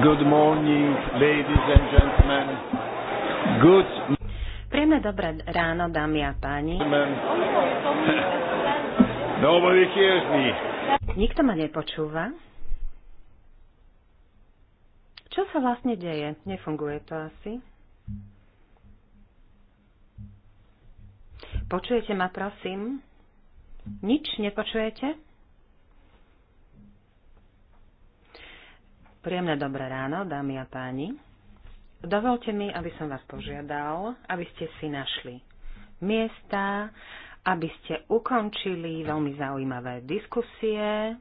Good morning, ladies and gentlemen. Good Príjemné dobré ráno, dámy a páni. Nobody hears me. Nikto ma nepočúva. Čo sa vlastne deje? Nefunguje to asi. Počujete ma, prosím? Nič nepočujete? Príjemné dobré ráno, dámy a páni. Dovolte mi, aby som vás požiadal, aby ste si našli miesta, aby ste ukončili veľmi zaujímavé diskusie,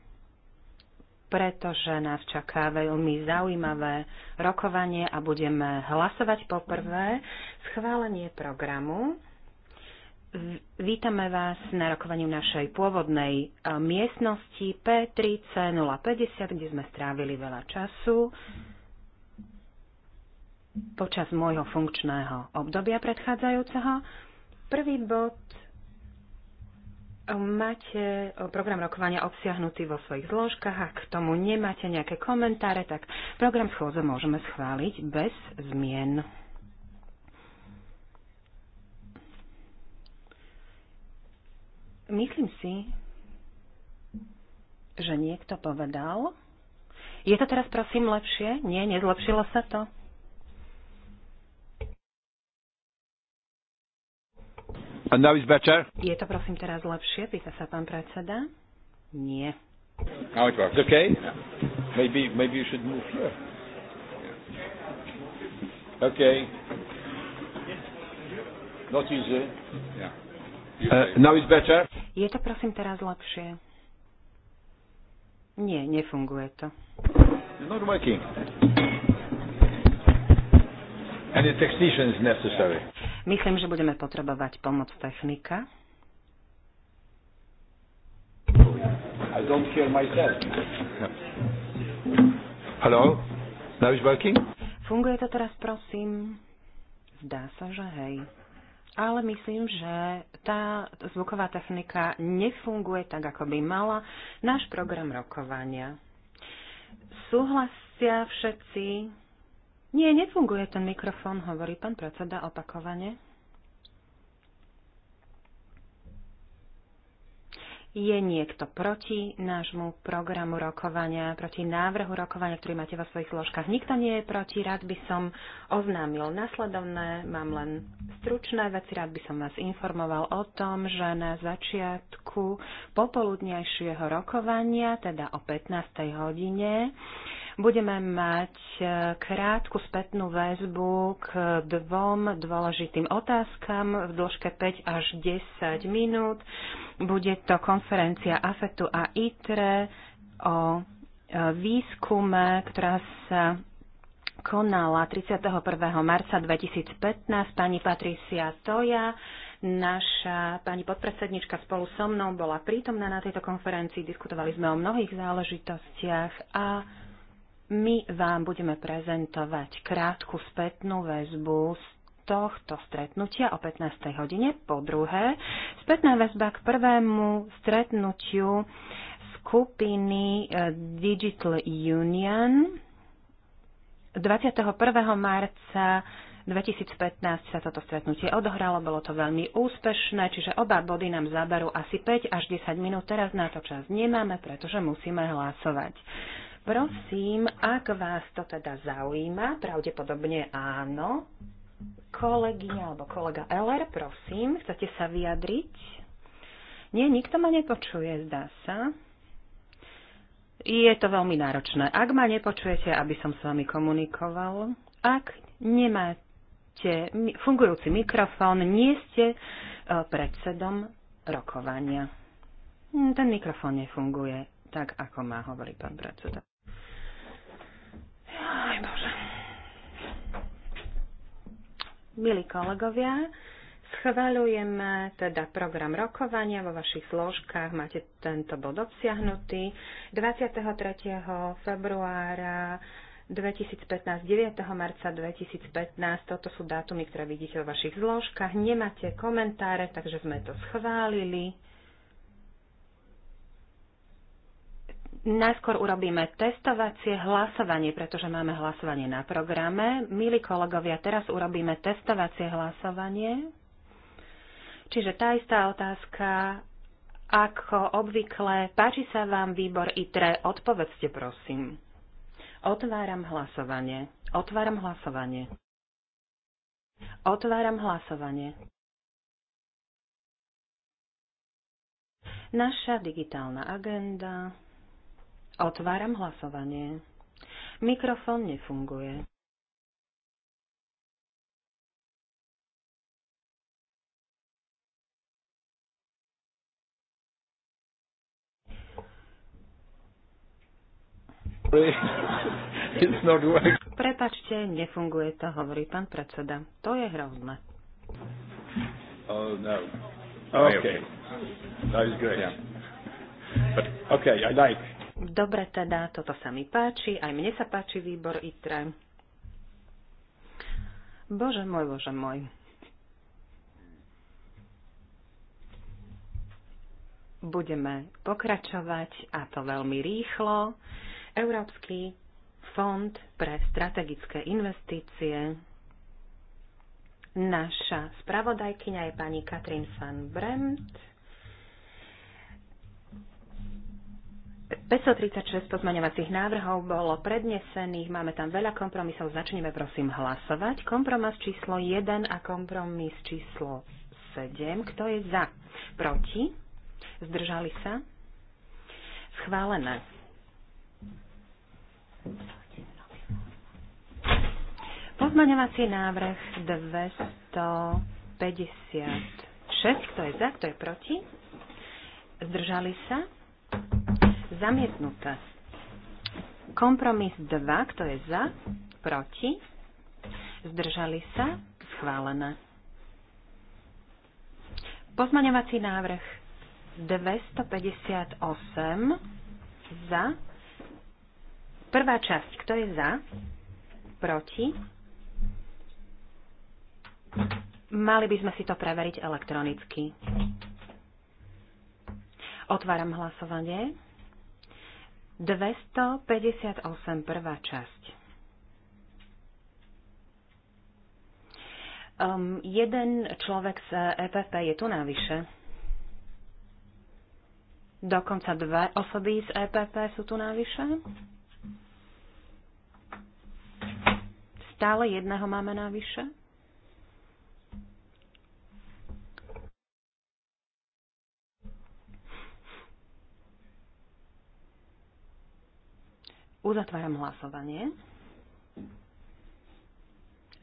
pretože nás čaká veľmi zaujímavé rokovanie a budeme hlasovať poprvé schválenie programu Vítame vás na rokovaniu našej pôvodnej eh, miestnosti P3C050, kde sme strávili veľa času počas môjho funkčného obdobia predchádzajúceho. Prvý bod eh, máte eh, program rokovania obsiahnutý vo svojich zložkách. Ak k tomu nemáte nejaké komentáre, tak program schôdze môžeme schváliť bez zmien. Myslím si, že niekto povedal. Je to teraz prosím lepšie? Nie, nezlepšilo sa to? And now better. Je to prosím teraz lepšie? Pýta sa pán predseda. Nie. Now it works. Okay. Maybe, maybe you should move here. Okay. Not easy. Yeah. Uh, now it's better. Je to prosím teraz lepšie? Nie, nefunguje to. not working. And the technician is necessary. Myslím, že budeme potrebovať pomoc technika. I don't hear myself. Hello? Now working? Funguje to teraz, prosím? Zdá sa, že hej ale myslím, že tá zvuková technika nefunguje tak, ako by mala náš program rokovania. Súhlasia všetci? Nie, nefunguje ten mikrofón, hovorí pán predseda opakovane. Je niekto proti nášmu programu rokovania, proti návrhu rokovania, ktorý máte vo svojich zložkách? Nikto nie je proti, rád by som oznámil nasledovné, mám len stručné veci, rád by som vás informoval o tom, že na začiatku popoludnejšieho rokovania, teda o 15. hodine, budeme mať e, krátku spätnú väzbu k dvom dôležitým otázkam v dĺžke 5 až 10 minút. Bude to konferencia AFETu a ITRE o e, výskume, ktorá sa konala 31. marca 2015 pani Patricia Toja. Naša pani podpredsednička spolu so mnou bola prítomná na tejto konferencii, diskutovali sme o mnohých záležitostiach a my vám budeme prezentovať krátku spätnú väzbu z tohto stretnutia o 15. hodine. Po druhé, spätná väzba k prvému stretnutiu skupiny e, Digital Union 21. marca 2015 sa toto stretnutie odohralo, bolo to veľmi úspešné, čiže oba body nám zaberú asi 5 až 10 minút. Teraz na to čas nemáme, pretože musíme hlasovať. Prosím, ak vás to teda zaujíma, pravdepodobne áno, kolegyňa alebo kolega Eller, prosím, chcete sa vyjadriť? Nie, nikto ma nepočuje, zdá sa. Je to veľmi náročné. Ak ma nepočujete, aby som s vami komunikoval, ak nemáte fungujúci mikrofón, nie ste e, predsedom rokovania. Hm, ten mikrofón nefunguje tak, ako má, hovorí pán predseda. Aj Bože. Milí kolegovia, schvaľujeme teda program rokovania. Vo vašich zložkách máte tento bod obsiahnutý. 23. februára 2015, 9. marca 2015. Toto sú dátumy, ktoré vidíte vo vašich zložkách. Nemáte komentáre, takže sme to schválili. Najskôr urobíme testovacie hlasovanie, pretože máme hlasovanie na programe. Milí kolegovia, teraz urobíme testovacie hlasovanie. Čiže tá istá otázka, ako obvykle, páči sa vám výbor ITRE, odpovedzte prosím. Otváram hlasovanie. Otváram hlasovanie. Otváram hlasovanie. Naša digitálna agenda. Otváram hlasovanie. Mikrofón nefunguje. Prepačte, nefunguje to, hovorí pán predseda. To je hrozné. Oh, no. Oh, okay. That is great. Yeah. But, okay, I like Dobre teda, toto sa mi páči, aj mne sa páči výbor ITRE. Bože môj, bože môj. Budeme pokračovať a to veľmi rýchlo. Európsky fond pre strategické investície. Naša spravodajkyňa je pani Katrin van Bremt. 536 pozmaňovacích návrhov bolo prednesených, máme tam veľa kompromisov, začneme prosím hlasovať. Kompromis číslo 1 a kompromis číslo 7. Kto je za? Proti? Zdržali sa? Schválené. Pozmaňovací návrh 256. Kto je za? Kto je proti? Zdržali sa? zamietnuté. Kompromis 2, kto je za, proti, zdržali sa, schválené. Pozmaňovací návrh 258 za. Prvá časť, kto je za, proti. Mali by sme si to preveriť elektronicky. Otváram hlasovanie. 258. prvá časť. Um, jeden človek z EPP je tu navyše. Dokonca dve osoby z EPP sú tu navyše. Stále jedného máme navyše. Uzatváram hlasovanie.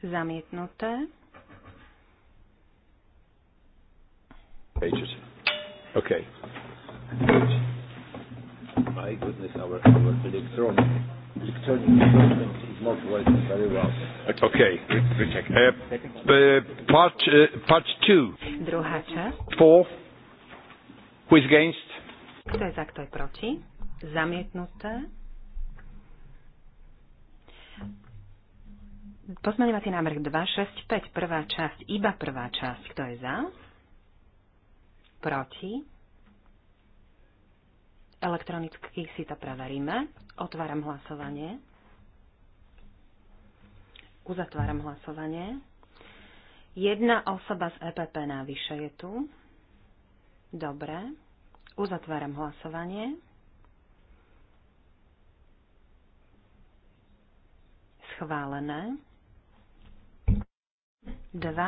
Zamietnuté. Pages. Okay. My goodness, our, our electronic, electronic is not working very well. Okay, Uh, uh, part, uh, part two. Druhá časť. Four. Who is against? Kto je za, kto je proti? Zamietnuté. Pozmeňovací návrh 5, prvá časť, iba prvá časť. Kto je za? Proti? Elektronicky si to preveríme. Otváram hlasovanie. Uzatváram hlasovanie. Jedna osoba z EPP návyše je tu. Dobre. Uzatváram hlasovanie. Schválené. 2, 6,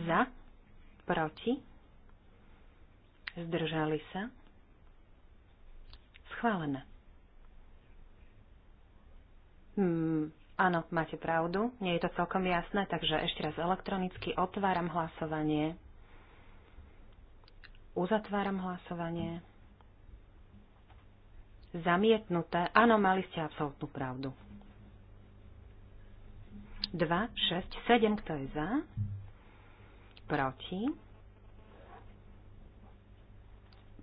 6. Za, proti, zdržali sa, schválené. Hmm, áno, máte pravdu, nie je to celkom jasné, takže ešte raz elektronicky otváram hlasovanie. Uzatváram hlasovanie. Zamietnuté. Áno, mali ste absolútnu pravdu. 2, 6, 7. Kto je za? Proti?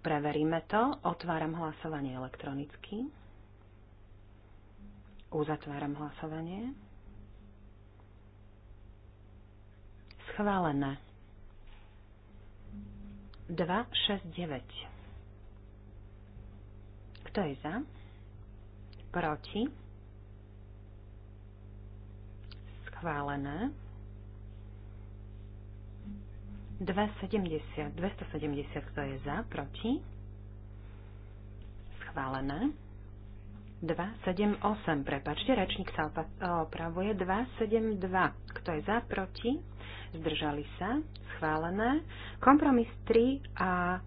Preveríme to. Otváram hlasovanie elektronicky. Uzatváram hlasovanie. Schválené. 2, 6, 9. Kto je za? Proti? schválené. 270, 270, kto je za, proti, schválené. 278, prepačte, rečník sa opravuje. 272, kto je za, proti, zdržali sa, schválené. Kompromis 3 a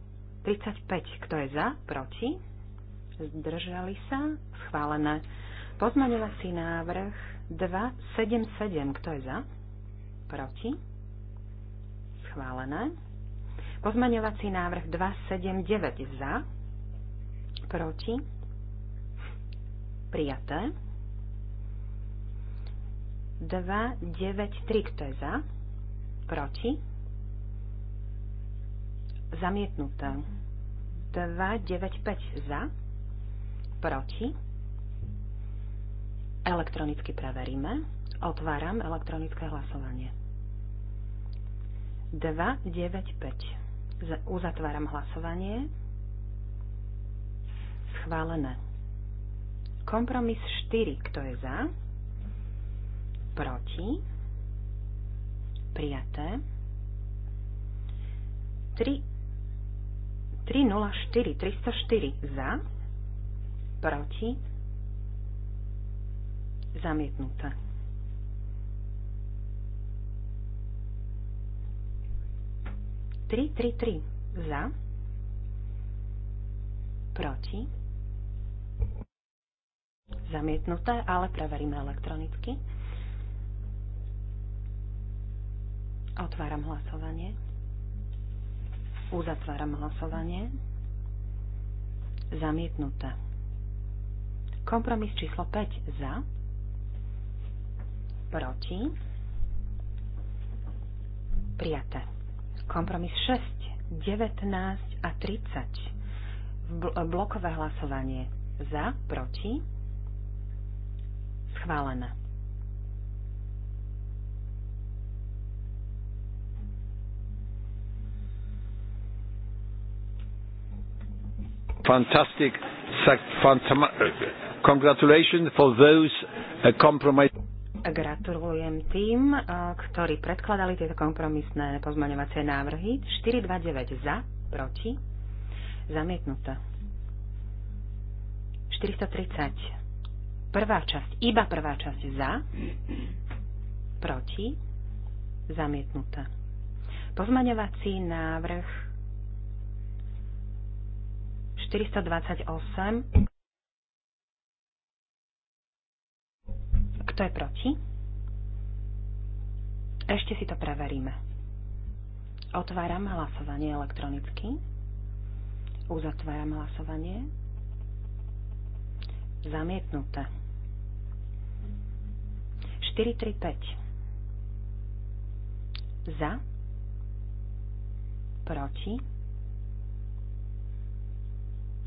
35, kto je za, proti, zdržali sa, schválené. Pozmaňovací návrh 2, 7, 7. Kto je za? Proti? Schválené. Pozmaňovací návrh 2, 7, 9. Za? Proti? Prijaté. 2, 9, 3. Kto je za? Proti? Zamietnuté. 2, 9, 5. Za? Proti? Proti? Elektronicky preveríme. Otváram elektronické hlasovanie. 2, 9, 5. Uzatváram hlasovanie. Schválené. Kompromis 4. Kto je za? Proti? Prijaté. 3 304, 304 za, proti Zamietnutá. Tri, tri, tri. Za. Proti. Zamietnuté, ale preveríme elektronicky. Otváram hlasovanie. Uzatváram hlasovanie. Zamietnuté. Kompromis číslo 5 za proti, prijaté. Kompromis 6, 19 a 30, blokové hlasovanie za, proti, schválené. Fantastic. Congratulations for those uh, compromised. Gratulujem tým, e, ktorí predkladali tieto kompromisné pozmaňovacie návrhy. 429 za, proti, zamietnuté. 430. Prvá časť, iba prvá časť za, proti, zamietnuté. Pozmaňovací návrh 428 Kto je proti? Ešte si to preveríme. Otváram hlasovanie elektronicky. Uzatváram hlasovanie. Zamietnuté. 435. Za. Proti.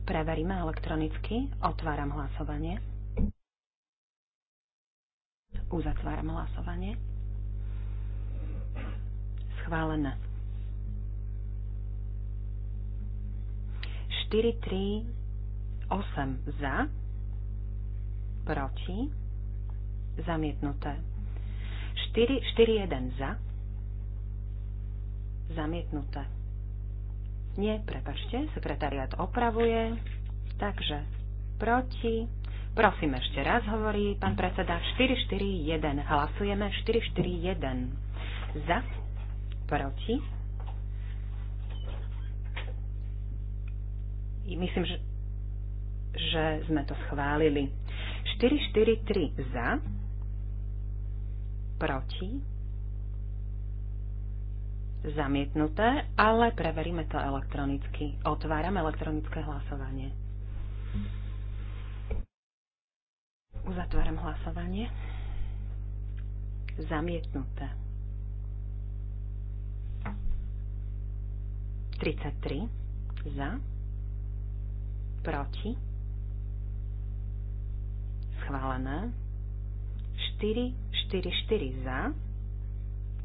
Preveríme elektronicky. Otváram hlasovanie. Uzatváram hlasovanie. Schválené. 4, 3, 8 za, proti, zamietnuté. 4, 4, 1 za, zamietnuté. Nie, prepačte, sekretariat opravuje. Takže proti, Prosím ešte raz, hovorí pán predseda, 441. Hlasujeme 441. Za, proti. Myslím, že, že sme to schválili. 443 za, proti, zamietnuté, ale preveríme to elektronicky. Otváram elektronické hlasovanie. Uzatváram hlasovanie. Zamietnuté. 33 za, proti, schválené, 4, 4, 4 za,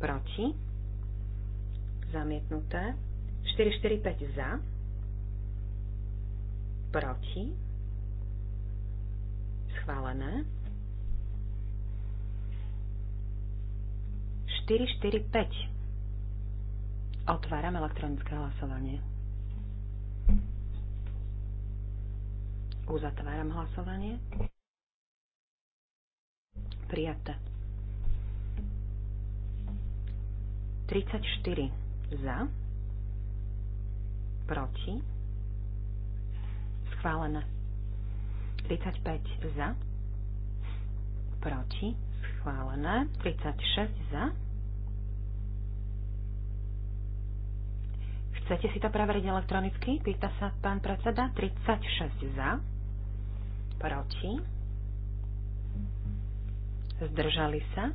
proti, zamietnuté, 4, 4, 5 za, proti, schválené. 5. Otváram elektronické hlasovanie. Uzatváram hlasovanie. Prijaté. 34 za. Proti. Schválené. 35 za, proti, schválené, 36 za. Chcete si to preveriť elektronicky? Pýta sa pán predseda. 36 za, proti, zdržali sa.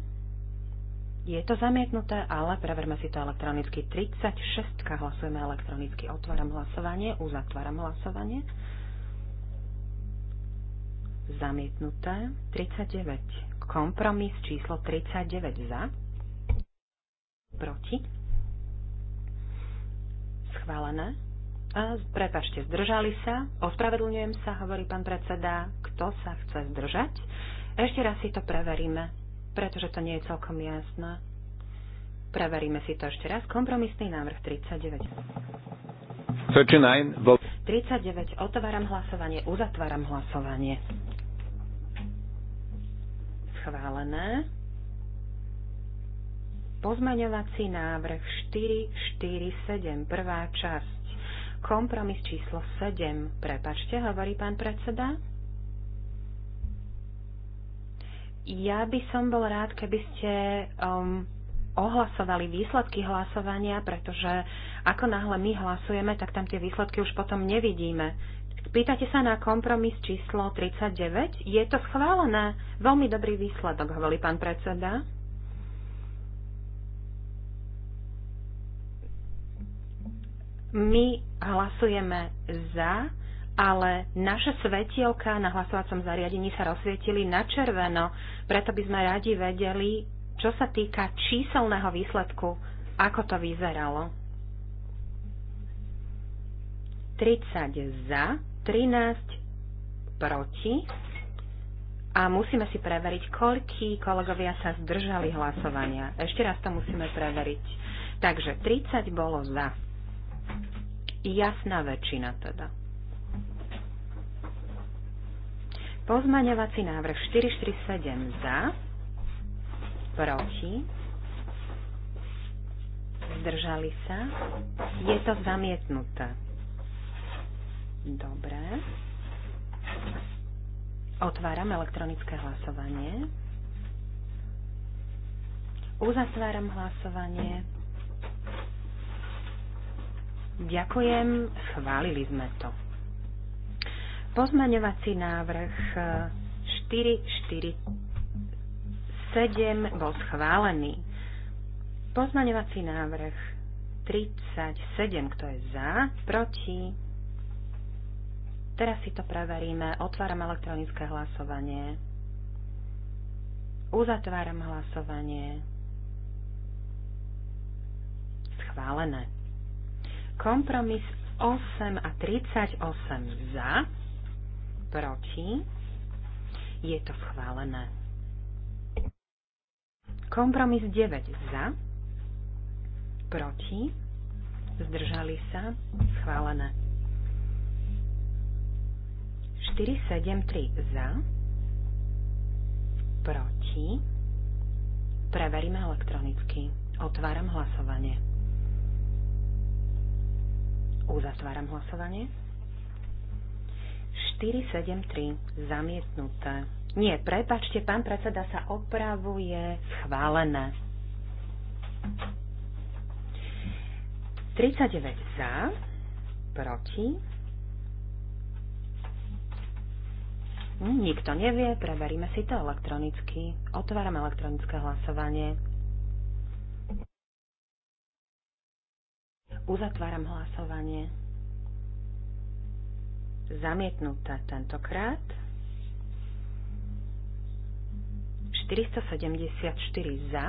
Je to zamietnuté, ale preverme si to elektronicky. 36 hlasujeme elektronicky. Otváram hlasovanie, uzatváram hlasovanie zamietnuté. 39. Kompromis číslo 39 za. Proti. Schválené. A prepašte, zdržali sa. Ospravedlňujem sa, hovorí pán predseda. Kto sa chce zdržať? Ešte raz si to preveríme, pretože to nie je celkom jasné. Preveríme si to ešte raz. Kompromisný návrh 39. 39. Otváram hlasovanie, uzatváram hlasovanie schválené. Pozmaňovací návrh 447, prvá časť. Kompromis číslo 7. Prepačte, hovorí pán predseda. Ja by som bol rád, keby ste um, ohlasovali výsledky hlasovania, pretože ako náhle my hlasujeme, tak tam tie výsledky už potom nevidíme. Pýtate sa na kompromis číslo 39? Je to schválené? Veľmi dobrý výsledok, hovorí pán predseda. My hlasujeme za, ale naše svetielka na hlasovacom zariadení sa rozsvietili na červeno, preto by sme radi vedeli, čo sa týka číselného výsledku, ako to vyzeralo. 30 za, 13 proti. A musíme si preveriť, koľkí kolegovia sa zdržali hlasovania. Ešte raz to musíme preveriť. Takže 30 bolo za. Jasná väčšina teda. Pozmaňovací návrh 447 za, proti, zdržali sa, je to zamietnuté. Dobre. Otváram elektronické hlasovanie. Uzatváram hlasovanie. Ďakujem, schválili sme to. Pozmaňovací návrh 447 eh, bol schválený. Pozmaňovací návrh 37, kto je za, proti, Teraz si to preveríme. Otváram elektronické hlasovanie. Uzatváram hlasovanie. Schválené. Kompromis 8 a 38 za, proti. Je to schválené. Kompromis 9 za, proti. Zdržali sa. Schválené 3 za, proti, preveríme elektronicky. Otváram hlasovanie. Uzatváram hlasovanie. 3, zamietnuté. Nie, prepačte, pán predseda sa opravuje schválené. 39 za, proti, Nikto nevie, preveríme si to elektronicky. Otváram elektronické hlasovanie. Uzatváram hlasovanie. Zamietnuté tentokrát. 474 za,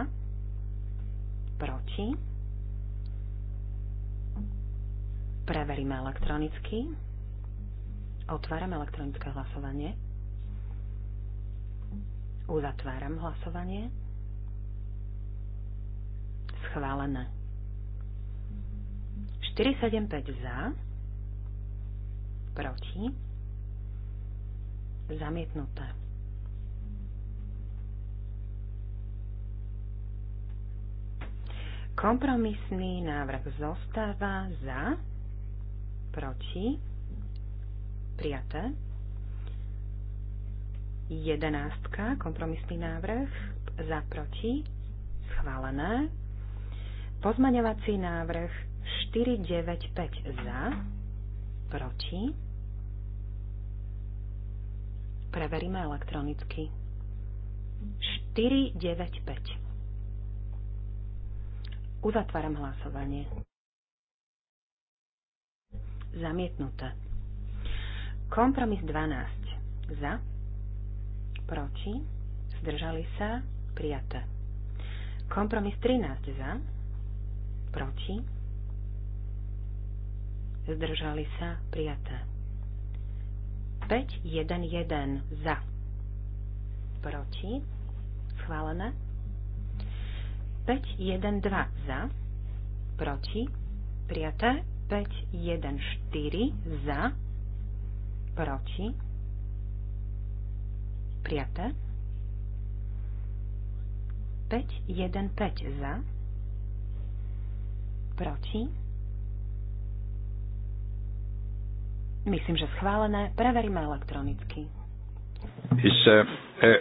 proti. Preveríme elektronicky. Otváram elektronické hlasovanie. Uzatváram hlasovanie. Schválené. 475 za, proti, zamietnuté. Kompromisný návrh zostáva za, proti, prijaté. 11, kompromisný návrh, za proti, schválené. Pozmaňovací návrh 495 za, proti. Preveríme elektronicky. 495. Uzatváram hlasovanie. Zamietnuté. Kompromis 12. Za proti, zdržali sa, prijaté. Kompromis 13 za, proti, zdržali sa, prijaté. 5, 1, 1 za, proti, schválené. 5, 1, 2 za, proti, prijaté. 5, 1, 4 za, proti, Prijaté. 5, 1, 5 za. Proti. Myslím, že schválené. Preveríme elektronicky. Is, 5, 1,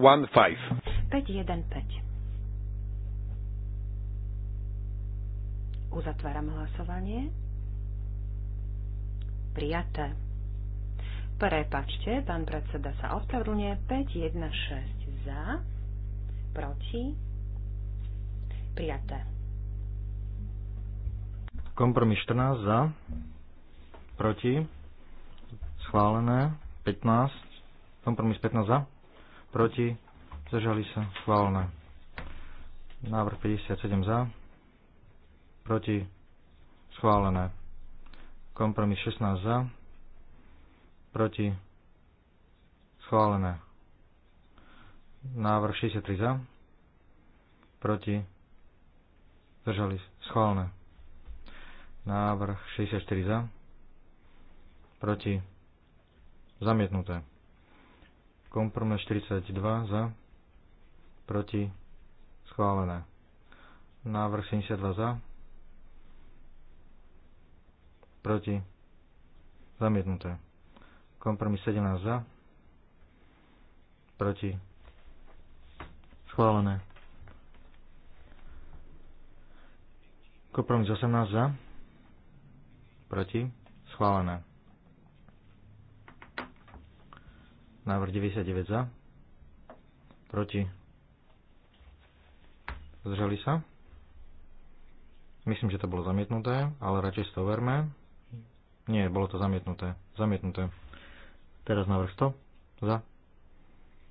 5. 5, 1, 5. Uzatváram hlasovanie. Prijaté. Prepačte, pán predseda sa ospravedlňuje. 516 za, proti, prijaté. Kompromis 14 za, proti, schválené, 15, kompromis 15 za, proti, zdržali sa, schválené. Návrh 57 za, proti, schválené. Kompromis 16 za, proti, schválené. Návrh 63 za, proti, zdržali, schválené. Návrh 64 za, proti, zamietnuté. Kompromis 42 za, proti, schválené. Návrh 72 za, proti, zamietnuté. Kompromis 17 za. Proti. Schválené. Kompromis 18 za. Proti. Schválené. Návrh 99 za. Proti. Zdržali sa. Myslím, že to bolo zamietnuté, ale radšej si to overme. Nie, bolo to zamietnuté. Zamietnuté. Teraz navrh 100. Za.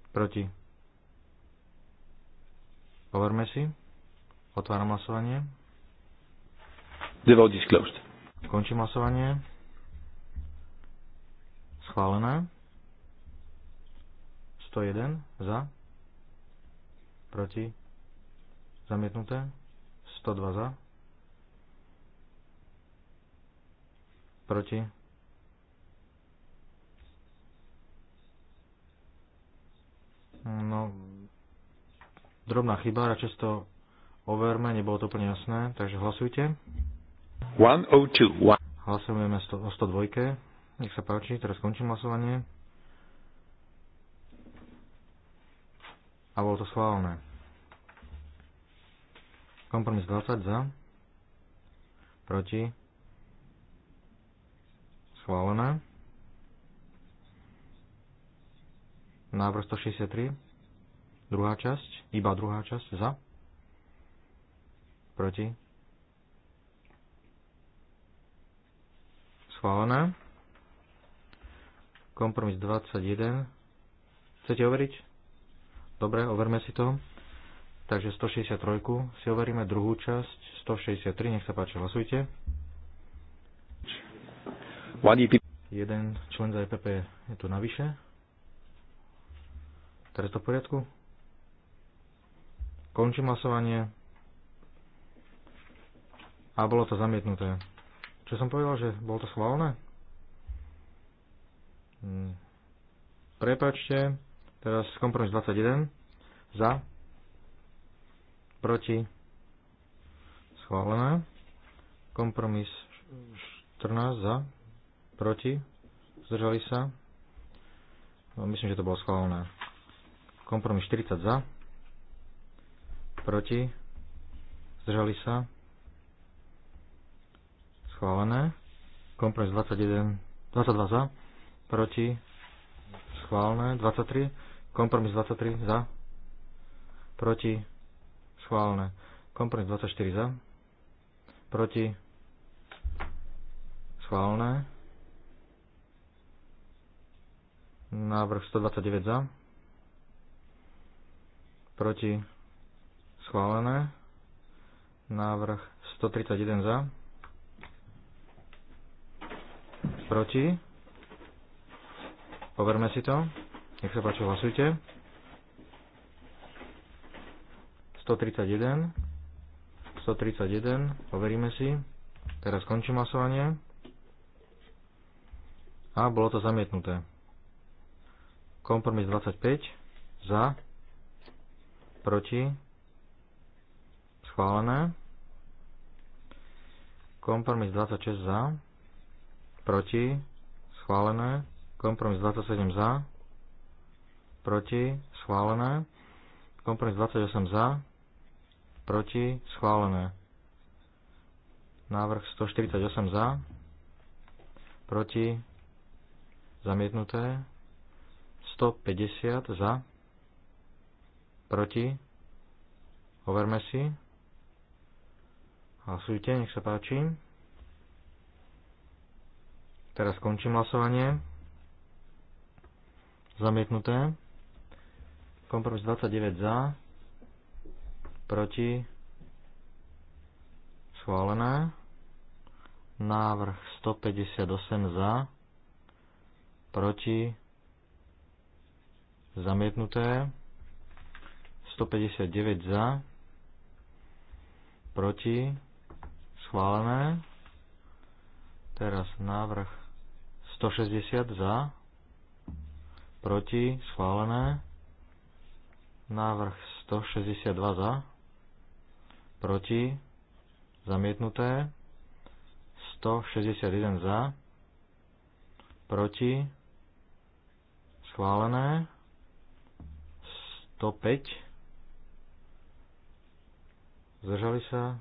Proti. Overme si. Otváram hlasovanie. The is closed. Končím hlasovanie. Schválené. 101 za. Proti. Zamietnuté. 102 za. Proti No, drobná chyba, radšej to overme, nebolo to úplne jasné, takže hlasujte. 102. Hlasujeme o 102. Nech sa páči, teraz skončím hlasovanie. A bolo to schválené. Kompromis 20 za. Proti. Schválené. Návrh 163. Druhá časť. Iba druhá časť. Za. Proti. Schválené. Kompromis 21. Chcete overiť? Dobre, overme si to. Takže 163 si overíme druhú časť, 163, nech sa páči, hlasujte. E Jeden člen za EPP je tu navyše. Teraz to v poriadku? Končím hlasovanie. A bolo to zamietnuté. Čo som povedal, že bolo to schválne? Hm. Prepačte. Teraz kompromis 21. Za. Proti. Schválené. Kompromis 14 za. Proti. Zdržali sa. No, myslím, že to bolo schválené. Kompromis 40 za. Proti. Zdržali sa. Schválené. Kompromis 21, 22 za. Proti. Schválené. 23. Kompromis 23 za. Proti. Schválené. Kompromis 24 za. Proti. Schválené. Návrh 129 za proti, schválené. Návrh 131 za, proti. Overme si to. Nech sa páči, hlasujte. 131. 131. Overíme si. Teraz skončím hlasovanie. A bolo to zamietnuté. Kompromis 25. Za proti, schválené. Kompromis 26 za, proti, schválené. Kompromis 27 za, proti, schválené. Kompromis 28 za, proti, schválené. Návrh 148 za, proti, zamietnuté. 150 za, proti, overme si. Hlasujte, nech sa páči. Teraz skončím hlasovanie. Zamietnuté. Kompromis 29 za, proti, schválené. Návrh 158 za, proti, zamietnuté. 159 za, proti, schválené. Teraz návrh 160 za, proti, schválené. Návrh 162 za, proti, zamietnuté. 161 za, proti, schválené. 105 zdržali sa,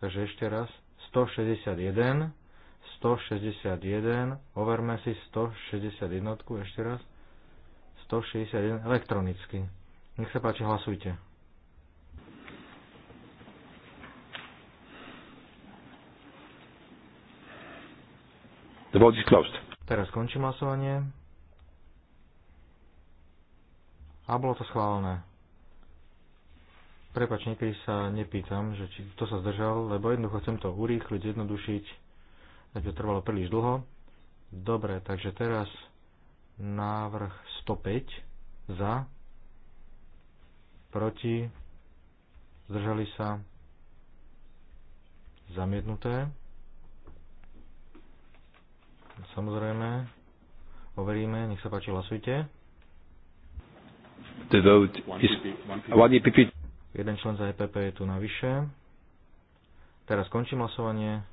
takže ešte raz, 161, 161, overme si 161, ešte raz, 161 elektronicky. Nech sa páči, hlasujte. The vote is closed. Teraz končím hlasovanie. A bolo to schválené. Prepač, niekedy sa nepýtam, že či to sa zdržal, lebo jednoducho chcem to urýchliť, zjednodušiť, aby to trvalo príliš dlho. Dobre, takže teraz návrh 105 za, proti, zdržali sa, zamietnuté. Samozrejme, overíme, nech sa páči, hlasujte. The vote is one EPP. Jeden člen za EPP je tu navyše. Teraz končím hlasovanie.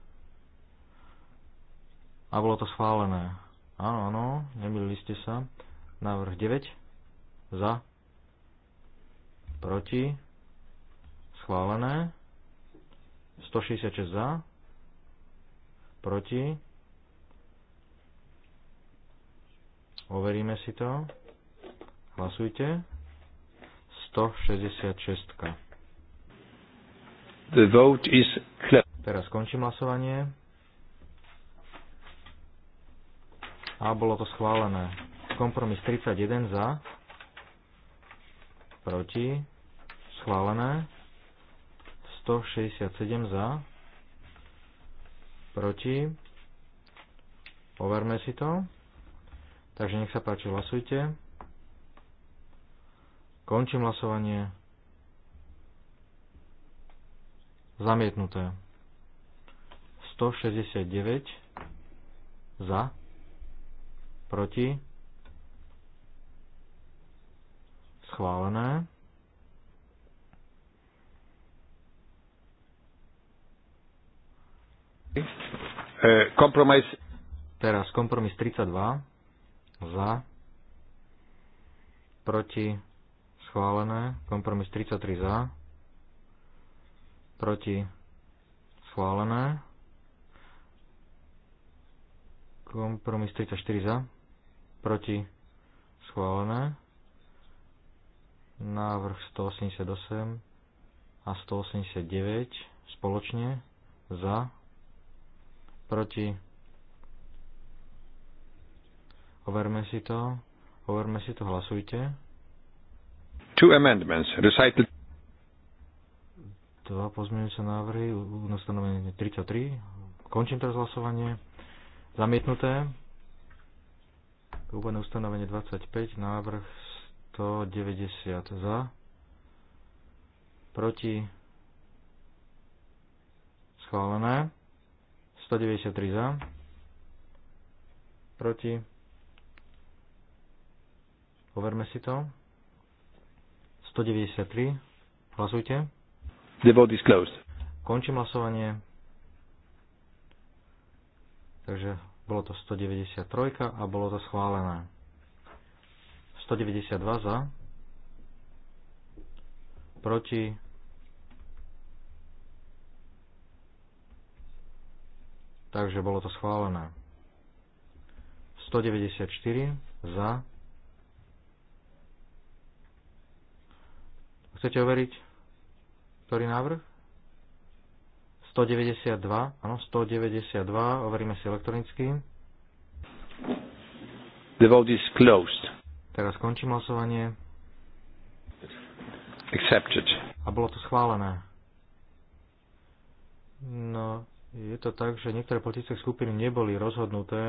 A bolo to schválené. Áno, áno, nemýlili ste sa. Návrh 9. Za. Proti. Schválené. 166 za. Proti. Overíme si to. Hlasujte. 166. The vote is Teraz skončím hlasovanie. A bolo to schválené. Kompromis 31 za. Proti. Schválené. 167 za. Proti. Overme si to. Takže nech sa páči, hlasujte. Končím hlasovanie. Zamietnuté. 169 za, proti, schválené. E, kompromis. Teraz kompromis 32 za, proti, schválené, kompromis 33 za, proti schválené, kompromis 34 za, proti schválené, návrh 188 a 189 spoločne za, proti overme si to, overme si to, hlasujte. Two amendments, recited. dva pozmeňujúce návrhy, ustanovenie 33. Končím teraz hlasovanie. Zamietnuté. Úvodné ustanovenie 25, návrh 190 za. Proti. Schválené. 193 za. Proti. Overme si to. 193. Hlasujte. The vote is closed. Končím hlasovanie. Takže bolo to 193 a bolo to schválené. 192 za. Proti. Takže bolo to schválené. 194 za Chcete overiť? Ktorý návrh? 192. Áno, 192. Overíme si elektronicky. The vote is closed. Teraz skončím hlasovanie. Accepted. A bolo to schválené. No, je to tak, že niektoré politické skupiny neboli rozhodnuté,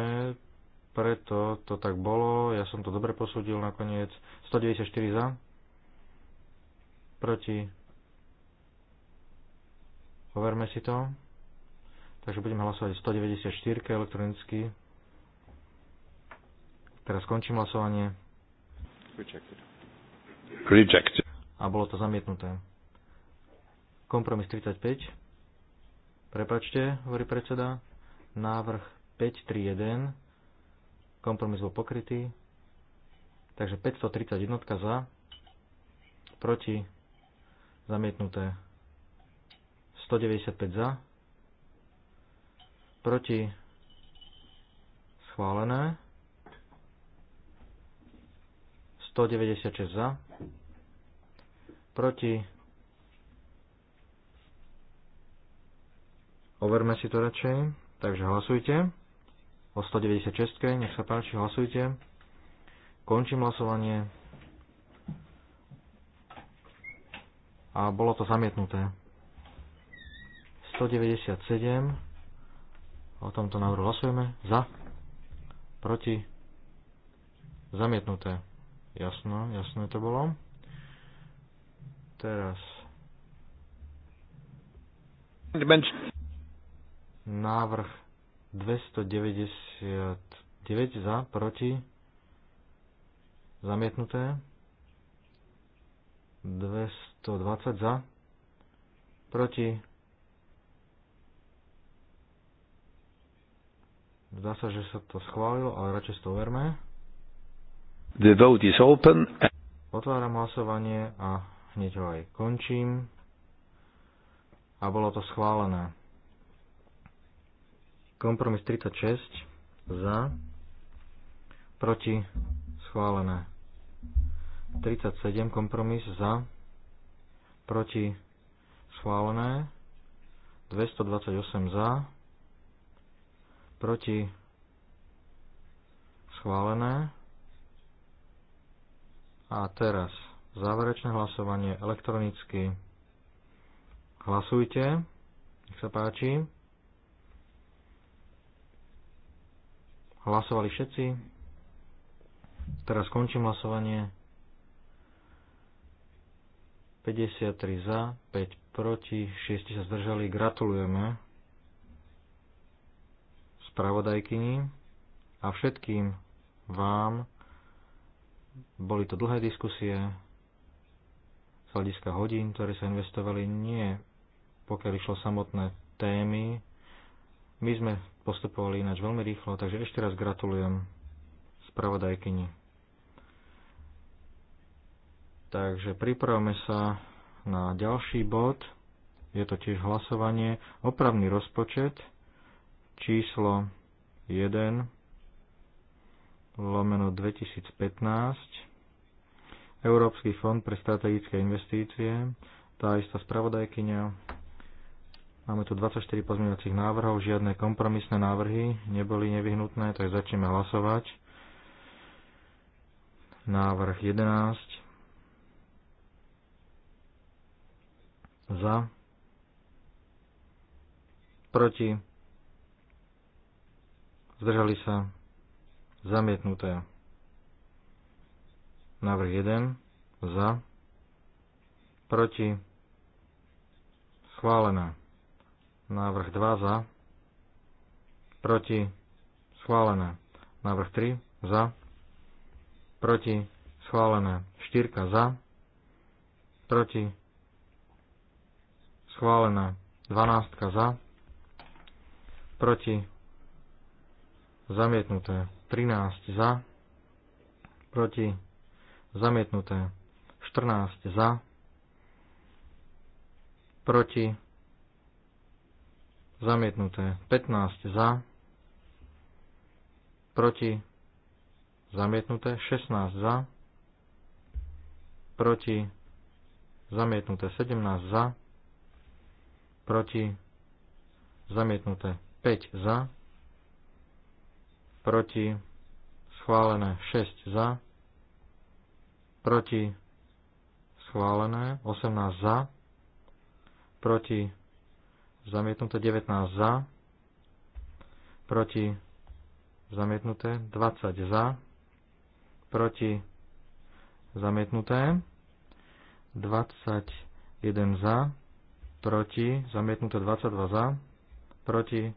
preto to tak bolo. Ja som to dobre posúdil nakoniec. 194 za proti. Overme si to. Takže budeme hlasovať 194 elektronicky. Teraz skončím hlasovanie. Rejected. Rejected. A bolo to zamietnuté. Kompromis 35. Prepačte, hovorí predseda. Návrh 531. Kompromis bol pokrytý. Takže 531 za. Proti Zamietnuté. 195 za. Proti. Schválené. 196 za. Proti. Overme si to radšej. Takže hlasujte. O 196. Nech sa páči, hlasujte. Končím hlasovanie. a bolo to zamietnuté. 197 o tomto návrhu hlasujeme za proti zamietnuté jasno, jasné to bolo teraz návrh 299 za proti zamietnuté 200 120 za, proti, zdá sa, že sa to schválilo, ale radšej to overme. The vote is open. Otváram hlasovanie a hneď ho aj končím. A bolo to schválené. Kompromis 36 za, proti, schválené. 37 kompromis za, proti schválené, 228 za, proti schválené. A teraz záverečné hlasovanie elektronicky. Hlasujte, nech sa páči. Hlasovali všetci. Teraz skončím hlasovanie. 53 za, 5 proti, 6 sa zdržali. Gratulujeme spravodajkyni a všetkým vám. Boli to dlhé diskusie z hľadiska hodín, ktoré sa investovali. Nie pokiaľ išlo samotné témy. My sme postupovali ináč veľmi rýchlo, takže ešte raz gratulujem spravodajkyni. Takže pripravme sa na ďalší bod. Je to tiež hlasovanie. Opravný rozpočet číslo 1 lomeno 2015 Európsky fond pre strategické investície, tá istá spravodajkyňa. Máme tu 24 pozmeňovacích návrhov, žiadne kompromisné návrhy neboli nevyhnutné, tak začneme hlasovať. Návrh 11 za, proti, zdržali sa, zamietnuté. Návrh 1, za, proti, schválené. Návrh 2, za, proti, schválené. Návrh 3, za, proti, schválené. 4, za, proti, schválené schválená. 12 za, proti, zamietnuté. 13 za, proti, zamietnuté. 14 za, proti, zamietnuté. 15 za, proti, zamietnuté. 16 za, proti, zamietnuté. 17 za, proti, zamietnuté 5 za, proti, schválené 6 za, proti, schválené 18 za, proti, zamietnuté 19 za, proti, zamietnuté 20 za, proti, zamietnuté 21 za, proti, zamietnuté 22 za, proti,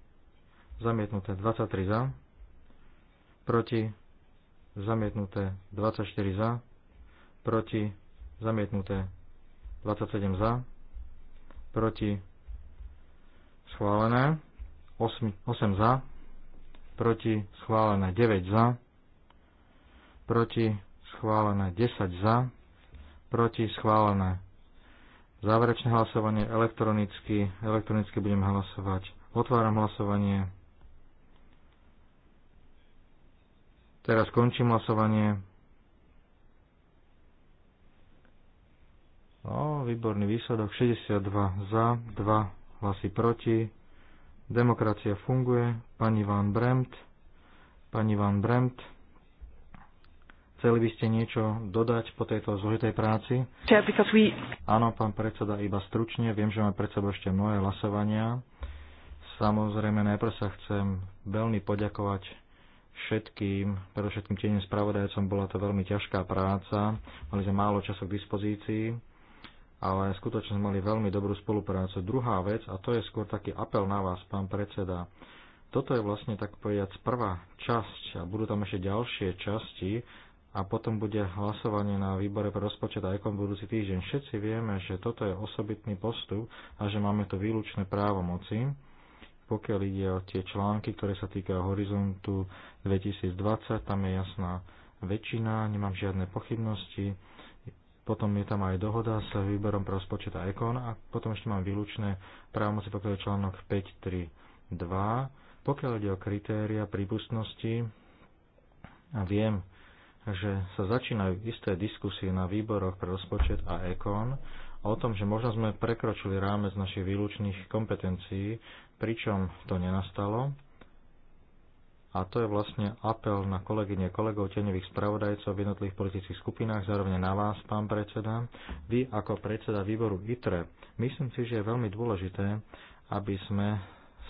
zamietnuté 23 za, proti, zamietnuté 24 za, proti, zamietnuté 27 za, proti, schválené 8, 8 za, proti, schválené 9 za, proti, schválené 10 za, proti, schválené Záverečné hlasovanie elektronicky. Elektronicky budem hlasovať. Otváram hlasovanie. Teraz končím hlasovanie. No, výborný výsledok. 62 za, 2 hlasy proti. Demokracia funguje. Pani Van Bremt. Pani Van Bremt. Chceli by ste niečo dodať po tejto zložitej práci? Áno, pán predseda, iba stručne. Viem, že máme pred sebou ešte mnohé hlasovania. Samozrejme, najprv sa chcem veľmi poďakovať všetkým, predovšetkým tieňom spravodajcom. Bola to veľmi ťažká práca. Mali sme málo času k dispozícii, ale skutočne sme mali veľmi dobrú spoluprácu. Druhá vec, a to je skôr taký apel na vás, pán predseda. Toto je vlastne, tak povedať, prvá časť a budú tam ešte ďalšie časti, a potom bude hlasovanie na výbore pre rozpočet a ekon budúci týždeň. Všetci vieme, že toto je osobitný postup a že máme tu výlučné právo moci, pokiaľ ide o tie články, ktoré sa týkajú horizontu 2020, tam je jasná väčšina, nemám žiadne pochybnosti. Potom je tam aj dohoda s výberom pre rozpočet a ekon a potom ešte mám výlučné právomoci, pokiaľ je článok 5.3.2. Pokiaľ ide o kritéria prípustnosti, a viem, že sa začínajú isté diskusie na výboroch pre rozpočet a ekon o tom, že možno sme prekročili rámec našich výlučných kompetencií, pričom to nenastalo. A to je vlastne apel na kolegyne kolegov tenevých spravodajcov v jednotlivých politických skupinách, zároveň na vás, pán predseda. Vy ako predseda výboru ITRE, myslím si, že je veľmi dôležité, aby sme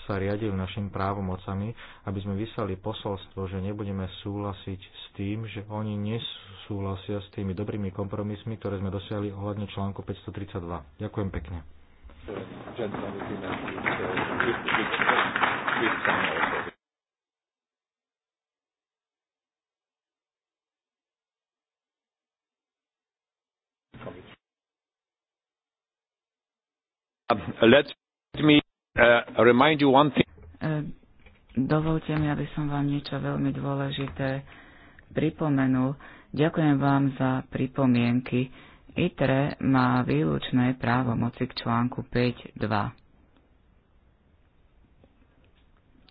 sa riadili našimi právomocami, aby sme vyslali posolstvo, že nebudeme súhlasiť s tým, že oni nesúhlasia s tými dobrými kompromismi, ktoré sme dosiahli ohľadne článku 532. Ďakujem pekne. Let's Uh, e, dovolte mi, aby som vám niečo veľmi dôležité pripomenul. Ďakujem vám za pripomienky. ITRE má výlučné právomoci k článku 5.2.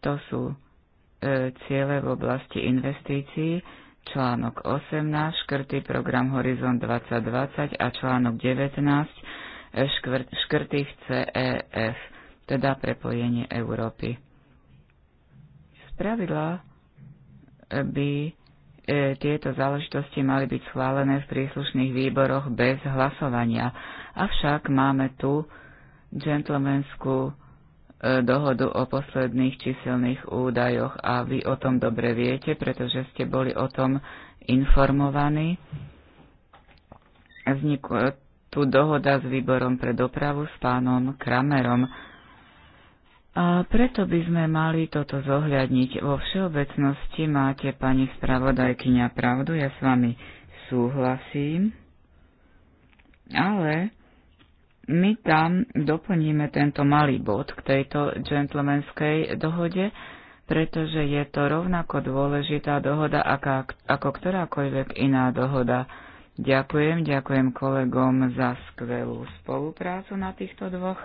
To sú e, ciele v oblasti investícií, článok 18, škrtý program Horizon 2020 a článok 19, škrt, škrtý v CEF teda prepojenie Európy. Spravidla eh, by eh, tieto záležitosti mali byť schválené v príslušných výboroch bez hlasovania. Avšak máme tu džentlmenskú eh, dohodu o posledných číselných údajoch a vy o tom dobre viete, pretože ste boli o tom informovaní. Vznikla tu dohoda s výborom pre dopravu s pánom Kramerom. A preto by sme mali toto zohľadniť. Vo všeobecnosti máte, pani spravodajkyňa, pravdu, ja s vami súhlasím, ale my tam doplníme tento malý bod k tejto džentlmenskej dohode, pretože je to rovnako dôležitá dohoda ako, ako ktorákoľvek iná dohoda. Ďakujem, ďakujem kolegom za skvelú spoluprácu na týchto dvoch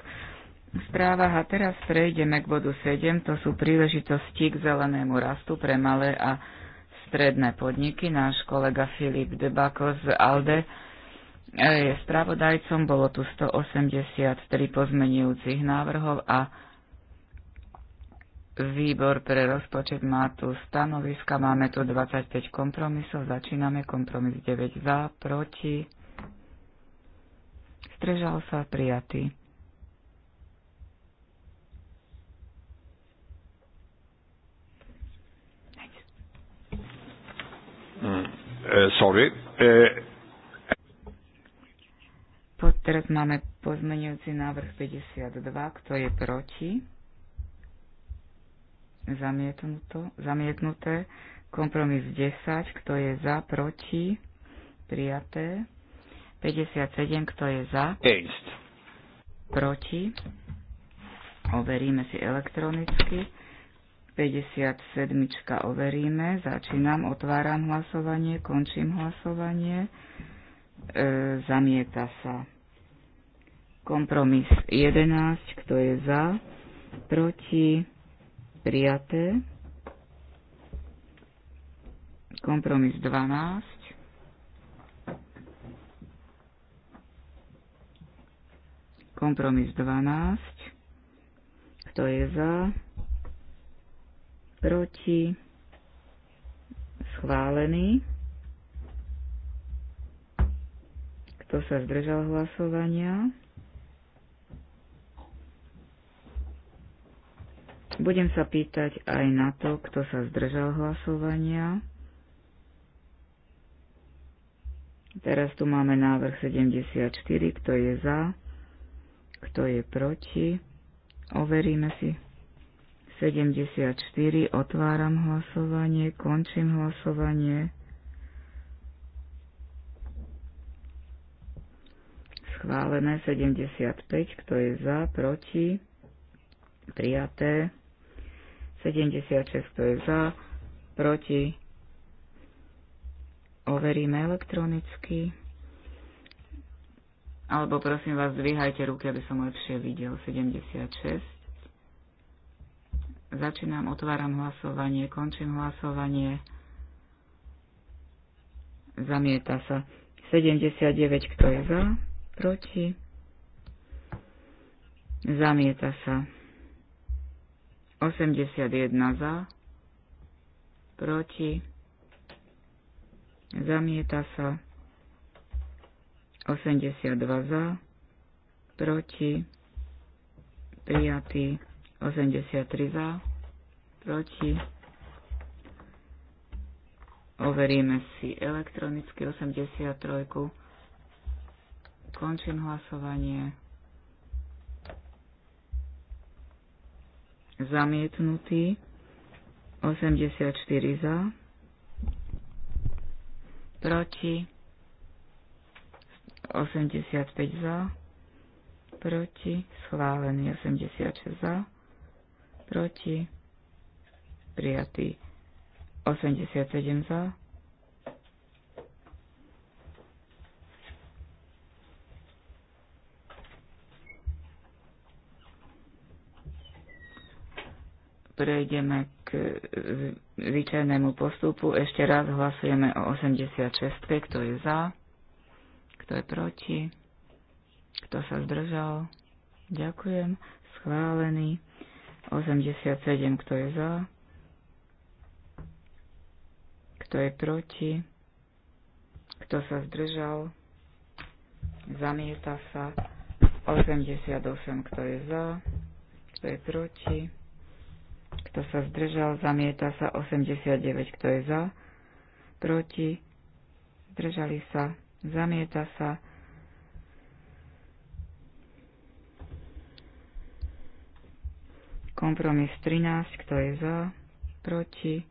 v správach a teraz prejdeme k bodu 7. To sú príležitosti k zelenému rastu pre malé a stredné podniky. Náš kolega Filip Debako z ALDE eh, je spravodajcom. Bolo tu 183 pozmenujúcich návrhov a výbor pre rozpočet má tu stanoviska. Máme tu 25 kompromisov. Začíname kompromis 9 za, proti. Strežal sa prijatý. Mm. Eh, sorry. Eh, po, teraz máme pozmenujúci návrh 52. Kto je proti? Zamietnuto, zamietnuté. Kompromis 10. Kto je za? Proti? Prijaté. 57. Kto je za? Proti. Overíme si elektronicky. 57. overíme. Začínam, otváram hlasovanie, končím hlasovanie. E, zamieta sa. Kompromis 11. Kto je za? Proti? Prijaté. Kompromis 12. Kompromis 12. Kto je za? proti, schválený. Kto sa zdržal hlasovania? Budem sa pýtať aj na to, kto sa zdržal hlasovania. Teraz tu máme návrh 74, kto je za, kto je proti. Overíme si. 74. Otváram hlasovanie, končím hlasovanie. Schválené 75. Kto je za, proti? Prijaté. 76. Kto je za, proti? Overíme elektronicky. Alebo prosím vás, zvýhajte ruky, aby som lepšie videl. 76. Začínam, otváram hlasovanie, končím hlasovanie. Zamieta sa. 79, kto je za? Proti? Zamieta sa. 81 za? Proti? Zamieta sa. 82 za? Proti? Prijatý. 83 za, proti. Overíme si elektronicky 83. Končím hlasovanie. Zamietnutý. 84 za. Proti. 85 za. Proti. Schválený 86 za proti, prijatý 87 za, prejdeme k zvyčajnému e, postupu. Ešte raz hlasujeme o 86, kto je za, kto je proti, kto sa zdržal. Ďakujem. Schválený. 87, kto je za, kto je proti, kto sa zdržal, zamieta sa, 88, kto je za, kto je proti, kto sa zdržal, zamieta sa, 89, kto je za, proti, zdržali sa, zamieta sa, Kompromis 13, kto je za, proti,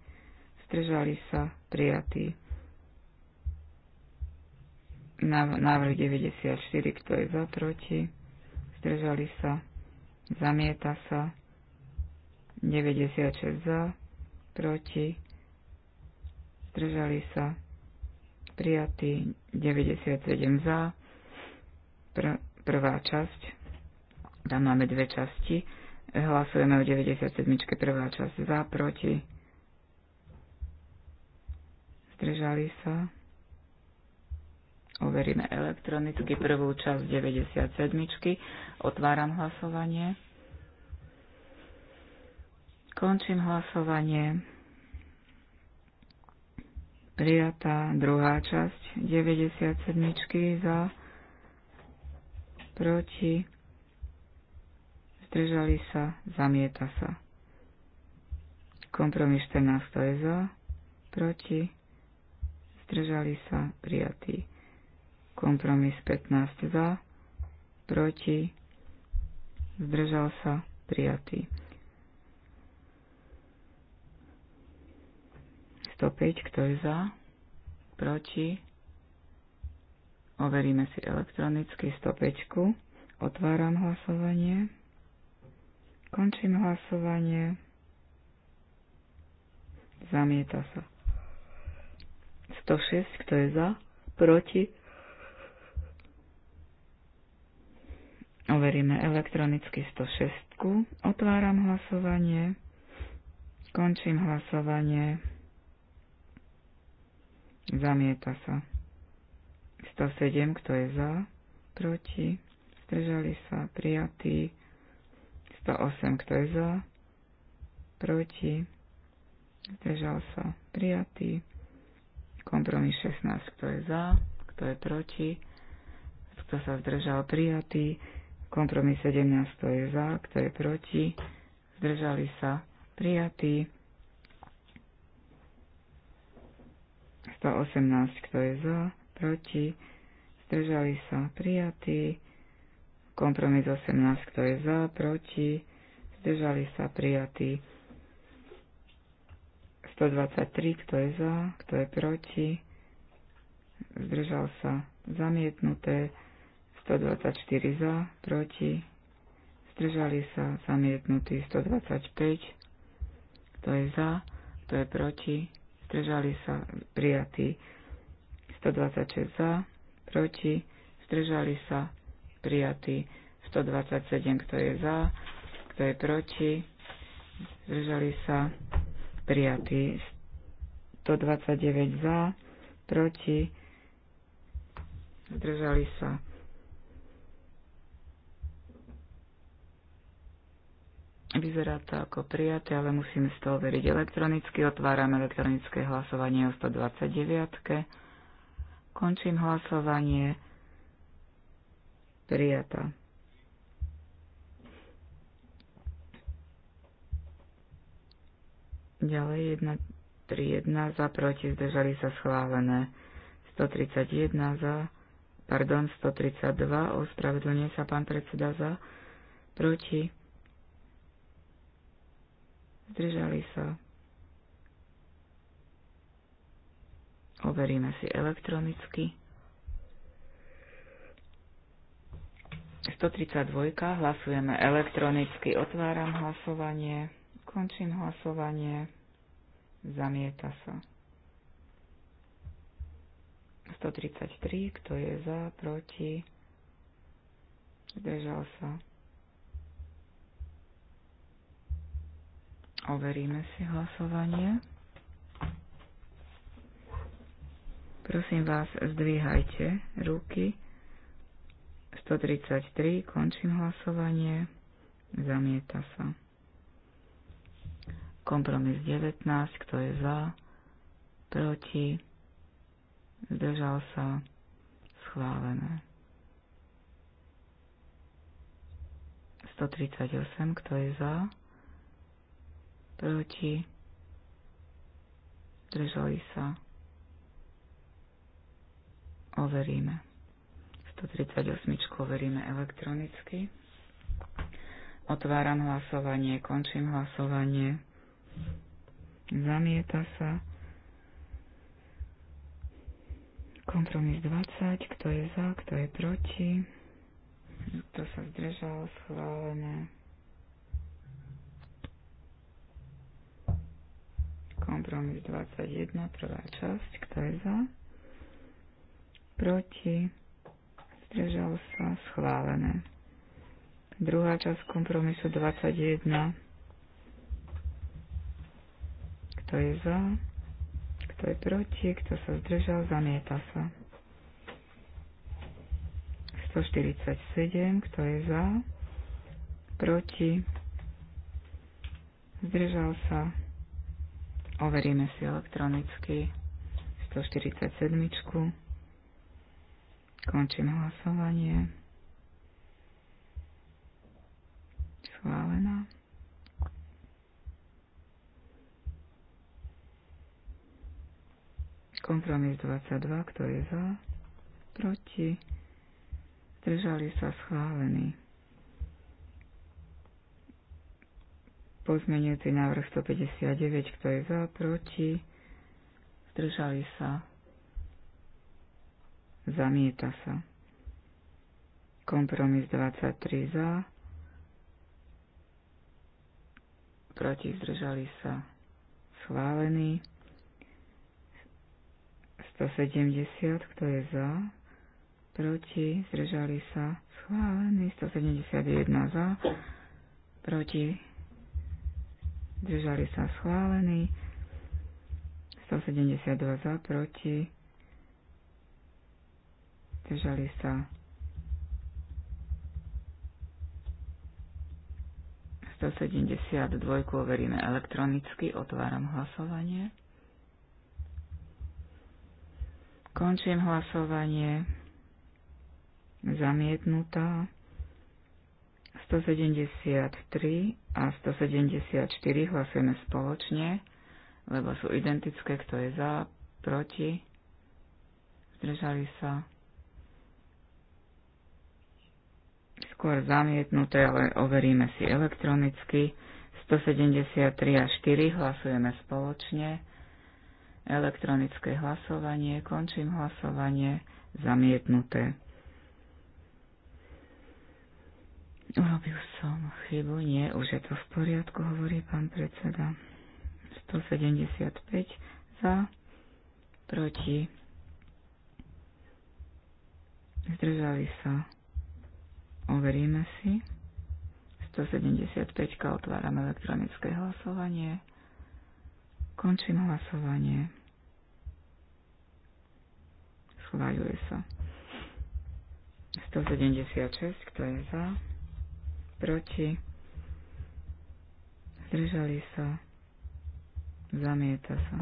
zdržali sa, prijatý. Návrh 94, kto je za, proti, zdržali sa, zamieta sa. 96 za, proti, zdržali sa, prijatý. 97 za, pr- prvá časť. Tam máme dve časti Hlasujeme o 97. prvá časť za, proti. Zdržali sa. Overíme elektronicky prvú časť 97. Otváram hlasovanie. Končím hlasovanie. Prijatá druhá časť 97. za proti zdržali sa, zamieta sa. Kompromis 14, je za, proti, zdržali sa, prijatý. Kompromis 15 za, proti, zdržal sa, prijatý. 105, kto je za, proti, overíme si elektronicky 105, otváram hlasovanie. Končím hlasovanie. Zamieta sa. 106, kto je za? Proti? Overíme elektronicky 106. Otváram hlasovanie. Končím hlasovanie. Zamieta sa. 107, kto je za? Proti? Zdržali sa. Prijatí. 108, kto je za, proti, zdržal sa, prijatý. Kompromis 16, kto je za, kto je proti, kto sa zdržal, prijatý. Kompromis 17, kto je za, kto je proti, zdržali sa, prijatý. 118, kto je za, proti, zdržali sa, prijatý. Kompromis 18, kto je za, proti, zdržali sa prijatí. 123, kto je za, kto je proti, zdržal sa zamietnuté. 124 za, proti, zdržali sa zamietnutí 125, kto je za, kto je proti, zdržali sa prijatí 126 za, proti, zdržali sa prijatý 127, kto je za, kto je proti, zdržali sa, prijatý 129 za, proti, zdržali sa. Vyzerá to ako prijaté, ale musíme z toho veriť elektronicky. Otváram elektronické hlasovanie o 129. Končím hlasovanie prijatá. Ďalej 131 za proti zdržali sa schválené. 131 za, pardon, 132, ospravedlňuje sa pán predseda za, proti, zdržali sa. Overíme si elektronicky. 132. Hlasujeme elektronicky. Otváram hlasovanie. Končím hlasovanie. Zamieta sa. 133. Kto je za, proti? Zdržal sa. Overíme si hlasovanie. Prosím vás, zdvíhajte ruky 133. Končím hlasovanie. Zamieta sa. Kompromis 19. Kto je za? Proti? Zdržal sa? Schválené. 138. Kto je za? Proti? Zdržali sa? Overíme. 138 overíme elektronicky. Otváram hlasovanie, končím hlasovanie. Zamieta sa. Kompromis 20, kto je za, kto je proti. Kto sa zdržal, schválené. Kompromis 21, prvá časť, kto je za, proti zdržal sa, schválené. Druhá časť kompromisu 21. Kto je za? Kto je proti? Kto sa zdržal? Zamieta sa. 147. Kto je za? Proti? Zdržal sa? Overíme si elektronicky 147. Skončím hlasovanie. Schválená. Kompromis 22, kto je za? Proti? Zdržali sa schválení. Pozmenujúci návrh 159, kto je za? Proti? Zdržali sa Zamieta sa. Kompromis 23 za. Proti zdržali sa. Schválený. 170, kto je za. Proti zdržali sa. Schválený. 171 za. Proti zdržali sa. Schválený. 172 za. Proti zdržali sa 172 overíme elektronicky, otváram hlasovanie. Končím hlasovanie. Zamietnutá. 173 a 174 hlasujeme spoločne, lebo sú identické, kto je za, proti, zdržali sa. skôr zamietnuté, ale overíme si elektronicky. 173 a 4 hlasujeme spoločne. Elektronické hlasovanie, končím hlasovanie, zamietnuté. Urobil som chybu, nie, už je to v poriadku, hovorí pán predseda. 175 za, proti, zdržali sa Overíme si. 175. Otváram elektronické hlasovanie. Končím hlasovanie. Schváľuje sa. 176. Kto je za? Proti? Zdržali sa? Zamieta sa.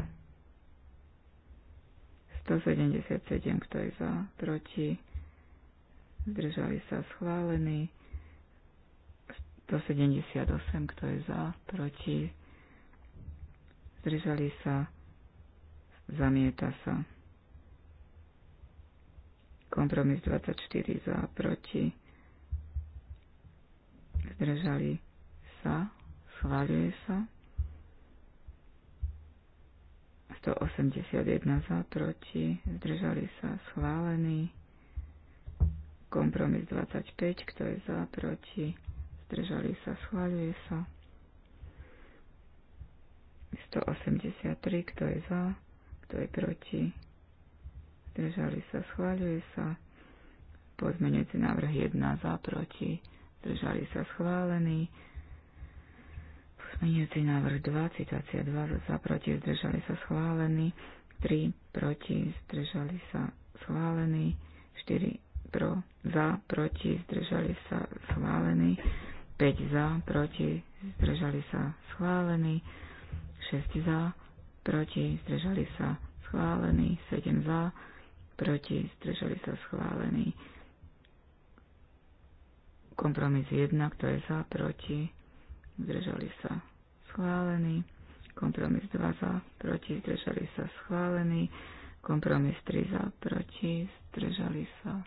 177. Kto je za? Proti? zdržali sa schválení. 178, kto je za, proti, zdržali sa, zamieta sa. Kompromis 24 za, proti, zdržali sa, schváľuje sa. 181 za, proti, zdržali sa, schválený. Kompromis 25, kto je za, proti, zdržali sa, schváľuje sa. 183, kto je za, kto je proti, zdržali sa, schváľuje sa. Pozmeňujúci návrh 1 za, proti, zdržali sa, schválený. Pozmeňujúci návrh 2, citácia 2, za, proti, zdržali sa, schválený. 3, proti, zdržali sa, schválený. 4, pro, za, proti, zdržali sa, schválený. 5 za, proti, zdržali sa, schválený. 6 za, proti, zdržali sa, schválený. 7 za, proti, zdržali sa, schválený. Kompromis 1, kto je za, proti, zdržali sa, schválený. Kompromis 2 za, proti, zdržali sa, schválený. Kompromis 3 za, proti, zdržali sa,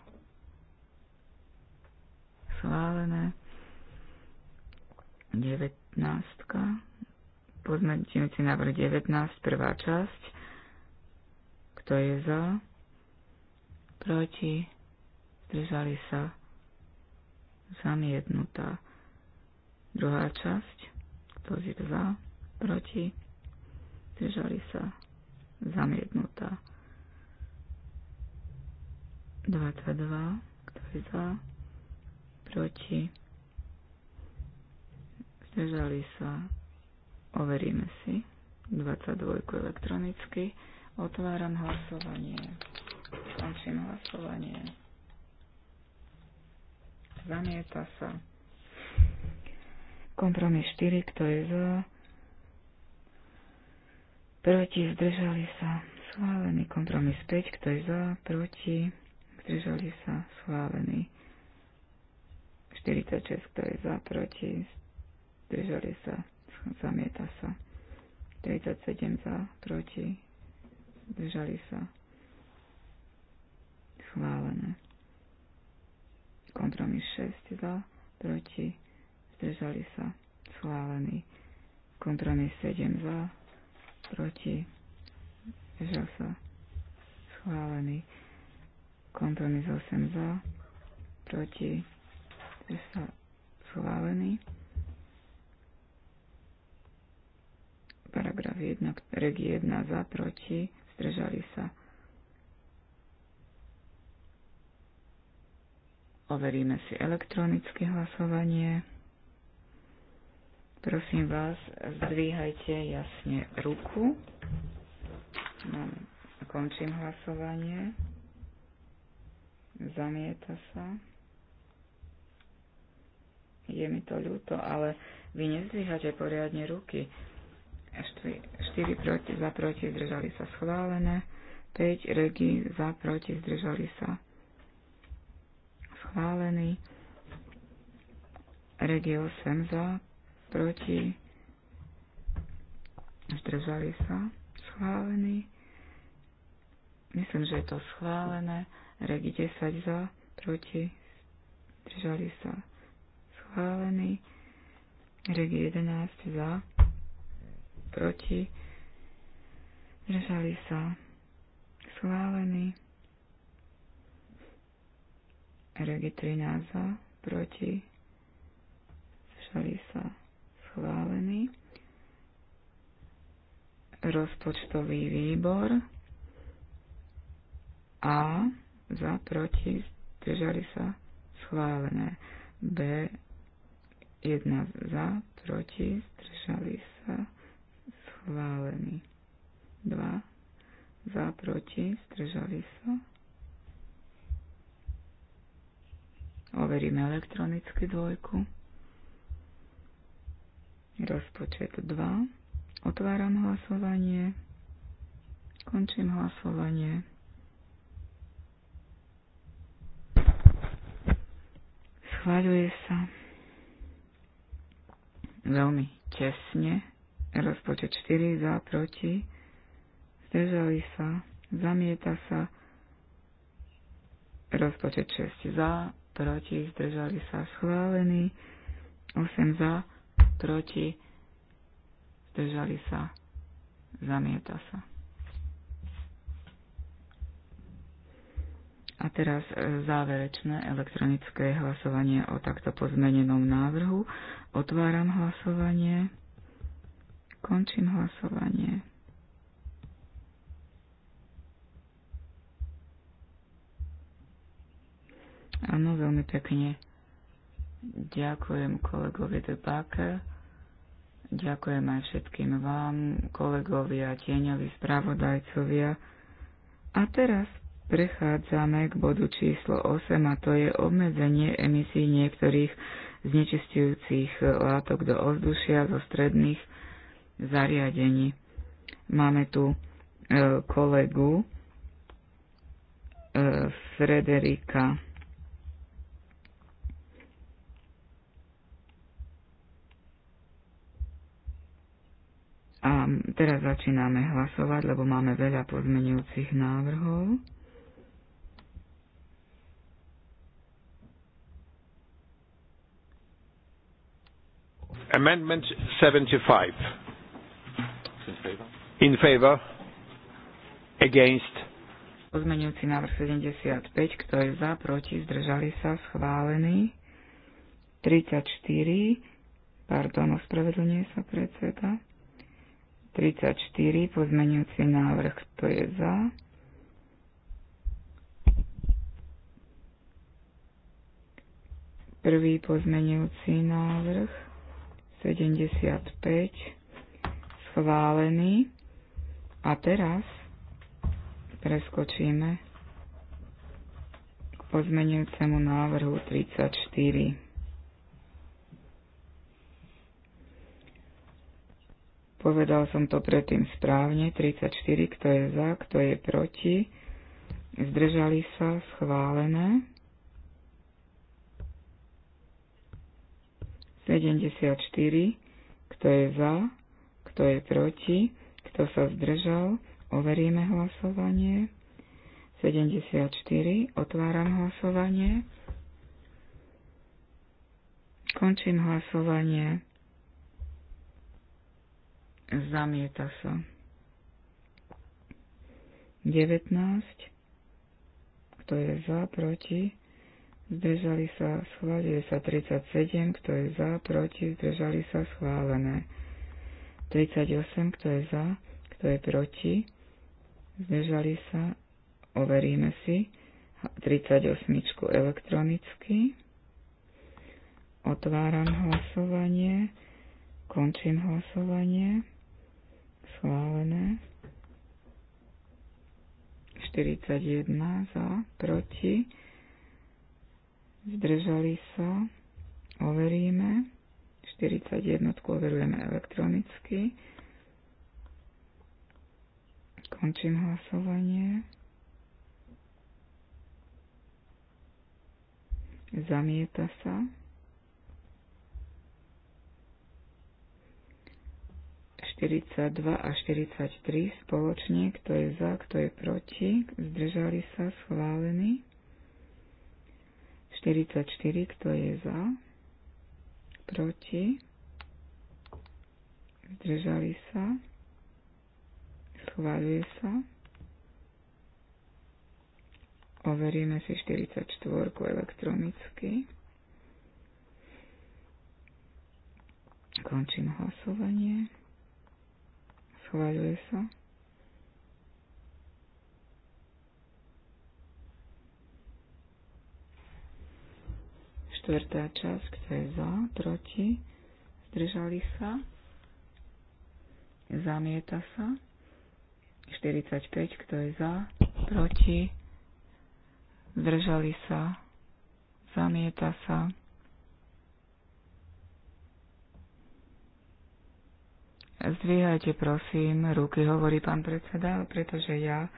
schválené. 19. Pozmeňujúci návrh 19, prvá časť. Kto je za? Proti? Zdržali sa? Zamietnutá. Druhá časť. Kto je za? Proti? Zdržali sa? Zamietnutá. 22. Kto je za? proti, zdržali sa, overíme si, 22 elektronicky, otváram hlasovanie, končím hlasovanie, zamieta sa, kompromis 4, kto je za, proti, zdržali sa, schválený, kompromis 5, kto je za, proti, zdržali sa, schválený, 46, kto je za, proti, zdržali sa, zamieta sa. 47 za, proti, zdržali sa, schválené. Kompromis 6 za, proti, zdržali sa, schválený. Kompromis 7 za, proti, zdržal sa, schválený. Kompromis 8 za, proti, zdržali sa schválený. Paragraf 1, reg 1 za, proti, zdržali sa. Overíme si elektronické hlasovanie. Prosím vás, zdvíhajte jasne ruku. Mám, končím hlasovanie. Zamieta sa. Je mi to ľúto, ale vy nezdvíhate poriadne ruky. 4 proti, za proti, zdržali sa schválené. 5 regi, za proti, zdržali sa schválený. Regi 8 za, proti, zdržali sa schválený. Myslím, že je to schválené. Regi 10 za, proti, zdržali sa schválený schválený. Rek 11 za, proti, Držali sa, schválený. Rek 13 za, proti, Držali sa, schválený. Rozpočtový výbor A za, proti, držali sa, schválené. B Jedna za, proti, zdržali sa, schválený. 2 za, proti, zdržali sa. Overíme elektronicky dvojku. Rozpočet 2. Otváram hlasovanie. Končím hlasovanie. Schváľuje sa veľmi tesne. Rozpočet 4 za, proti. Zdržali sa, zamieta sa. Rozpočet 6 za, proti, zdržali sa, schválený. 8 za, proti, zdržali sa, zamieta sa. A teraz e, záverečné elektronické hlasovanie o takto pozmenenom návrhu. Otváram hlasovanie. Končím hlasovanie. Áno, veľmi pekne. Ďakujem kolegovi de páke, Ďakujem aj všetkým vám, kolegovia, tieňovi, spravodajcovia. A teraz prechádzame k bodu číslo 8 a to je obmedzenie emisí niektorých znečistujúcich látok do ovzdušia zo stredných zariadení. Máme tu e, kolegu e, Frederika A teraz začíname hlasovať, lebo máme veľa pozmenujúcich návrhov. Amendment 75. In favor. In favor. Against. Pozmeňujúci návrh 75. Kto je za, proti, zdržali sa, schválený. 34. Pardon, ospravedlňuje sa predseda. 34. Pozmeňujúci návrh. Kto je za? Prvý pozmeňujúci návrh. 75 schválený. A teraz preskočíme k pozmenujúcemu návrhu 34. Povedal som to predtým správne. 34, kto je za, kto je proti. Zdržali sa, schválené. 74. Kto je za? Kto je proti? Kto sa zdržal? Overíme hlasovanie. 74. Otváram hlasovanie. Končím hlasovanie. Zamieta sa. 19. Kto je za, proti? zdržali sa, schválili sa 37, kto je za, proti, zdržali sa, schválené. 38, kto je za, kto je proti, zdržali sa, overíme si. 38 elektronicky. Otváram hlasovanie, končím hlasovanie, schválené. 41 za, proti, zdržali sa, overíme, 41 overujeme elektronicky, končím hlasovanie, zamieta sa, 42 a 43 spoločne, kto je za, kto je proti, zdržali sa, schválený. 44, kto je za, proti, zdržali sa, schváľuje sa. Overíme si 44 elektronicky. Končím hlasovanie. Schváľuje sa. Štvrtá časť, kto je za, proti, zdržali sa, zamieta sa. 45, kto je za, proti, zdržali sa, zamieta sa. Zdvíhajte prosím ruky, hovorí pán predseda, pretože ja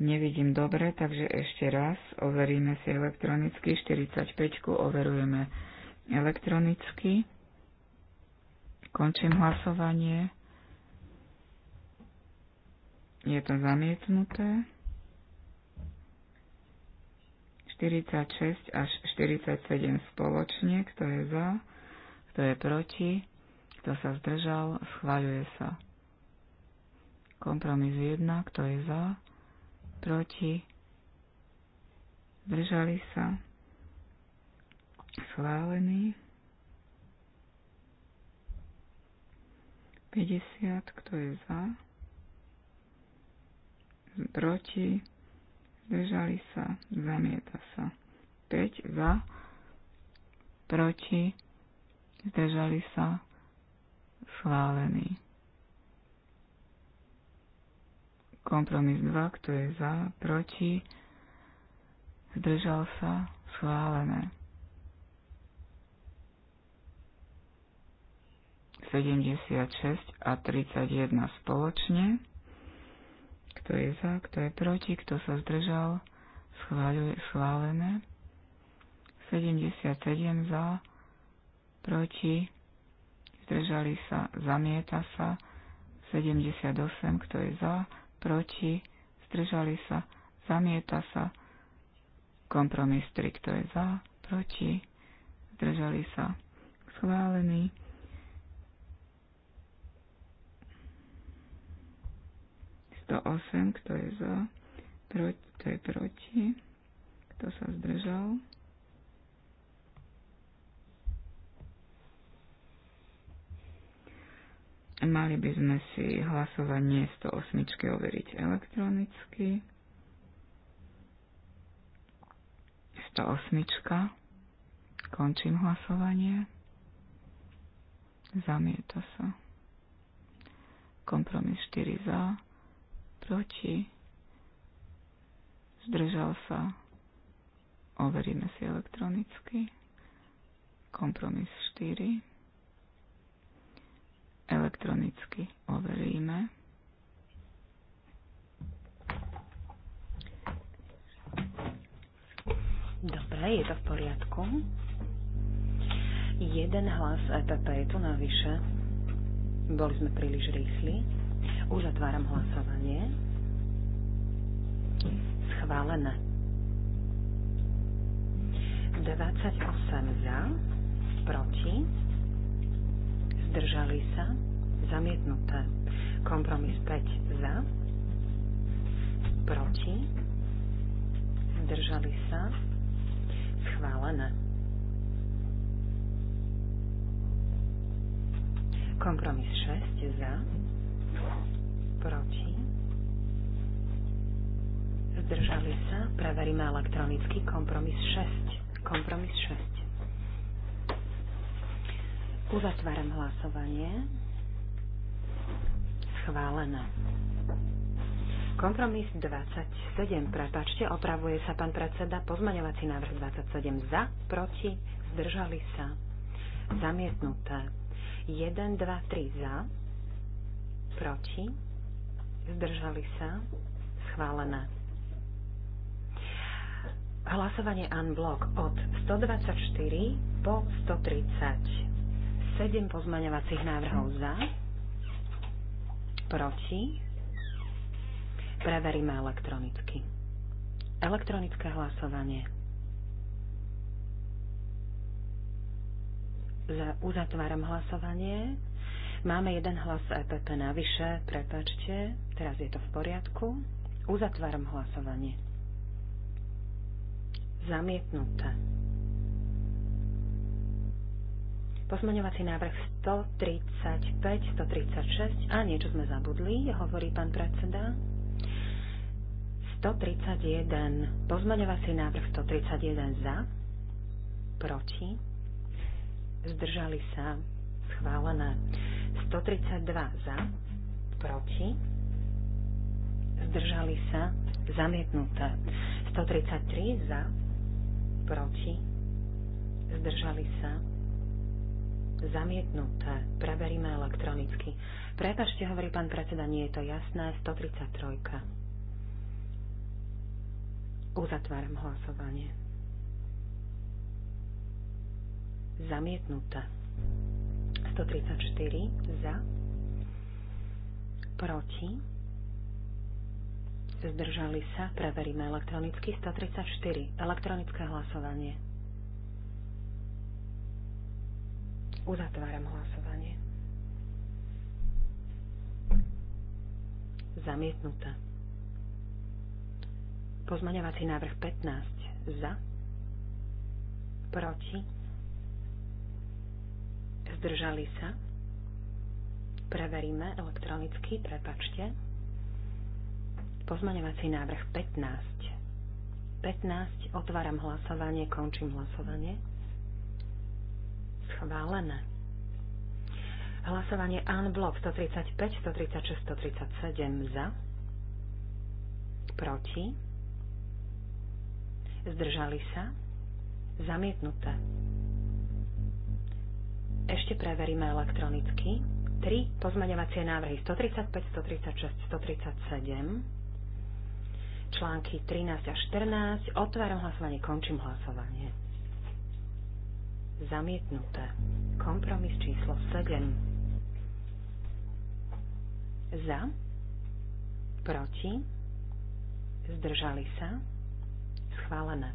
Nevidím dobre, takže ešte raz overíme si elektronicky. 45 overujeme elektronicky. Končím hlasovanie. Je to zamietnuté. 46 až 47 spoločne, kto je za, kto je proti, kto sa zdržal, schváľuje sa. Kompromis 1, kto je za, proti, zdržali sa, schválený. 50, kto je za, proti, zdržali sa, zamieta sa. 5 za, proti, zdržali sa, schválený. Kompromis 2, kto je za, proti, zdržal sa, schválené. 76 a 31 spoločne. Kto je za, kto je proti, kto sa zdržal, schválené. 77 za, proti, zdržali sa, zamieta sa. 78, kto je za, proti, zdržali sa, zamieta sa. Kompromis 3, kto je za, proti, zdržali sa, schválený. Sto osem, kto je za, proti, kto je proti, kto sa zdržal Mali by sme si hlasovanie 108 overiť elektronicky. 108. Končím hlasovanie. Zamieta sa. Kompromis 4 za, proti, zdržal sa. Overíme si elektronicky. Kompromis 4. Elektronicky overíme. Dobre, je to v poriadku. Jeden hlas EPP je tu navyše. Boli sme príliš rýchli. Uzatváram hlasovanie. Schválené. 28 za, proti zdržali sa, zamietnuté. Kompromis 5 za, proti, zdržali sa, schválené. Kompromis 6 za, proti, zdržali sa, preveríme elektronicky kompromis 6. Kompromis 6. Uzatváram hlasovanie. Schválené. Kompromis 27. Prepačte, opravuje sa pán predseda. Pozmaňovací návrh 27. Za, proti, zdržali sa. Zamietnuté. 1, 2, 3 za, proti, zdržali sa, schválené. Hlasovanie unblock od 124 po 130. 7 pozmaňovacích návrhov za, proti, preveríme elektronicky. Elektronické hlasovanie. uzatváram hlasovanie. Máme jeden hlas EPP navyše, prepačte, teraz je to v poriadku. Uzatváram hlasovanie. Zamietnuté. Pozmeňovací návrh 135, 136 a niečo sme zabudli, hovorí pán predseda. 131. Pozmeňovací návrh 131 za, proti, zdržali sa, schválené. 132 za, proti, zdržali sa, zamietnuté. 133 za, proti, zdržali sa, Zamietnuté. Preveríme elektronicky. Prepašte, hovorí pán predseda, nie je to jasné. 133. Uzatváram hlasovanie. Zamietnuté. 134 za. Proti. Zdržali sa. Preveríme elektronicky. 134. Elektronické hlasovanie. Uzatváram hlasovanie. Zamietnuté. Pozmaňovací návrh 15. Za. Proti. Zdržali sa. Preveríme elektronicky, prepačte. Pozmaňovací návrh 15. 15. Otváram hlasovanie, končím hlasovanie. Schválené. Hlasovanie unblock 135, 136, 137 za. Proti. Zdržali sa. Zamietnuté. Ešte preveríme elektronicky. 3 pozmeňovacie návrhy 135, 136, 137. Články 13 a 14. Otváram hlasovanie, končím hlasovanie. Zamietnuté. Kompromis číslo 7. Za. Proti. Zdržali sa. Schválené.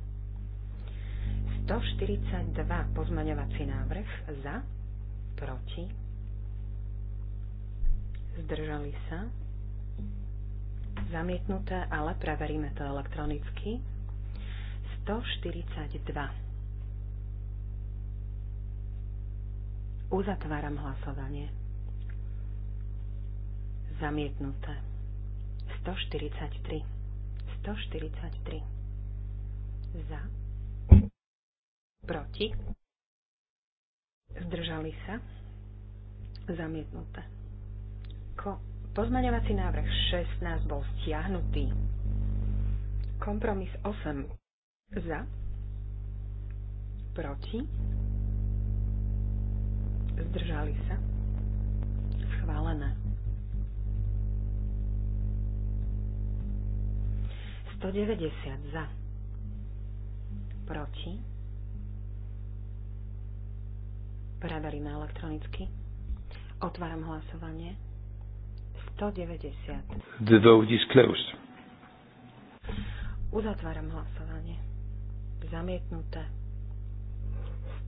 142 pozmaňovací návrh za, proti, zdržali sa, zamietnuté, ale preveríme to elektronicky. 142. Uzatváram hlasovanie. Zamietnuté. 143. 143. Za. Proti. Zdržali sa. Zamietnuté. Ko- pozmaňovací návrh 16 bol stiahnutý. Kompromis 8. Za. Proti zdržali sa, schválené. 190 za, proti, Preberím elektronicky, otváram hlasovanie, 190. The vote is closed. Uzatváram hlasovanie. Zamietnuté.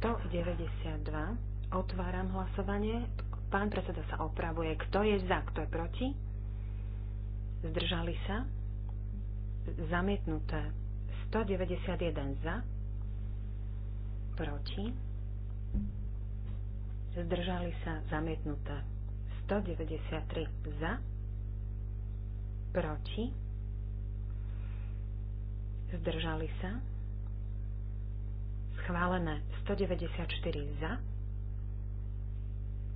192 Otváram hlasovanie. Pán predseda sa opravuje. Kto je za, kto je proti? Zdržali sa? Zamietnuté. 191 za. Proti. Zdržali sa zamietnuté. 193 za. Proti. Zdržali sa. Schválené 194 za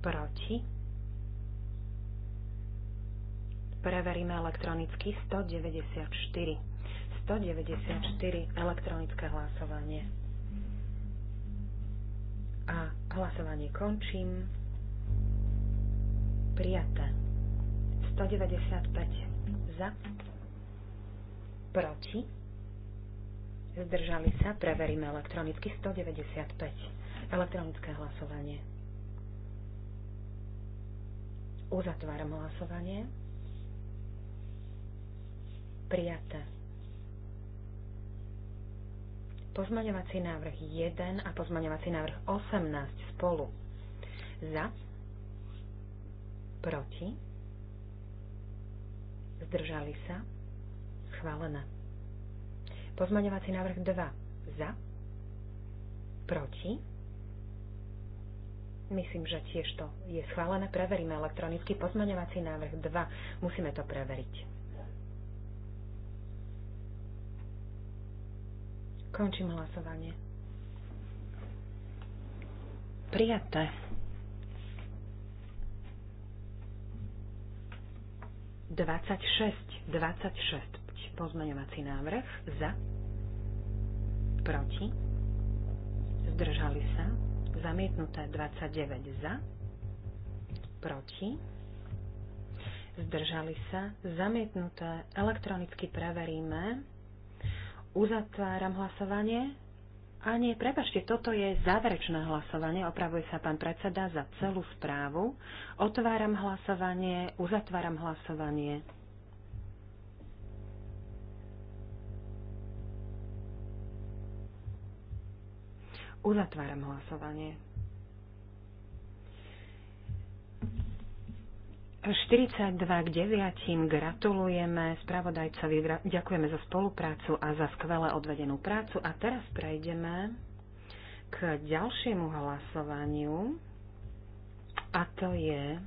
Proti? Preveríme elektronicky 194. 194 elektronické hlasovanie. A hlasovanie končím. Prijaté. 195 za. Proti. Zdržali sa. Preveríme elektronicky 195. Elektronické hlasovanie. Uzatváram hlasovanie. Prijaté. Pozmaňovací návrh 1 a pozmaňovací návrh 18 spolu. Za. Proti. Zdržali sa. Schválené. Pozmaňovací návrh 2. Za. Proti Myslím, že tiež to je schválené. Preveríme elektronicky pozmaňovací návrh 2. Musíme to preveriť. Končím hlasovanie. Prijaté. Dvadsať šesť, dvadsať šesť pozmeňovací návrh za, proti, zdržali sa, zamietnuté 29 za, proti, zdržali sa, zamietnuté, elektronicky preveríme, uzatváram hlasovanie, a nie, prepašte, toto je záverečné hlasovanie, opravuje sa pán predseda za celú správu. Otváram hlasovanie, uzatváram hlasovanie. Uzatváram hlasovanie. 42 k 9. Gratulujeme spravodajcovi, ďakujeme za spoluprácu a za skvelé odvedenú prácu. A teraz prejdeme k ďalšiemu hlasovaniu. A to je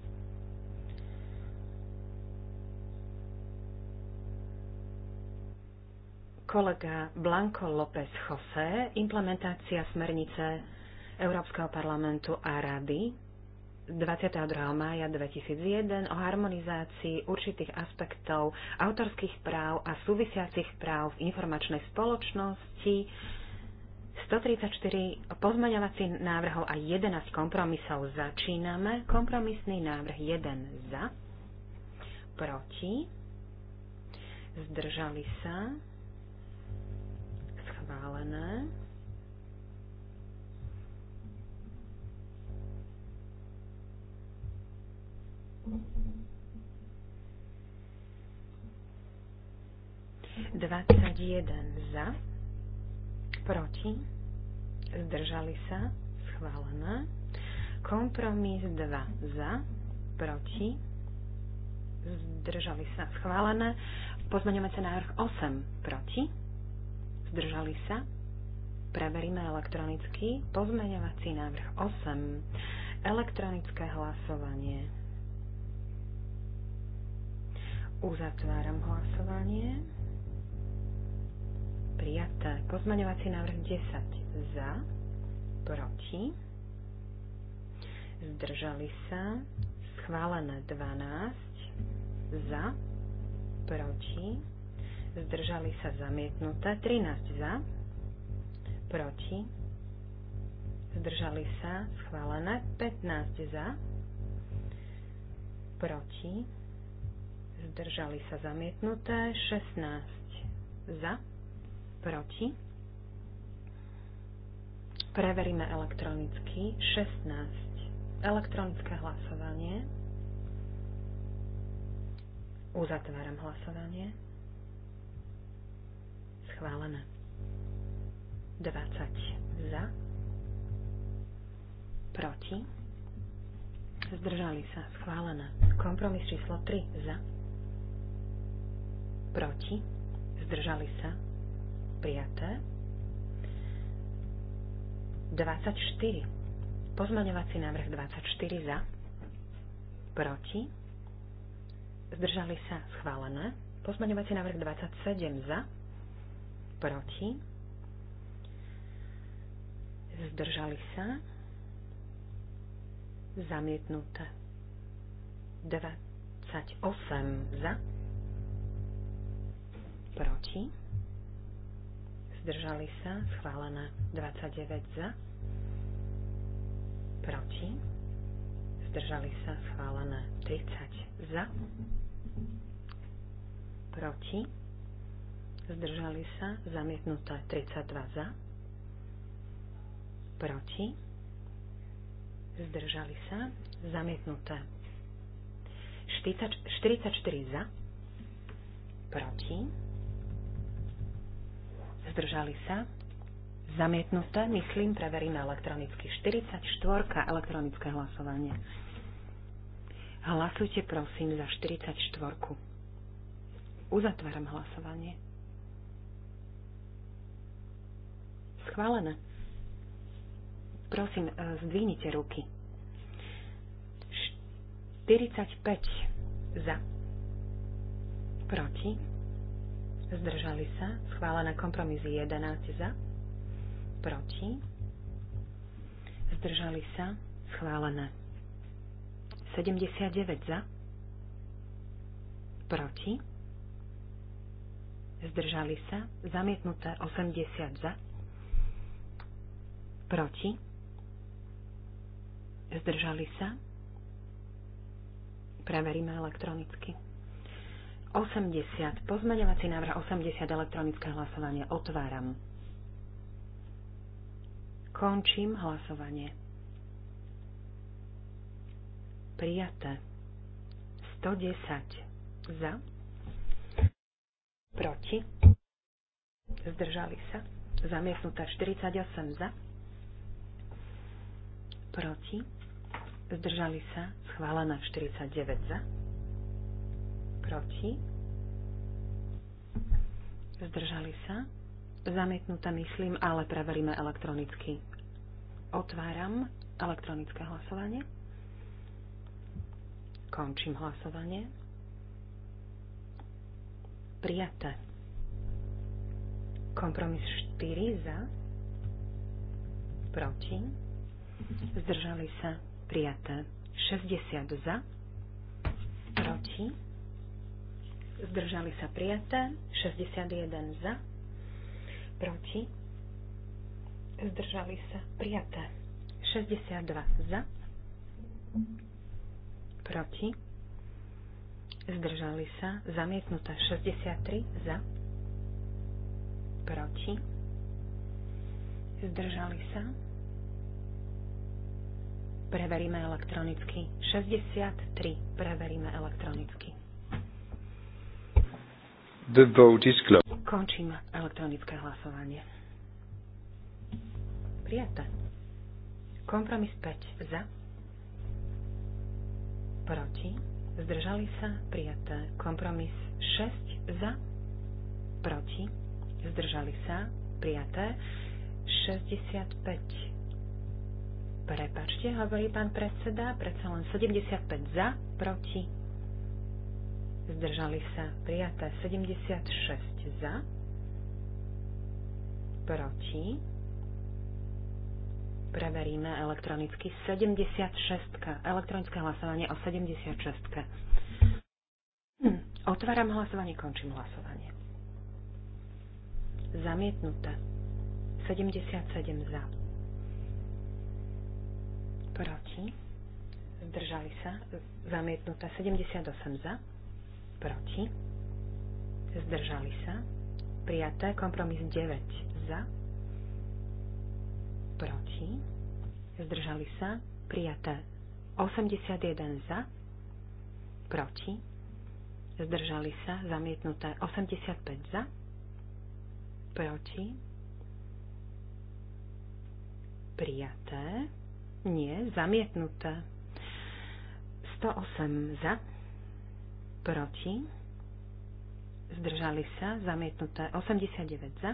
kolega Blanco López José, implementácia smernice Európskeho parlamentu a rady 22. mája 2001 o harmonizácii určitých aspektov autorských práv a súvisiacich práv v informačnej spoločnosti 134 pozmaňovací návrhov a 11 kompromisov začíname. Kompromisný návrh 1 za, proti, zdržali sa, schválené. Dvadsať jeden za, proti, zdržali sa, schválené. Kompromis dva: za, proti, zdržali sa, schválené. Pozmeňujeme sa návrh 8 proti, Zdržali sa? Preveríme elektronicky. Pozmeňovací návrh 8. Elektronické hlasovanie. Uzatváram hlasovanie. Prijaté. Pozmeňovací návrh 10. Za. Proti. Zdržali sa. Schválené 12. Za. Proti zdržali sa zamietnuté, 13 za, proti, zdržali sa schválené, 15 za, proti, zdržali sa zamietnuté, 16 za, proti. Preveríme elektronicky 16. Elektronické hlasovanie. Uzatváram hlasovanie schválené. 20 za, proti, zdržali sa, schválené. Kompromis číslo 3 za, proti, zdržali sa, prijaté. 24. Pozmaňovací návrh 24 za, proti, zdržali sa, schválené. Pozmaňovací návrh 27 za, proti, zdržali sa, zamietnuté. 28 za, proti, zdržali sa, schválené. 29 za, proti, zdržali sa, schválené. 30 za, proti, zdržali sa, zamietnuté 32 za, proti, zdržali sa, zamietnuté 44 za, proti, zdržali sa, zamietnuté, myslím, preveríme elektronicky 44, elektronické hlasovanie. Hlasujte prosím za 44. Uzatváram hlasovanie. Schválené. Prosím, e, zdvihnite ruky. 45 za. Proti. Zdržali sa. Schválené kompromisy 11 za. Proti. Zdržali sa. Schválené. 79 za. Proti. Zdržali sa. Zamietnuté 80 za. Proti? Zdržali sa? Preveríme elektronicky. 80. Pozmeňovací návrh 80. Elektronické hlasovanie. Otváram. Končím hlasovanie. Prijaté. 110. Za. Proti. Zdržali sa. Zamiesnutá 48 za proti, zdržali sa, schválená 49 za, proti, zdržali sa, zamietnutá myslím, ale preveríme elektronicky. Otváram elektronické hlasovanie. Končím hlasovanie. Prijaté. Kompromis 4 za, proti, zdržali sa prijaté. 60 za, proti, zdržali sa prijaté. 61 za, proti, zdržali sa prijaté. 62 za, proti, zdržali sa, zamietnuté 63 za, proti, zdržali sa, Preveríme elektronicky. 63. Preveríme elektronicky. The vote is closed. Končím elektronické hlasovanie. Prijaté. Kompromis 5 za. Proti. Zdržali sa. Prijaté. Kompromis 6 za. Proti. Zdržali sa. Prijaté. 65 Prepačte, hovorí pán predseda, predsa len 75 za, proti. Zdržali sa prijaté 76 za, proti. Preveríme elektronicky 76. Elektronické hlasovanie o 76. Hm. Otváram hlasovanie, končím hlasovanie. Zamietnuté. 77 za proti, zdržali sa, zamietnuté 78 za, proti, zdržali sa, prijaté kompromis 9 za, proti, zdržali sa, prijaté 81 za, proti, zdržali sa, zamietnuté 85 za, proti, prijaté nie, zamietnuté. 108 za, proti, zdržali sa, zamietnuté. 89 za,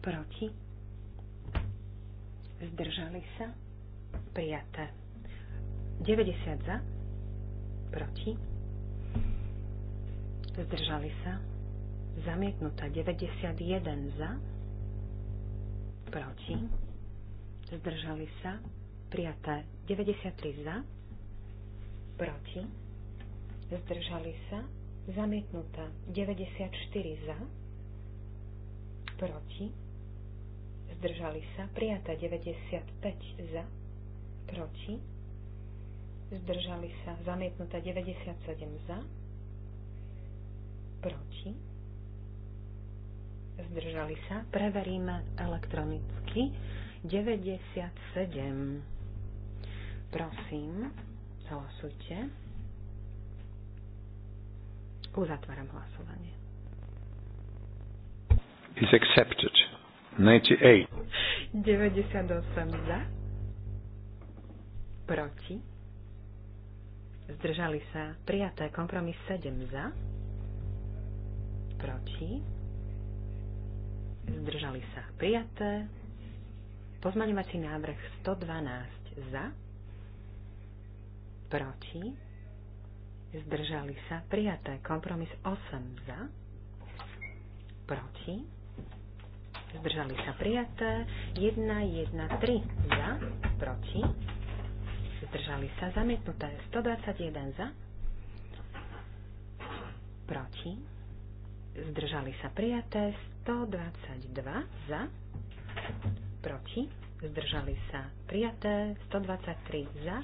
proti, zdržali sa, prijaté. 90 za, proti, zdržali sa, zamietnuté. 91 za, proti, zdržali sa, prijaté 93 za, proti, zdržali sa, zamietnutá 94 za, proti, zdržali sa, prijatá 95 za, proti, zdržali sa, zamietnutá 97 za, proti, zdržali sa, preveríme elektronicky, 97. Prosím, hlasujte. Uzatváram hlasovanie. Is accepted. 98. 98 za. Proti. Zdržali sa. Prijaté. Kompromis 7 za. Proti. Zdržali sa. Prijaté. Pozmaňovací návrh 112 za, proti, zdržali sa, prijaté. Kompromis 8 za, proti, zdržali sa, prijaté. 1, 1, 3 za, proti, zdržali sa, zamietnuté. 121 za, proti, zdržali sa, prijaté. 122 za, proti, zdržali sa prijaté, 123 za,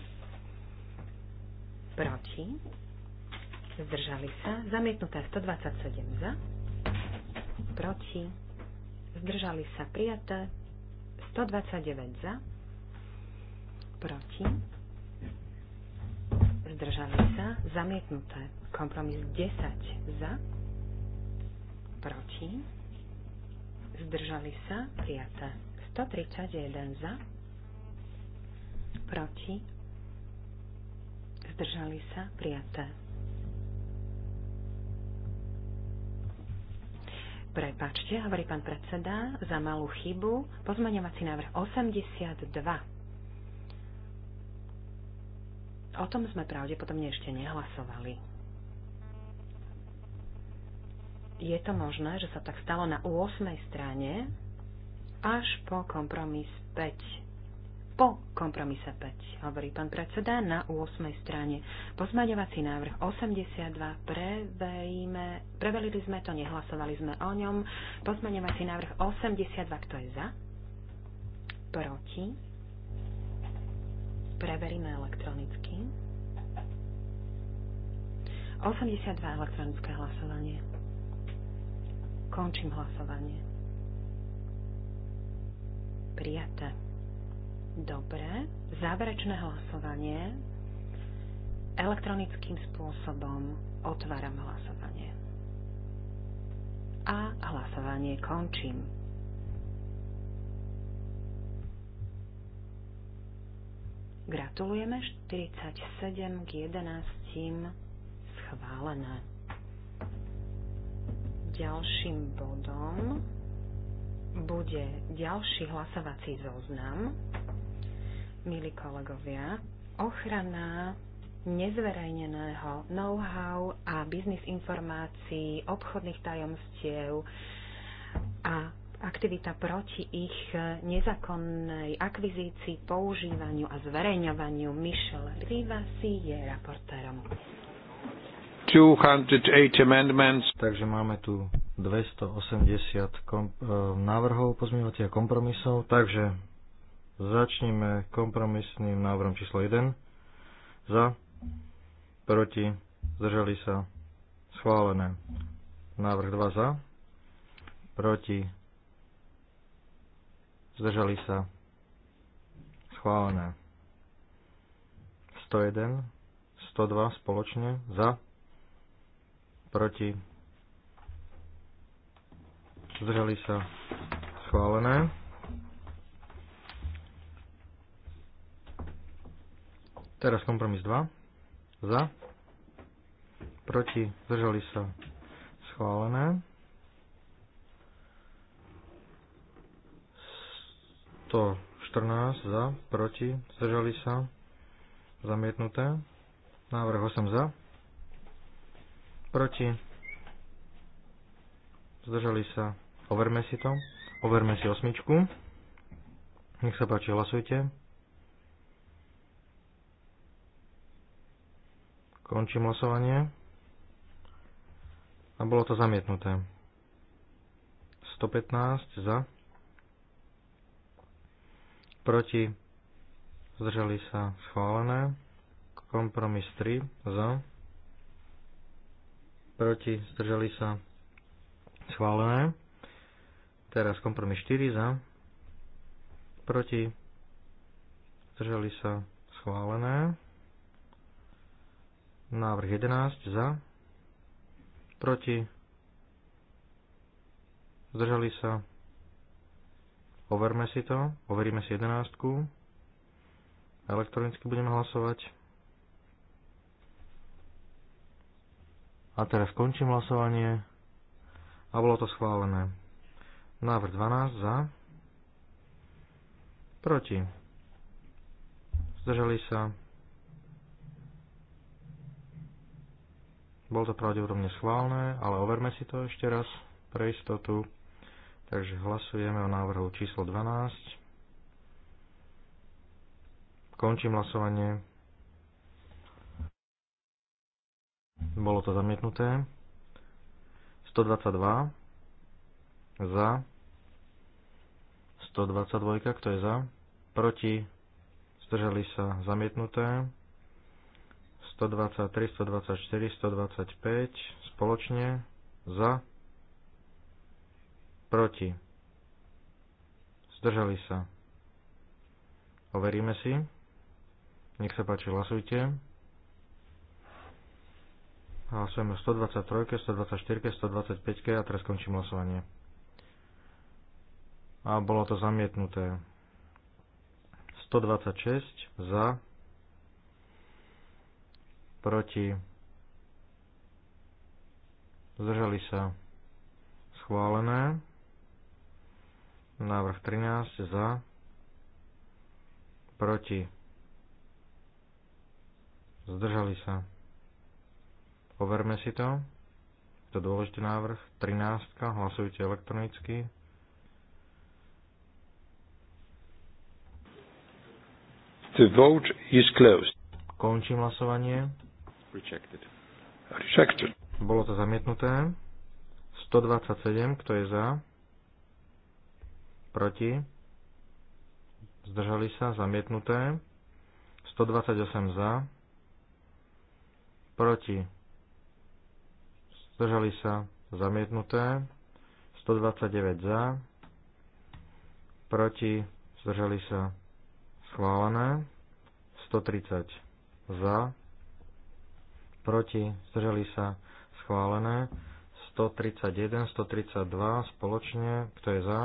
proti, zdržali sa, zamietnuté 127 za, proti, zdržali sa prijaté, 129 za, proti, zdržali sa, zamietnuté, kompromis 10 za, proti, zdržali sa, prijaté. 131 za, proti, zdržali sa, prijaté. Prepačte, hovorí pán predseda, za malú chybu. Pozmaňovací návrh 82. O tom sme pravdepodobne ešte nehlasovali. Je to možné, že sa tak stalo na 8. strane až po kompromis 5. Po kompromise 5, hovorí pán predseda na 8. strane. pozmaňovací návrh 82, preveríme, preverili sme to, nehlasovali sme o ňom. Pozmaňovací návrh 82, kto je za? Proti? Preveríme elektronicky. 82 elektronické hlasovanie. Končím hlasovanie. Prijaté. Dobre. Záverečné hlasovanie. Elektronickým spôsobom otváram hlasovanie. A hlasovanie končím. Gratulujeme 47 k 11 schválené. Ďalším bodom bude ďalší hlasovací zoznam. Milí kolegovia, ochrana nezverejneného know-how a biznis informácií, obchodných tajomstiev a aktivita proti ich nezákonnej akvizícii, používaniu a zverejňovaniu. Michel Rivasi je raportérom. amendments. Takže máme tu 280 komp- e, návrhov pozmeňovacích a kompromisov, takže začneme kompromisným návrhom číslo 1. Za, proti, zdržali sa, schválené. Návrh 2 za, proti, zdržali sa, schválené. 101, 102 spoločne, za, proti, zdržali sa schválené. Teraz kompromis 2. Za. Proti. Zdržali sa. Schválené. 114 za. Proti. Zdržali sa. Zamietnuté. Návrh 8 za. Proti. Zdržali sa. Overme si to. Overme si osmičku. Nech sa páči, hlasujte. Končím hlasovanie. A bolo to zamietnuté. 115 za. Proti. Zdržali sa schválené. Kompromis 3 za. Proti. Zdržali sa schválené. Teraz kompromis 4 za, proti, zdržali sa schválené. Návrh 11 za, proti, zdržali sa. Overme si to, overíme si 11. Elektronicky budeme hlasovať. A teraz končím hlasovanie. A bolo to schválené. Návrh 12 za. Proti. Zdržali sa. Bol to pravdepodobne schválne, ale overme si to ešte raz pre istotu. Takže hlasujeme o návrhu číslo 12. Končím hlasovanie. Bolo to zamietnuté. 122 za 122, kto je za, proti, zdržali sa zamietnuté, 123, 124, 125 spoločne, za, proti, zdržali sa. Overíme si. Nech sa páči, hlasujte. Hlasujeme 123, 124, 125 a teraz skončím hlasovanie a bolo to zamietnuté. 126 za, proti, zdržali sa schválené. Návrh 13 za, proti, zdržali sa. Overme si to. Je to dôležitý návrh. 13. Hlasujte elektronicky. The vote is closed. Končím hlasovanie. Rejected. Rejected. Bolo to zamietnuté. 127, kto je za? Proti? Zdržali sa, zamietnuté. 128 za. Proti? Zdržali sa, zamietnuté. 129 za. Proti? Zdržali sa, schválené. 130 za, proti, zdržali sa, schválené. 131, 132 spoločne, kto je za,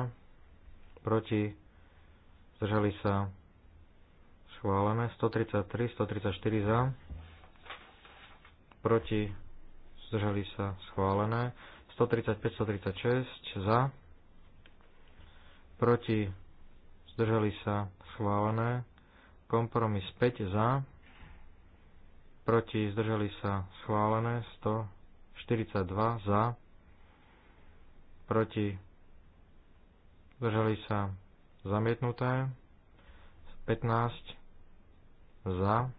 proti, zdržali sa, schválené. 133, 134 za, proti, zdržali sa, schválené. 135, 136 za, proti, zdržali sa, schválené. Kompromis 5 za, proti zdržali sa schválené 142 za, proti zdržali sa zamietnuté 15 za,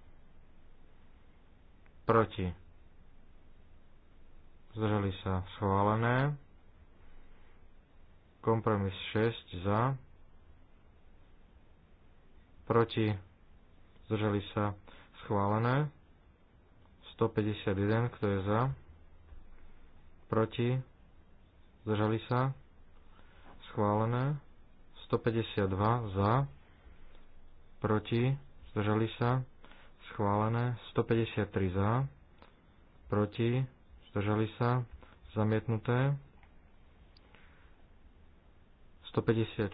proti zdržali sa schválené kompromis 6 za, proti zdržali sa schválené. 151, kto je za, proti, zdržali sa schválené. 152 za, proti, zdržali sa, schválené, 153 za, proti, zdržali sa, zamietnuté, 154,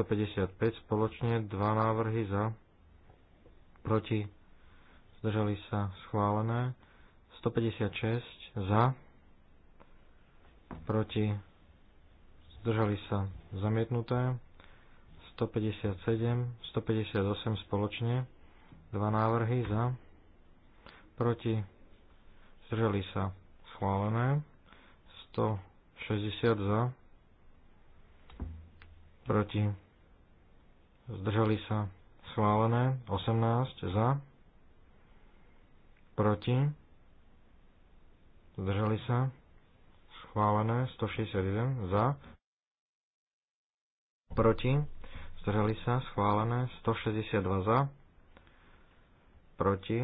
155 spoločne, dva návrhy za, proti, zdržali sa schválené, 156 za, proti, zdržali sa zamietnuté, 157, 158 spoločne, dva návrhy za, proti, zdržali sa schválené, 160 za, proti, zdržali sa schválené, 18 za, proti, zdržali sa, schválené, 161 za, proti, zdržali sa, schválené, 162 za, proti,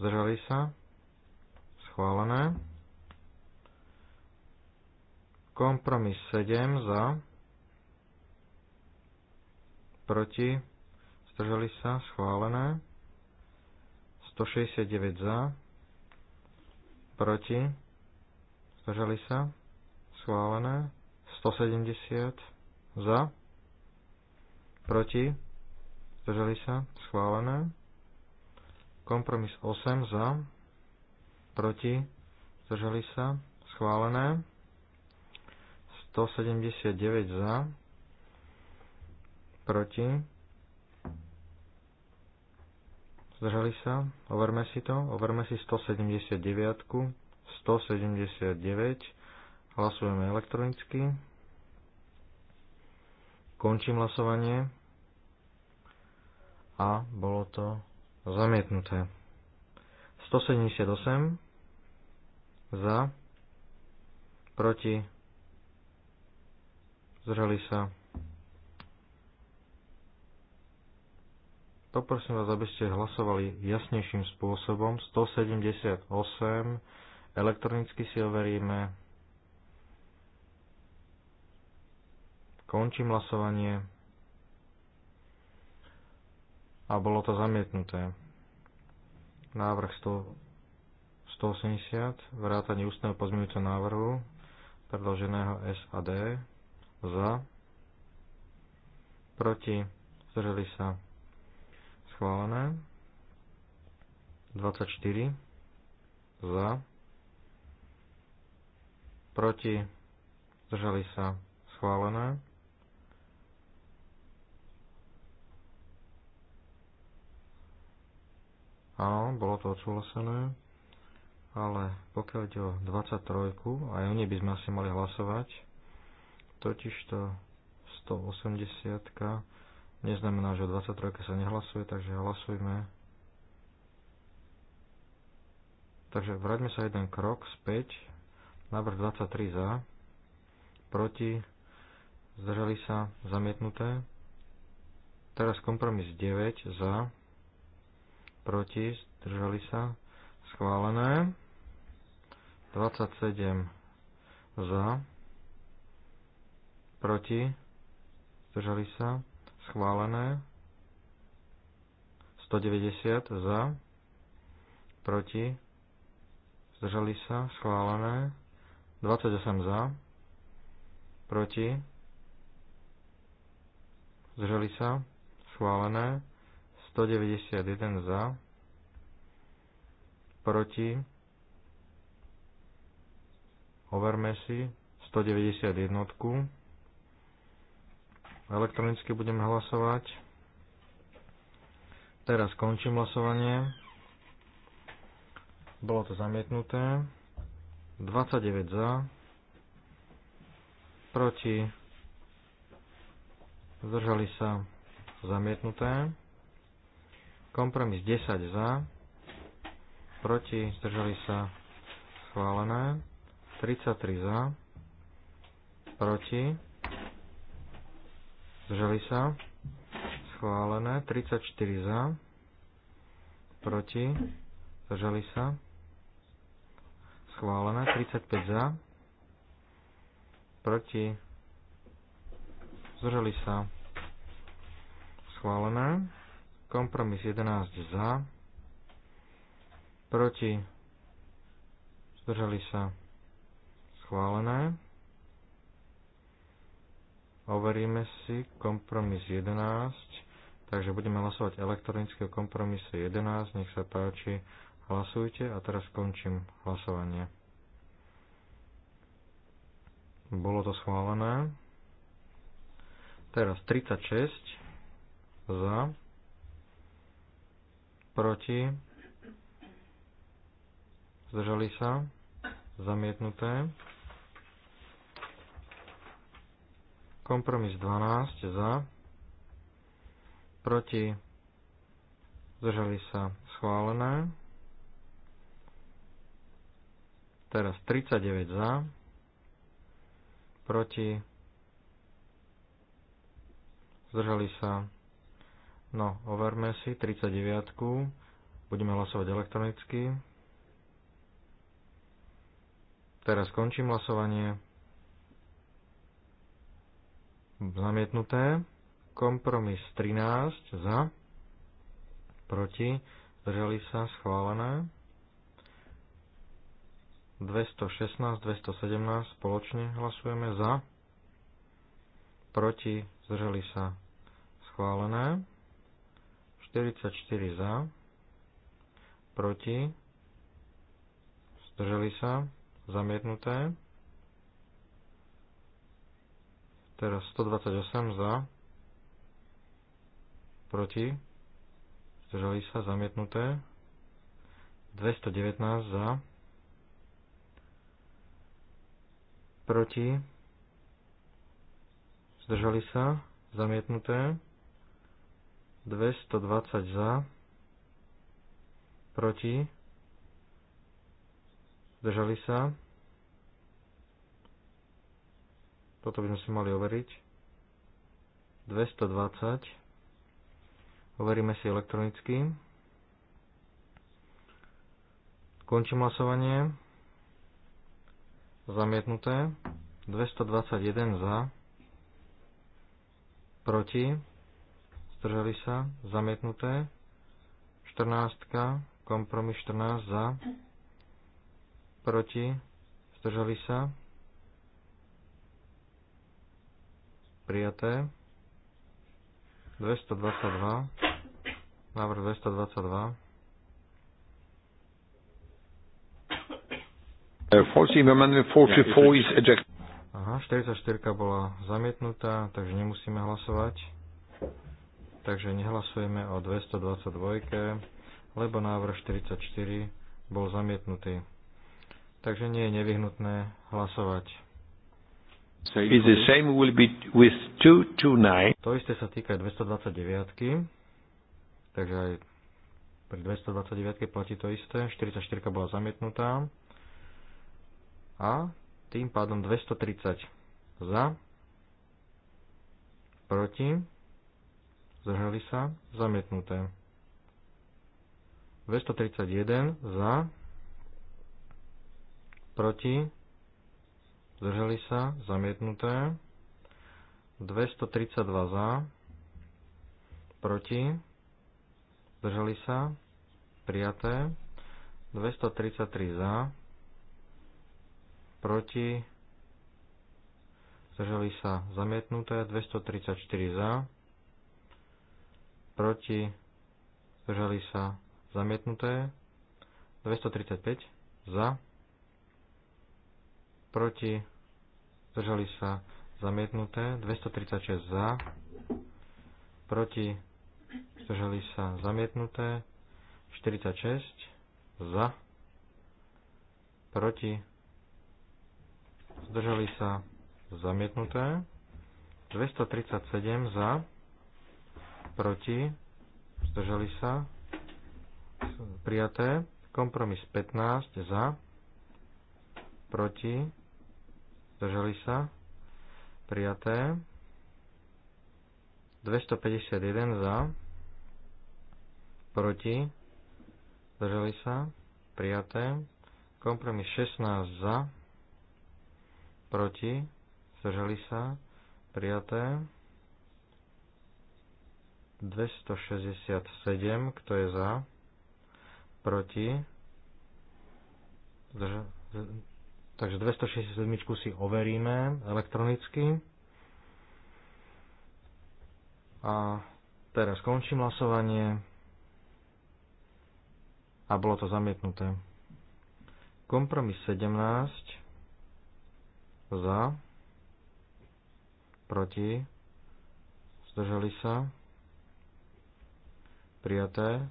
zdržali sa, schválené, kompromis 7 za, proti, zdržali sa, schválené. 169 za, proti, zdržali sa, schválené. 170 za, proti, zdržali sa, schválené. Kompromis 8 za, proti, zdržali sa, schválené. 179 za, proti, zdržali sa, overme si to, overme si 179, 179, hlasujeme elektronicky, končím hlasovanie a bolo to zamietnuté. 178 za, proti, zdržali sa, Poprosím vás, aby ste hlasovali jasnejším spôsobom. 178, elektronicky si overíme. Končím hlasovanie. A bolo to zamietnuté. Návrh 100, 180, vrátanie ústneho pozmeňujúceho návrhu, predloženého SAD, za, proti, zdrželi sa, schválené. 24 za, proti, zdržali sa, schválené. Áno, bolo to odsúhlasené, ale pokiaľ ide o 23, aj o nej by sme asi mali hlasovať, totižto 180 neznamená, že o 23 sa nehlasuje, takže hlasujme. Takže vráťme sa jeden krok späť. Návrh 23 za, proti, zdržali sa, zamietnuté. Teraz kompromis 9 za, proti, zdržali sa, schválené. 27 za, proti, zdržali sa, schválené. 190 za, proti, zdržali sa, schválené. 28 za, proti, zdržali sa, schválené. 191 za, proti, overme si 191. Elektronicky budeme hlasovať. Teraz končím hlasovanie. Bolo to zamietnuté. 29 za. Proti. Zdržali sa zamietnuté. Kompromis 10 za. Proti. Zdržali sa schválené. 33 za. Proti Zdržali sa? Schválené. 34 za. Proti. Zdržali sa? Schválené. 35 za. Proti. Zdržali sa? Schválené. Kompromis 11 za. Proti. Zdržali sa? Schválené. Overíme si kompromis 11, takže budeme hlasovať elektronicky o kompromise 11, nech sa páči, hlasujte a teraz končím hlasovanie. Bolo to schválené. Teraz 36 za, proti, zdržali sa, zamietnuté. Kompromis 12 za, proti, zdržali sa schválené. Teraz 39 za, proti, zdržali sa, no overme si 39, budeme hlasovať elektronicky. Teraz končím hlasovanie zamietnuté. Kompromis 13 za, proti, zdržali sa, schválené. 216, 217 spoločne hlasujeme za, proti, zdržali sa, schválené. 44 za, proti, zdržali sa, zamietnuté. Teraz 128 za, proti, zdržali sa, zamietnuté. 219 za, proti, zdržali sa, zamietnuté. 220 za, proti, zdržali sa, Toto by sme si mali overiť. 220. Overíme si elektronicky. Končím hlasovanie. Zamietnuté. 221 za. Proti. Zdržali sa. Zamietnuté. 14. Kompromis 14 za. Proti. Zdržali sa prijaté. 222, návrh 222. Uh, Aha, 44 bola zamietnutá, takže nemusíme hlasovať. Takže nehlasujeme o 222, lebo návrh 44 bol zamietnutý. Takže nie je nevyhnutné hlasovať. Is the same will be with 229. To isté sa týka 229. Takže aj pri 229 platí to isté. 44 bola zamietnutá. A tým pádom 230 za. Proti. Zdržali sa. Zamietnuté. 231 za. Proti Zdrželi sa, zamietnuté. 232 za, proti, zdržali sa, prijaté. 233 za, proti, zdržali sa, zamietnuté. 234 za, proti, Zdrželi sa, zamietnuté. 235 za, proti, zdržali sa zamietnuté, 236 za, proti, zdržali sa zamietnuté, 46 za, proti, zdržali sa zamietnuté, 237 za, proti, zdržali sa, prijaté, kompromis 15 za, proti, zdržali sa, prijaté. 251 za, proti, zdržali sa, prijaté. Kompromis 16 za, proti, zdržali sa, prijaté. 267, kto je za, proti, zdržali Takže 267 si overíme elektronicky. A teraz končím hlasovanie. A bolo to zamietnuté. Kompromis 17 za proti zdržali sa prijaté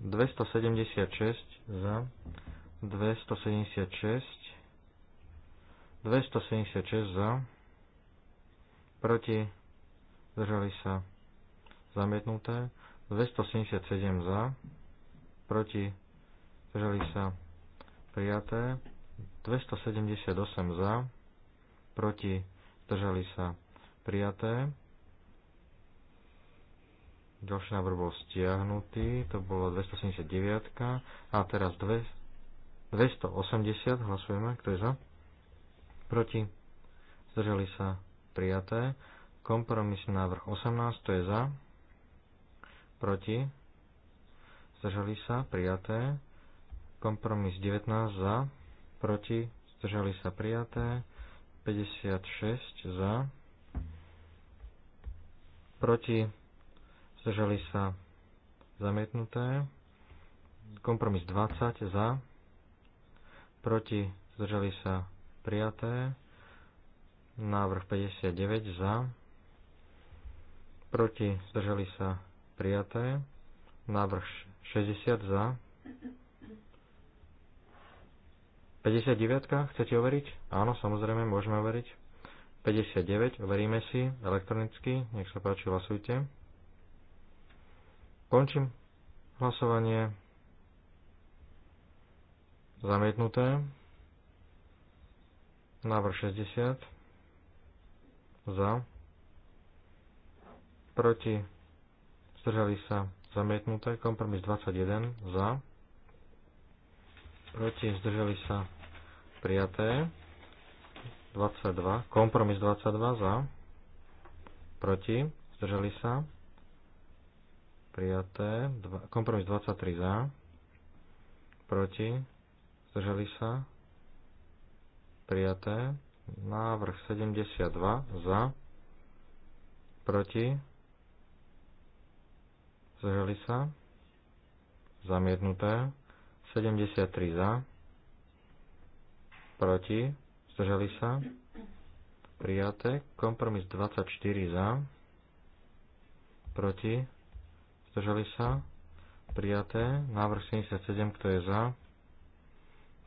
276 za 276 276 za, proti, zdržali sa zamietnuté, 277 za, proti, zdržali sa prijaté, 278 za, proti, zdržali sa prijaté. Ďalší návrh bol stiahnutý, to bolo 279 a teraz 280 hlasujeme, kto je za? proti, zdržali sa prijaté. Kompromisný návrh 18, to je za, proti, zdržali sa prijaté. Kompromis 19 za, proti, zdržali sa prijaté. 56 za, proti, zdržali sa zamietnuté. Kompromis 20 za, proti, zdržali sa prijaté. Návrh 59 za, proti zdržali sa prijaté. Návrh 60 za. 59. Chcete overiť? Áno, samozrejme, môžeme overiť. 59. Overíme si elektronicky. Nech sa páči, hlasujte. Končím hlasovanie. Zamietnuté. Návrh 60. Za. Proti. Zdržali sa. Zamietnuté. Kompromis 21. Za. Proti. Zdržali sa. Prijaté. 22. Kompromis 22. Za. Proti. Zdržali sa. Prijaté. Kompromis 23. Za. Proti. Zdržali sa prijaté. Návrh 72 za, proti, zdržali sa, zamietnuté. 73 za, proti, zdržali sa, prijaté. Kompromis 24 za, proti, zdržali sa, prijaté. Návrh 77, kto je za,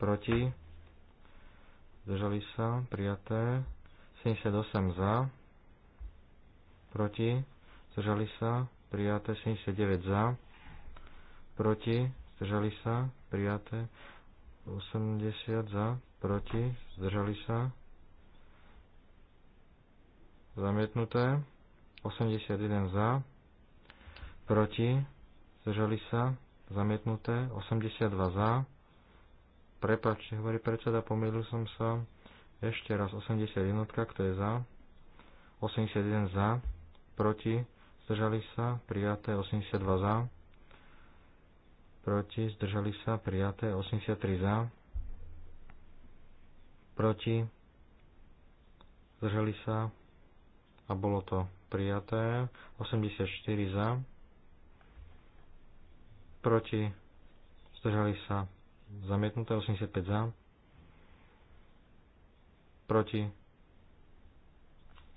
proti, zdržali sa, prijaté. 78 za, proti, zdržali sa, prijaté. 79 za, proti, zdržali sa, prijaté. 80 za, proti, zdržali sa, zamietnuté. 81 za, proti, zdržali sa, zamietnuté. 82 za, Prepačte, hovorí predseda, pomýlil som sa. Ešte raz 81, kto je za? 81 za, proti, zdržali sa, prijaté 82 za, proti, zdržali sa, prijaté 83 za, proti, zdržali sa a bolo to prijaté 84 za, proti, zdržali sa, zamietnuté, 85 za, proti,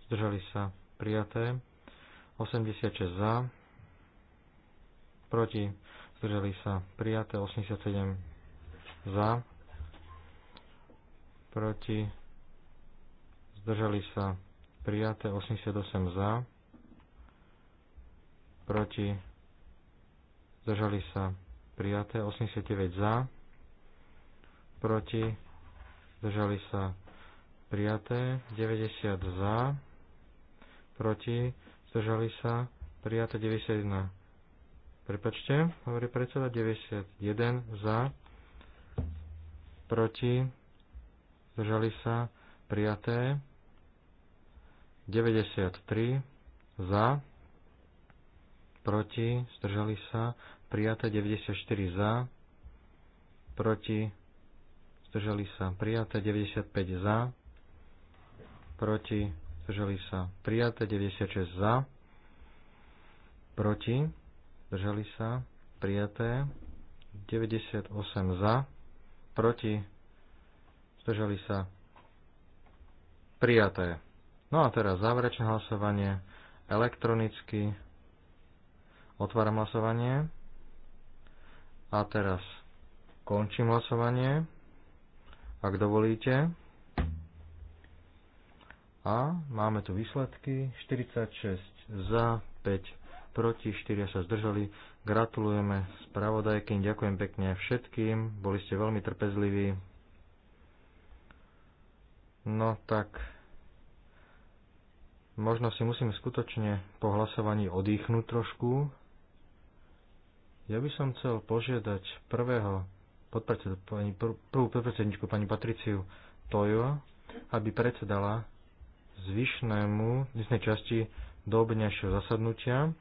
zdržali sa, prijaté, 86 za, proti, zdržali sa, prijaté, 87 za, proti, zdržali sa, prijaté, 88 za, proti, zdržali sa, prijaté, 89 za, proti, zdržali sa prijaté, 90 za, proti, zdržali sa prijaté 91. Prepačte, hovorí predseda 91 za, proti, zdržali sa prijaté 93 za, proti, zdržali sa prijaté 94 za, proti, zdržali sa prijaté 95 za, proti, zdržali sa prijaté 96 za, proti, zdržali sa prijaté 98 za, proti, zdržali sa prijaté. No a teraz záverečné hlasovanie elektronicky. Otváram hlasovanie. A teraz končím hlasovanie ak dovolíte. A máme tu výsledky. 46 za, 5 proti, 4 sa zdržali. Gratulujeme spravodajkým, ďakujem pekne všetkým, boli ste veľmi trpezliví. No tak, možno si musíme skutočne po hlasovaní odýchnuť trošku. Ja by som chcel požiadať prvého podpredsedu, pani, prvú podpredsedničku pani Patriciu Tojo, aby predsedala zvyšnému, zvyšnej časti doobednejšieho zasadnutia.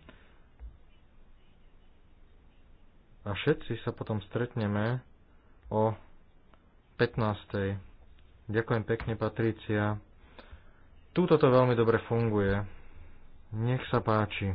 A všetci sa potom stretneme o 15. Ďakujem pekne, Patricia. Túto to veľmi dobre funguje. Nech sa páči.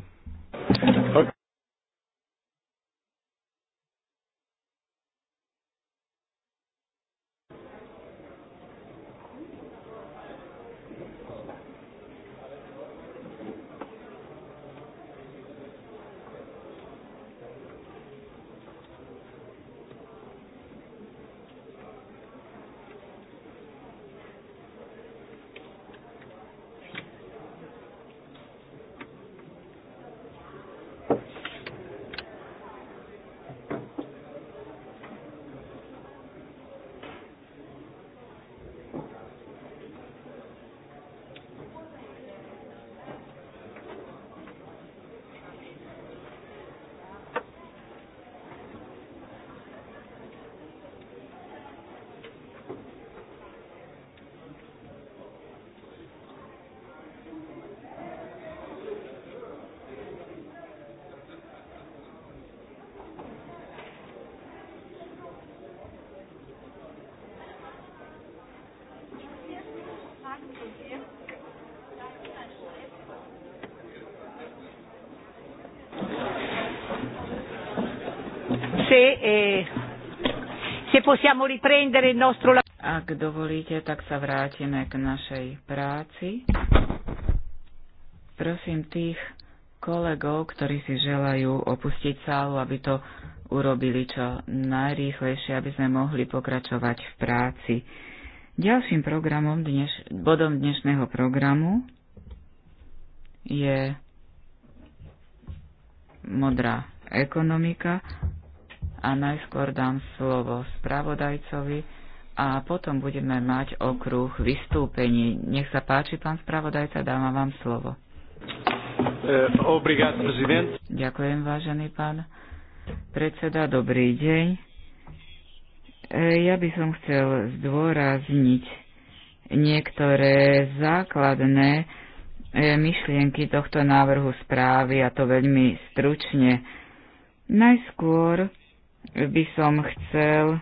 possiamo riprendere il nostro lavoro. Ak dovolíte, tak sa vrátime k našej práci. Prosím tých kolegov, ktorí si želajú opustiť sálu, aby to urobili čo najrýchlejšie, aby sme mohli pokračovať v práci. Ďalším programom dneš, bodom dnešného programu je modrá ekonomika a najskôr dám slovo spravodajcovi a potom budeme mať okruh vystúpení. Nech sa páči, pán spravodajca, dávam vám slovo. Eh, Ďakujem, vážený pán predseda, dobrý deň. Eh, ja by som chcel zdôrazniť niektoré základné eh, myšlienky tohto návrhu správy, a to veľmi stručne. Najskôr by som chcel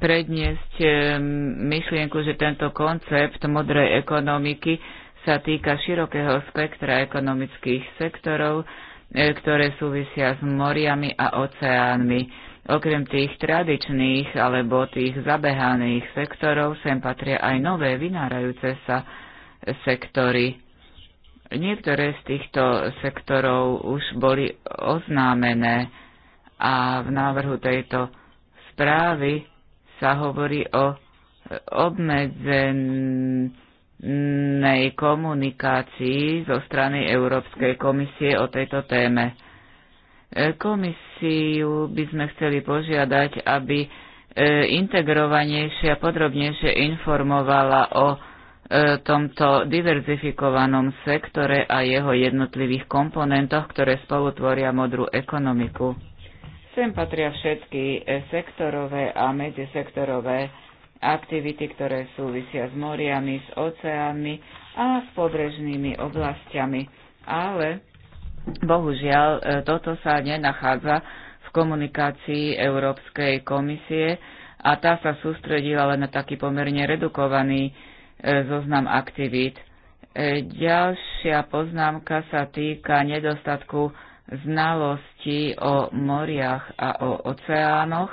predniesť eh, myšlienku, že tento koncept modrej ekonomiky sa týka širokého spektra ekonomických sektorov, eh, ktoré súvisia s moriami a oceánmi. Okrem tých tradičných alebo tých zabehaných sektorov sem patria aj nové vynárajúce sa sektory. Niektoré z týchto sektorov už boli oznámené a v návrhu tejto správy sa hovorí o obmedzenej komunikácii zo strany Európskej komisie o tejto téme. E, komisiu by sme chceli požiadať, aby e, integrovanejšie a podrobnejšie informovala o e, tomto diverzifikovanom sektore a jeho jednotlivých komponentoch, ktoré spolu tvoria modrú ekonomiku. Sem patria všetky e, sektorové a medzisektorové aktivity, ktoré súvisia s moriami, s oceánmi a s pobrežnými oblastiami. Ale bohužiaľ e, toto sa nenachádza v komunikácii Európskej komisie a tá sa sústredila len na taký pomerne redukovaný e, zoznam aktivít. Ďalšia poznámka sa týka nedostatku znalosti o moriach a o oceánoch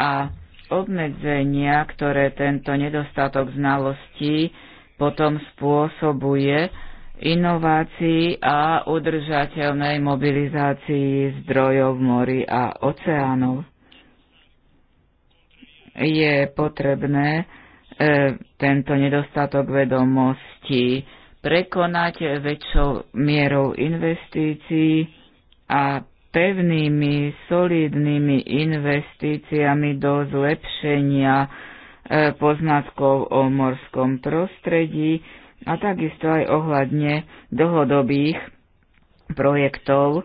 a obmedzenia, ktoré tento nedostatok znalostí potom spôsobuje inovácii a udržateľnej mobilizácii zdrojov mori a oceánov. Je potrebné e, tento nedostatok vedomostí prekonať väčšou mierou investícií a pevnými, solidnými investíciami do zlepšenia e, poznatkov o morskom prostredí a takisto aj ohľadne dlhodobých projektov e,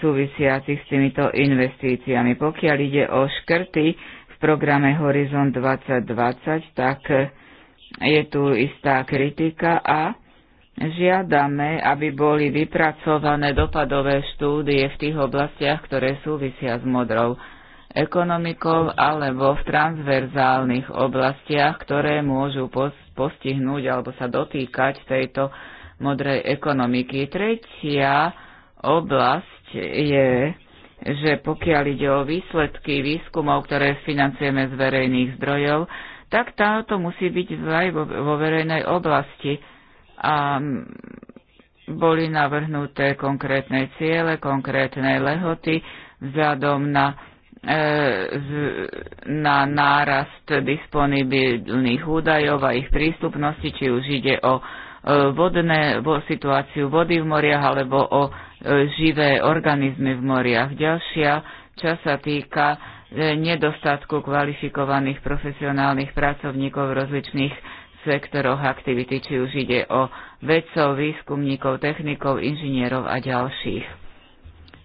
súvisiacich s týmito investíciami. Pokiaľ ide o škrty v programe Horizon 2020, tak je tu istá kritika a Žiadame, aby boli vypracované dopadové štúdie v tých oblastiach, ktoré súvisia s modrou ekonomikou alebo v transverzálnych oblastiach, ktoré môžu postihnúť alebo sa dotýkať tejto modrej ekonomiky. Tretia oblasť je, že pokiaľ ide o výsledky výskumov, ktoré financujeme z verejných zdrojov, tak táto musí byť aj vo verejnej oblasti a boli navrhnuté konkrétne ciele, konkrétne lehoty vzhľadom na, e, z, na nárast disponibilných údajov a ich prístupnosti, či už ide o e, vodné, vo situáciu vody v moriach alebo o e, živé organizmy v moriach. Ďalšia časť sa týka e, nedostatku kvalifikovaných profesionálnych pracovníkov v rozličných sektoroch aktivity, či už ide o vedcov, výskumníkov, technikov, inžinierov a ďalších.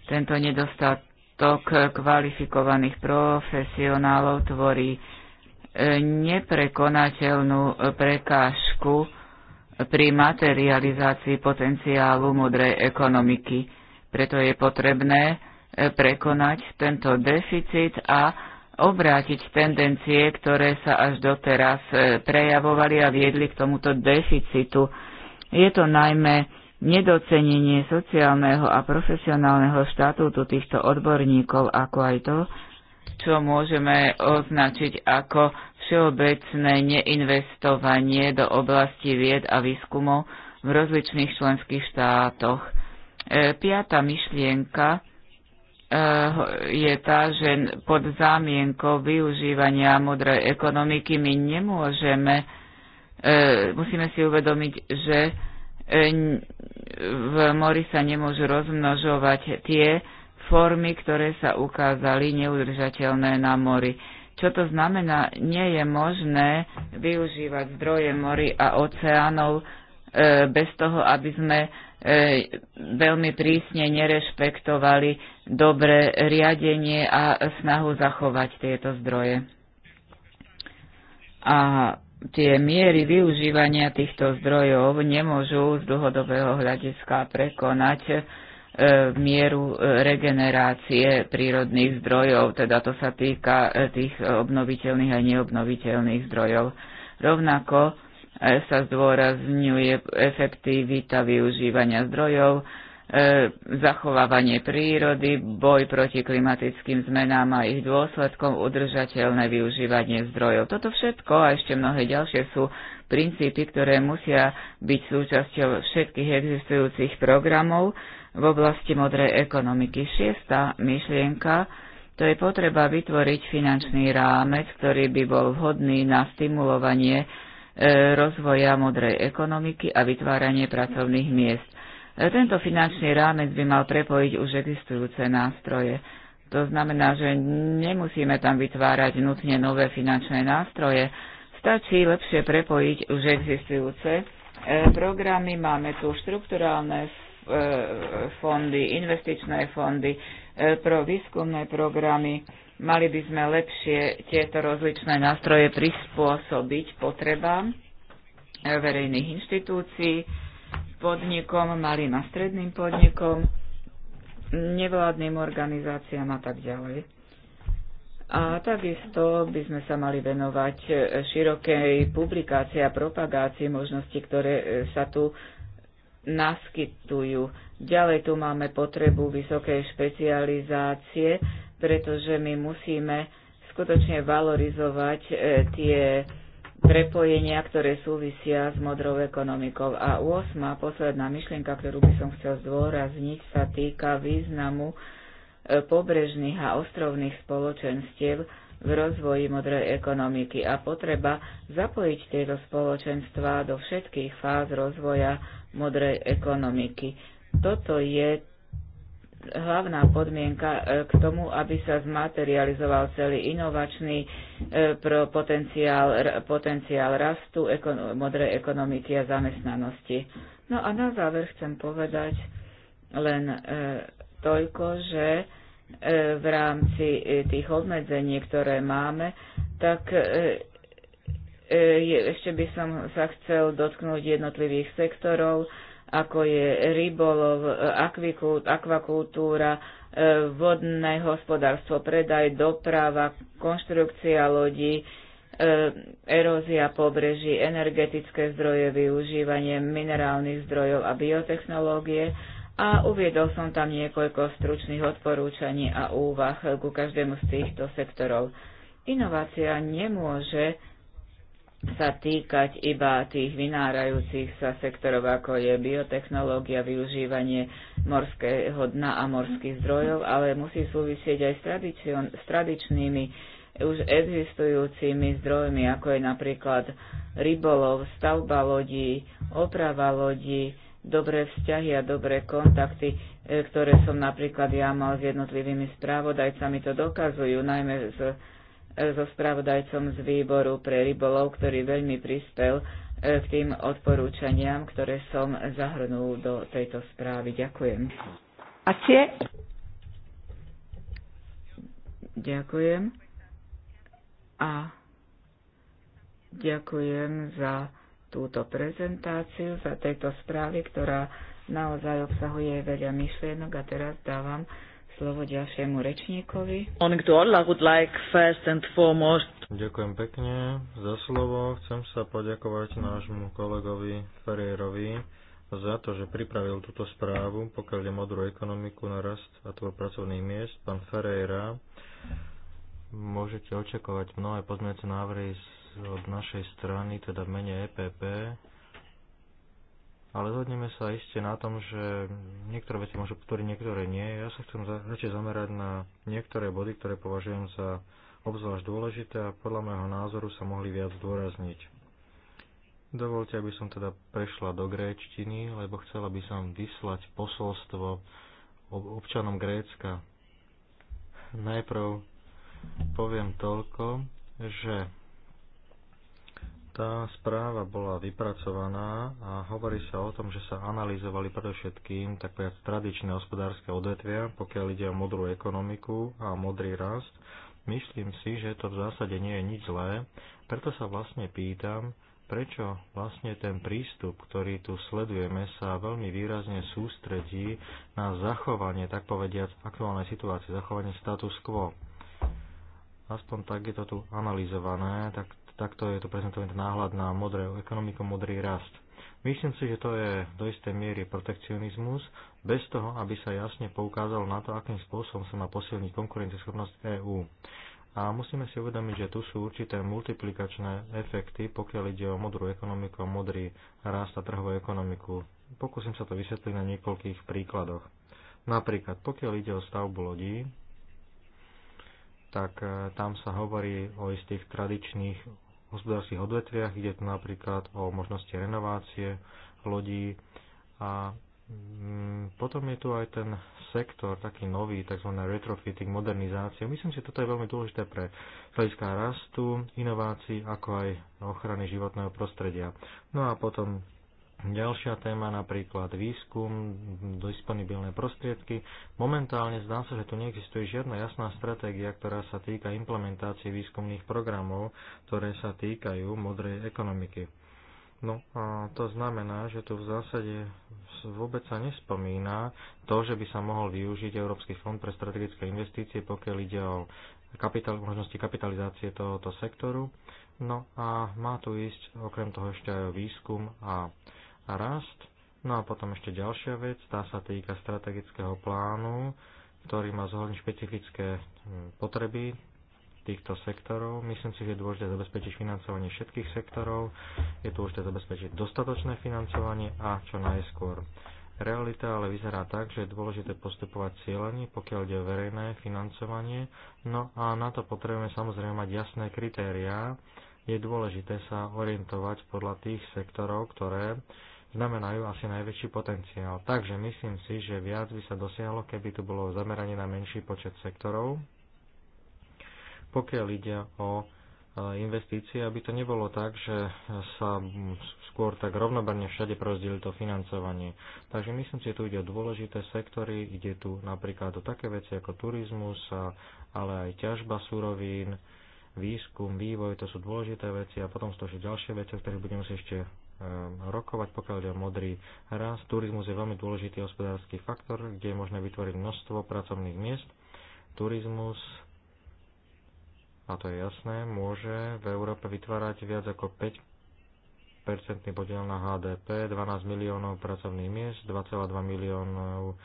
Tento nedostatok kvalifikovaných profesionálov tvorí e, neprekonateľnú prekážku pri materializácii potenciálu modrej ekonomiky. Preto je potrebné e, prekonať tento deficit a obrátiť tendencie, ktoré sa až doteraz e, prejavovali a viedli k tomuto deficitu. Je to najmä nedocenenie sociálneho a profesionálneho štatútu týchto odborníkov, ako aj to, čo môžeme označiť ako všeobecné neinvestovanie do oblasti vied a výskumov v rozličných členských štátoch. E, piata myšlienka Eh, je tá, že pod zámienkou využívania modrej ekonomiky my nemôžeme, eh, musíme si uvedomiť, že eh, v mori sa nemôžu rozmnožovať tie formy, ktoré sa ukázali neudržateľné na mori. Čo to znamená? Nie je možné využívať zdroje mori a oceánov bez toho, aby sme veľmi prísne nerešpektovali dobré riadenie a snahu zachovať tieto zdroje. A tie miery využívania týchto zdrojov nemôžu z dlhodobého hľadiska prekonať e, mieru e, regenerácie prírodných zdrojov, teda to sa týka e, tých obnoviteľných a neobnoviteľných zdrojov. Rovnako E sa zdôrazňuje efektivita využívania zdrojov, e, zachovávanie prírody, boj proti klimatickým zmenám a ich dôsledkom, udržateľné využívanie zdrojov. Toto všetko a ešte mnohé ďalšie sú princípy, ktoré musia byť súčasťou všetkých existujúcich programov v oblasti modrej ekonomiky. Šiesta myšlienka to je potreba vytvoriť finančný rámec, ktorý by bol vhodný na stimulovanie E, rozvoja modrej ekonomiky a vytváranie pracovných miest. E, tento finančný rámec by mal prepojiť už existujúce nástroje. To znamená, že nemusíme tam vytvárať nutne nové finančné nástroje, stačí lepšie prepojiť už existujúce e, programy. Máme tu štrukturálne fondy, investičné fondy, pro výskumné programy Mali by sme lepšie tieto rozličné nástroje prispôsobiť potrebám eh, verejných inštitúcií, podnikom, malým a stredným podnikom, nevládnym organizáciám a tak ďalej. A takisto by sme sa mali venovať eh, širokej publikácii a propagácii možností, ktoré eh, sa tu naskytujú. Ďalej tu máme potrebu vysokej špecializácie pretože my musíme skutočne valorizovať e, tie prepojenia, ktoré súvisia s modrou ekonomikou. A 8. posledná myšlienka, ktorú by som chcel zdôrazniť, sa týka významu e, pobrežných a ostrovných spoločenstiev v rozvoji modrej ekonomiky a potreba zapojiť tieto spoločenstva do všetkých fáz rozvoja modrej ekonomiky. Toto je hlavná podmienka e, k tomu, aby sa zmaterializoval celý inovačný e, pro potenciál, potenciál rastu, ekon, modrej ekonomiky a zamestnanosti. No a na záver chcem povedať len e, toľko, že v rámci tých obmedzení, ktoré máme, tak ešte by som sa chcel dotknúť jednotlivých sektorov, ako je rybolov, akvakultúra, e, vodné hospodárstvo, predaj, doprava, konštrukcia lodí, e, erózia pobreží, energetické zdroje, využívanie minerálnych zdrojov a biotechnológie a uviedol som tam niekoľko stručných odporúčaní a úvah ku každému z týchto sektorov. Inovácia nemôže sa týkať iba tých vynárajúcich sa sektorov, ako je biotechnológia, využívanie morského dna a morských zdrojov, ale musí súvisieť aj s, s tradičnými už existujúcimi zdrojmi, ako je napríklad rybolov, stavba lodí, oprava lodí, dobré vzťahy a dobré kontakty, e, ktoré som napríklad ja mal s jednotlivými správodajcami, to dokazujú, najmä z... E, so spravodajcom z výboru pre rybolov, ktorý veľmi prispel e, k tým odporúčaniam, ktoré som zahrnul do tejto správy. Ďakujem. A tie? Ďakujem. A ďakujem za túto prezentáciu, za tejto správy, ktorá naozaj obsahuje veľa myšlienok a teraz dávam slovo ďalšiemu rečníkovi. On kto would like first and foremost. Ďakujem pekne za slovo. Chcem sa poďakovať nášmu kolegovi Ferrierovi za to, že pripravil túto správu, pokiaľ je modrú ekonomiku na rast a tvor pracovných miest. Pán Ferreira, môžete očakovať mnohé pozmeňujúce návrhy od našej strany, teda v mene EPP ale zhodneme sa ešte na tom, že niektoré veci môžu podporiť, niektoré nie. Ja sa chcem radšej zamerať na niektoré body, ktoré považujem za obzvlášť dôležité a podľa môjho názoru sa mohli viac zdôrazniť. Dovolte, aby som teda prešla do gréčtiny, lebo chcela by som vyslať posolstvo občanom Grécka. Najprv poviem toľko, že tá správa bola vypracovaná a hovorí sa o tom, že sa analyzovali predovšetkým tak viac tradičné hospodárske odvetvia, pokiaľ ide o modrú ekonomiku a modrý rast. Myslím si, že to v zásade nie je nič zlé, preto sa vlastne pýtam, prečo vlastne ten prístup, ktorý tu sledujeme, sa veľmi výrazne sústredí na zachovanie, tak povediať, aktuálnej situácie, zachovanie status quo. Aspoň tak je to tu analyzované, tak takto je to prezentovaný náhľad na modrú ekonomiku, modrý rast. Myslím si, že to je do istej miery protekcionizmus, bez toho, aby sa jasne poukázalo na to, akým spôsobom sa má posilniť konkurencieschopnosť EÚ. A musíme si uvedomiť, že tu sú určité multiplikačné efekty, pokiaľ ide o modrú ekonomiku a modrý rast a trhovú ekonomiku. Pokúsim sa to vysvetliť na niekoľkých príkladoch. Napríklad, pokiaľ ide o stavbu lodí, tak eh, tam sa hovorí o istých tradičných hospodárskych odvetviach. Ide tu napríklad o možnosti renovácie lodí a mm, potom je tu aj ten sektor, taký nový, tzv. retrofitting, modernizácia. Myslím, si, že toto je veľmi dôležité pre hľadiska rastu, inovácií, ako aj ochrany životného prostredia. No a potom Ďalšia téma napríklad výskum, disponibilné prostriedky. Momentálne zdá sa, že tu neexistuje žiadna jasná stratégia, ktorá sa týka implementácie výskumných programov, ktoré sa týkajú modrej ekonomiky. No a to znamená, že tu v zásade vôbec sa nespomína to, že by sa mohol využiť Európsky fond pre strategické investície, pokiaľ ide o kapital, možnosti kapitalizácie tohoto sektoru. No a má tu ísť okrem toho ešte aj o výskum a a rast. No a potom ešte ďalšia vec, tá sa týka strategického plánu, ktorý má zohľadniť špecifické hm, potreby týchto sektorov. Myslím si, že je dôležité zabezpečiť financovanie všetkých sektorov, je dôležité zabezpečiť dostatočné financovanie a čo najskôr. Realita ale vyzerá tak, že je dôležité postupovať cieľanie, pokiaľ ide o verejné financovanie, no a na to potrebujeme samozrejme mať jasné kritériá. Je dôležité sa orientovať podľa tých sektorov, ktoré znamenajú asi najväčší potenciál. Takže myslím si, že viac by sa dosiahlo, keby tu bolo zameranie na menší počet sektorov, pokiaľ ide o e, investície, aby to nebolo tak, že sa skôr tak rovnobarne všade prozdieli to financovanie. Takže myslím si, že tu ide o dôležité sektory, ide tu napríklad o také veci ako turizmus, ale aj ťažba surovín, výskum, vývoj, to sú dôležité veci a potom sú to ešte ďalšie veci, o ktorých budeme si ešte Um, rokovať, pokiaľ ide o modrý rast. Turizmus je veľmi dôležitý hospodársky faktor, kde je možné vytvoriť množstvo pracovných miest. Turizmus, a to je jasné, môže v Európe vytvárať viac ako 5 percentný podiel na HDP, 12 miliónov pracovných miest, 2,2 miliónov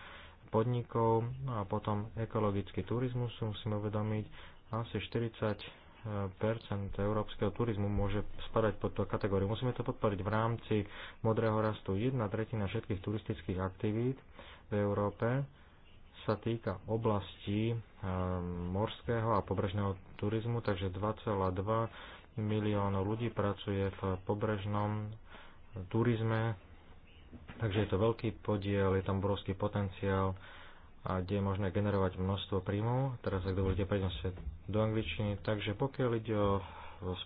podnikov no a potom ekologický turizmus musíme uvedomiť asi 40 európskeho turizmu môže spadať pod tú kategóriu. Musíme to podporiť v rámci modrého rastu. Jedna tretina všetkých turistických aktivít v Európe sa týka oblasti eh, morského a pobrežného turizmu, takže 2,2 miliónov ľudí pracuje v pobrežnom turizme, takže je to veľký podiel, je tam obrovský potenciál a kde je možné generovať množstvo príjmov. Teraz, ak dovolíte, prejdem sa do angličtiny. Takže pokiaľ ide o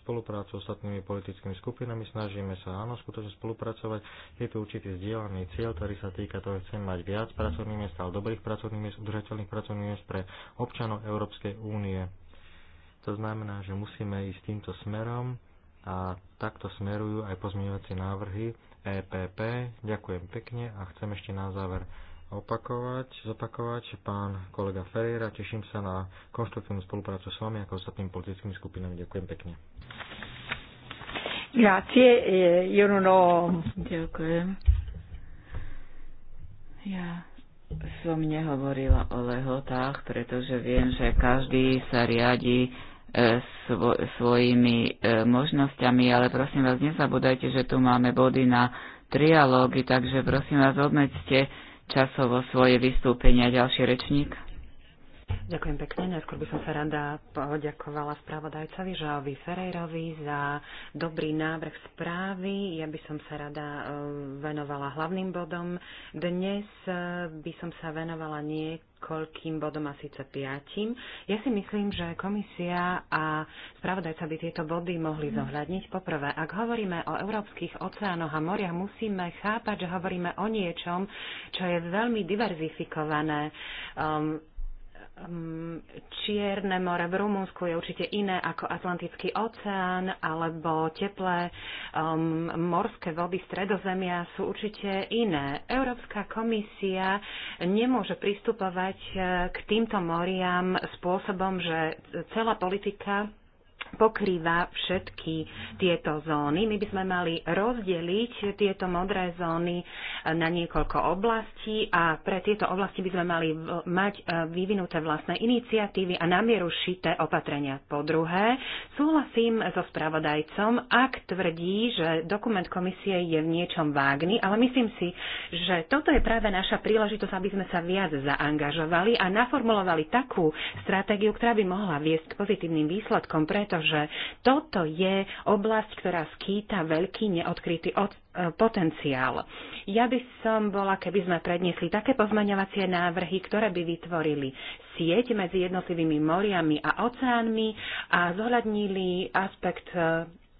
spoluprácu s ostatnými politickými skupinami, snažíme sa áno, skutočne spolupracovať. Je to určitý zdieľaný cieľ, ktorý sa týka toho, chceme mať viac pracovných miest, ale dobrých pracovných miest, udržateľných pracovných miest pre občanov Európskej únie. To znamená, že musíme ísť týmto smerom a takto smerujú aj pozmeňovacie návrhy EPP. Ďakujem pekne a chcem ešte na záver opakovať, zopakovať. Pán kolega Ferreira, teším sa na konštruktívnu spoluprácu s vami ako ostatnými politickými skupinami. Ďakujem pekne. Grazie, eh, io non ho... Ďakujem. Ja som nehovorila o lehotách, pretože viem, že každý sa riadi eh, svo, svojimi eh, možnosťami, ale prosím vás, nezabúdajte, že tu máme body na trialógy, takže prosím vás, obmedzte časovo svoje vystúpenia. Ďalší rečník. Ďakujem pekne. Najskôr by som sa rada poďakovala správodajcovi Žovi Ferejrovi za dobrý návrh správy. Ja by som sa rada e, venovala hlavným bodom. Dnes e, by som sa venovala niekoľkým bodom a síce piatim. Ja si myslím, že komisia a spravodajca by tieto body mohli zohľadniť. Poprvé, ak hovoríme o európskych oceánoch a moriach, musíme chápať, že hovoríme o niečom, čo je veľmi diverzifikované. Um, Mm, Čierne more v Rumunsku je určite iné ako Atlantický oceán, alebo teplé um, morské vody Stredozemia sú určite iné. Európska komisia nemôže pristupovať eh, k týmto moriam spôsobom, že celá politika pokrýva všetky tieto zóny. My by sme mali rozdeliť tieto modré zóny eh, na niekoľko oblastí a pre tieto oblasti by sme mali mať eh, vyvinuté vlastné iniciatívy a namieru šité opatrenia. Po druhé, súhlasím so spravodajcom, ak tvrdí, že dokument komisie je v niečom vágny, ale myslím si, že toto je práve naša príležitosť, aby sme sa viac zaangažovali a naformulovali takú stratégiu, ktorá by mohla viesť k pozitívnym výsledkom, pretože že toto je oblasť, ktorá skýta veľký neodkrytý od, e, potenciál. Ja by som bola, keby sme predniesli také pozmaňovacie návrhy, ktoré by vytvorili sieť medzi jednotlivými moriami a oceánmi a zohľadnili aspekt e,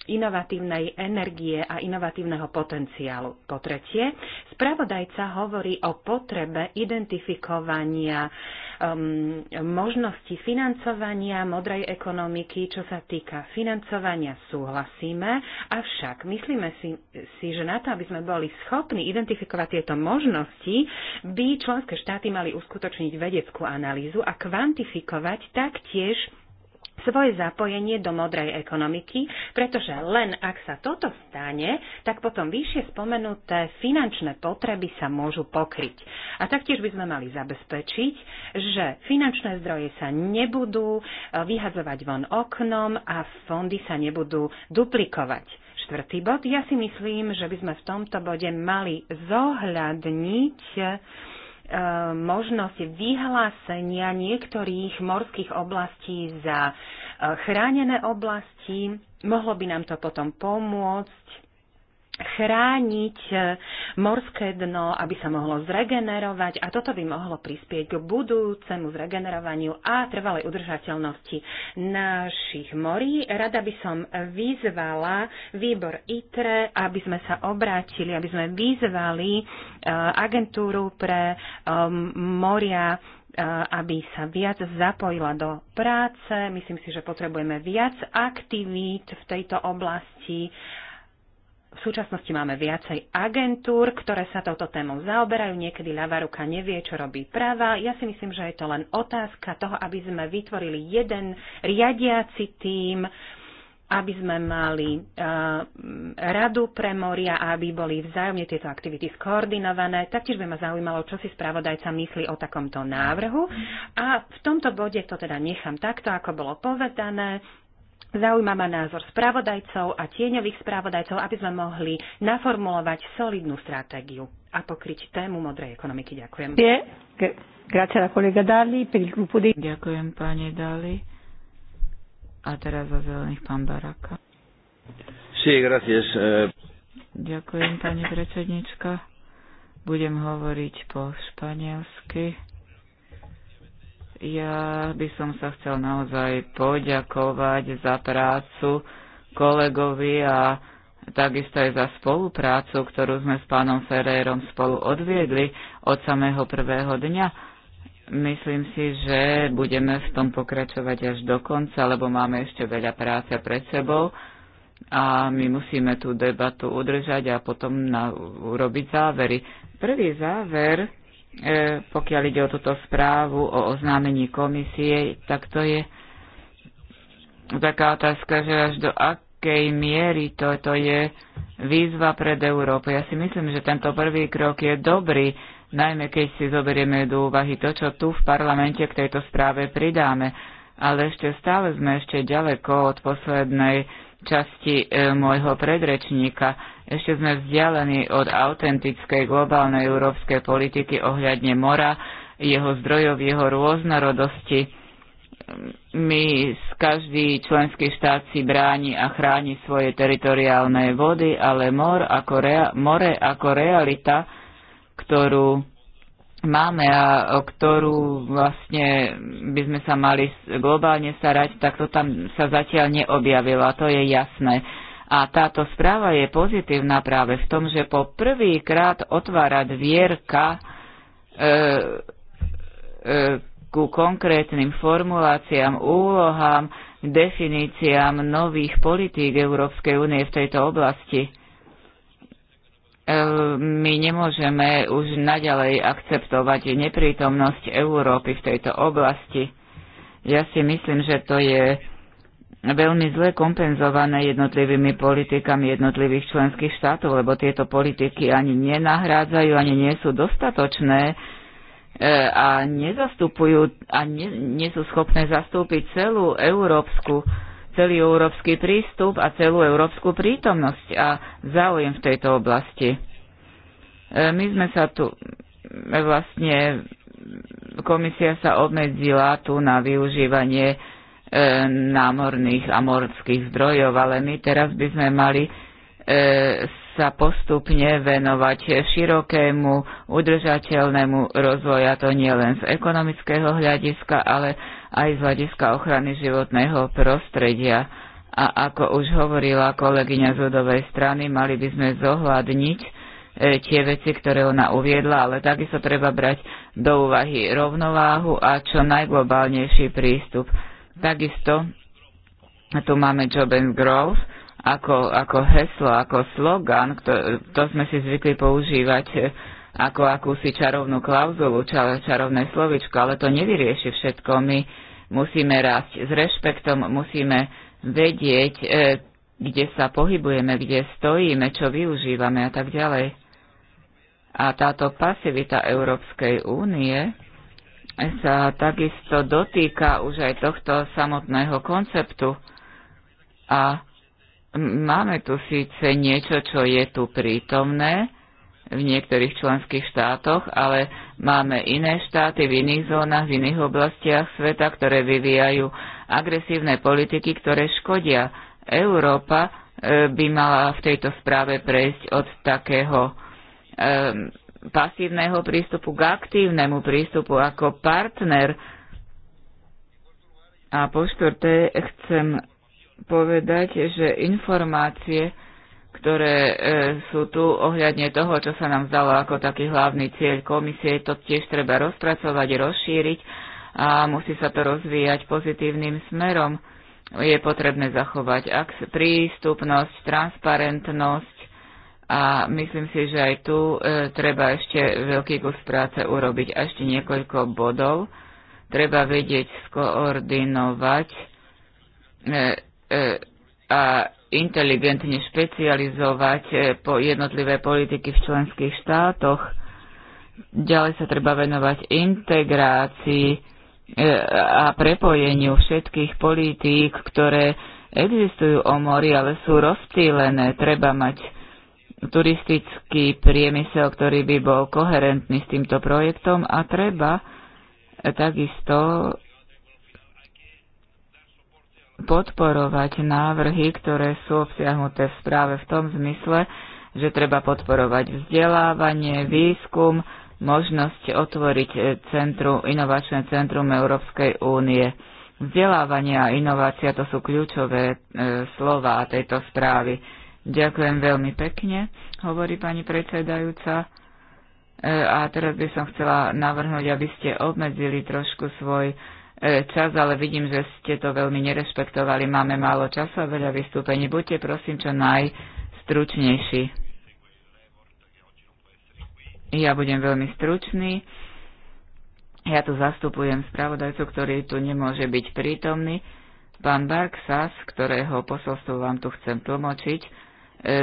inovatívnej energie a inovatívneho potenciálu. Po tretie, spravodajca hovorí o potrebe identifikovania um, možnosti financovania modrej ekonomiky, čo sa týka financovania, súhlasíme, avšak myslíme si, si, že na to, aby sme boli schopní identifikovať tieto možnosti, by členské štáty mali uskutočniť vedeckú analýzu a kvantifikovať taktiež svoje zapojenie do modrej ekonomiky, pretože len ak sa toto stane, tak potom vyššie spomenuté finančné potreby sa môžu pokryť. A taktiež by sme mali zabezpečiť, že finančné zdroje sa nebudú e, vyhazovať von oknom a fondy sa nebudú duplikovať. Štvrtý bod, ja si myslím, že by sme v tomto bode mali zohľadniť možnosť vyhlásenia niektorých morských oblastí za e, chránené oblasti. Mohlo by nám to potom pomôcť chrániť e, morské dno, aby sa mohlo zregenerovať a toto by mohlo prispieť k budúcemu zregenerovaniu a trvalej udržateľnosti našich morí. Rada by som vyzvala výbor ITRE, aby sme sa obrátili, aby sme vyzvali e, agentúru pre e, moria aby sa viac zapojila do práce. Myslím si, že potrebujeme viac aktivít v tejto oblasti v súčasnosti máme viacej agentúr, ktoré sa touto témou zaoberajú. Niekedy ľavá ruka nevie, čo robí práva. Ja si myslím, že je to len otázka toho, aby sme vytvorili jeden riadiaci tím, aby sme mali uh, radu pre moria a aby boli vzájomne tieto aktivity skoordinované. Taktiež by ma zaujímalo, čo si spravodajca myslí o takomto návrhu. A v tomto bode to teda nechám takto, ako bolo povedané. Zaujíma ma názor spravodajcov a tieňových spravodajcov, aby sme mohli naformulovať solidnú stratégiu a pokryť tému modrej ekonomiky. Ďakujem. Ďakujem, pani Dali. A teraz za zelených pán Baraka. Eh. Ďakujem, pani predsednička. Budem hovoriť po španielsky ja by som sa chcel naozaj poďakovať za prácu kolegovi a takisto aj za spoluprácu, ktorú sme s pánom Ferrerom spolu odviedli od samého prvého dňa. Myslím si, že budeme v tom pokračovať až do konca, lebo máme ešte veľa práce pred sebou a my musíme tú debatu udržať a potom na, urobiť závery. Prvý záver E, pokiaľ ide o túto správu, o oznámení komisie, tak to je taká otázka, že až do akej miery toto je výzva pred Európu. Ja si myslím, že tento prvý krok je dobrý, najmä keď si zoberieme do úvahy to, čo tu v parlamente k tejto správe pridáme. Ale ešte stále sme ešte ďaleko od poslednej časti e, môjho predrečníka. Ešte sme vzdialení od autentickej globálnej európskej politiky ohľadne mora, jeho zdrojov, jeho rôznorodosti. My, každý členský štát si bráni a chráni svoje teritoriálne vody, ale mor ako rea- more ako realita, ktorú máme a o ktorú vlastne by sme sa mali globálne starať, tak to tam sa zatiaľ neobjavilo a to je jasné. A táto správa je pozitívna práve v tom, že po prvýkrát otvára dvierka e, e, ku konkrétnym formuláciám, úlohám, definíciám nových politík Európskej únie v tejto oblasti E, my nemôžeme už naďalej akceptovať neprítomnosť Európy v tejto oblasti. Ja si myslím, že to je veľmi zle kompenzované jednotlivými politikami jednotlivých členských štátov, lebo tieto politiky ani nenahrádzajú, ani nie sú dostatočné e, a nezastupujú a nie, nie sú schopné zastúpiť celú európsku celý európsky prístup a celú európsku prítomnosť a záujem v tejto oblasti. E, my sme sa tu e, vlastne, komisia sa obmedzila tu na využívanie e, námorných a morských zdrojov, ale my teraz by sme mali sa postupne venovať širokému, udržateľnému rozvoja, to nie len z ekonomického hľadiska, ale aj z hľadiska ochrany životného prostredia. A ako už hovorila kolegyňa z ľudovej strany, mali by sme zohľadniť e, tie veci, ktoré ona uviedla, ale takisto treba brať do úvahy rovnováhu a čo najglobálnejší prístup. Takisto tu máme Job and Growth ako, ako heslo, ako slogan, to, to sme si zvykli používať e, ako akúsi čarovnú klauzulu, čarovné slovičko, ale to nevyrieši všetko. My musíme rásť s rešpektom, musíme vedieť, e, kde sa pohybujeme, kde stojíme, čo využívame a tak ďalej. A táto pasivita Európskej únie sa takisto dotýka už aj tohto samotného konceptu. A máme tu síce niečo, čo je tu prítomné, v niektorých členských štátoch, ale máme iné štáty v iných zónach, v iných oblastiach sveta, ktoré vyvíjajú agresívne politiky, ktoré škodia. Európa e, by mala v tejto správe prejsť od takého e, pasívneho prístupu k aktívnemu prístupu ako partner. A po štvrté chcem povedať, že informácie, ktoré e, sú tu ohľadne toho, čo sa nám zdalo ako taký hlavný cieľ komisie. To tiež treba rozpracovať, rozšíriť a musí sa to rozvíjať pozitívnym smerom. Je potrebné zachovať prístupnosť, transparentnosť a myslím si, že aj tu e, treba ešte veľký kus práce urobiť. A ešte niekoľko bodov. Treba vedieť skoordinovať e, e, a inteligentne špecializovať e, po jednotlivé politiky v členských štátoch. Ďalej sa treba venovať integrácii e, a prepojeniu všetkých politík, ktoré existujú o mori, ale sú rozptýlené. Treba mať turistický priemysel, ktorý by bol koherentný s týmto projektom a treba takisto podporovať návrhy, ktoré sú obsiahnuté v správe v tom zmysle, že treba podporovať vzdelávanie, výskum, možnosť otvoriť centru, inovačné centrum Európskej únie. Vzdelávanie a inovácia to sú kľúčové e, slova tejto správy. Ďakujem veľmi pekne, hovorí pani predsedajúca. E, a teraz by som chcela navrhnúť, aby ste obmedzili trošku svoj E, čas, ale vidím, že ste to veľmi nerešpektovali. Máme málo času a veľa vystúpení. Buďte prosím čo najstručnejší. Ja budem veľmi stručný. Ja tu zastupujem spravodajcu, ktorý tu nemôže byť prítomný. Pán Barksas, ktorého posolstvo vám tu chcem tlmočiť, e,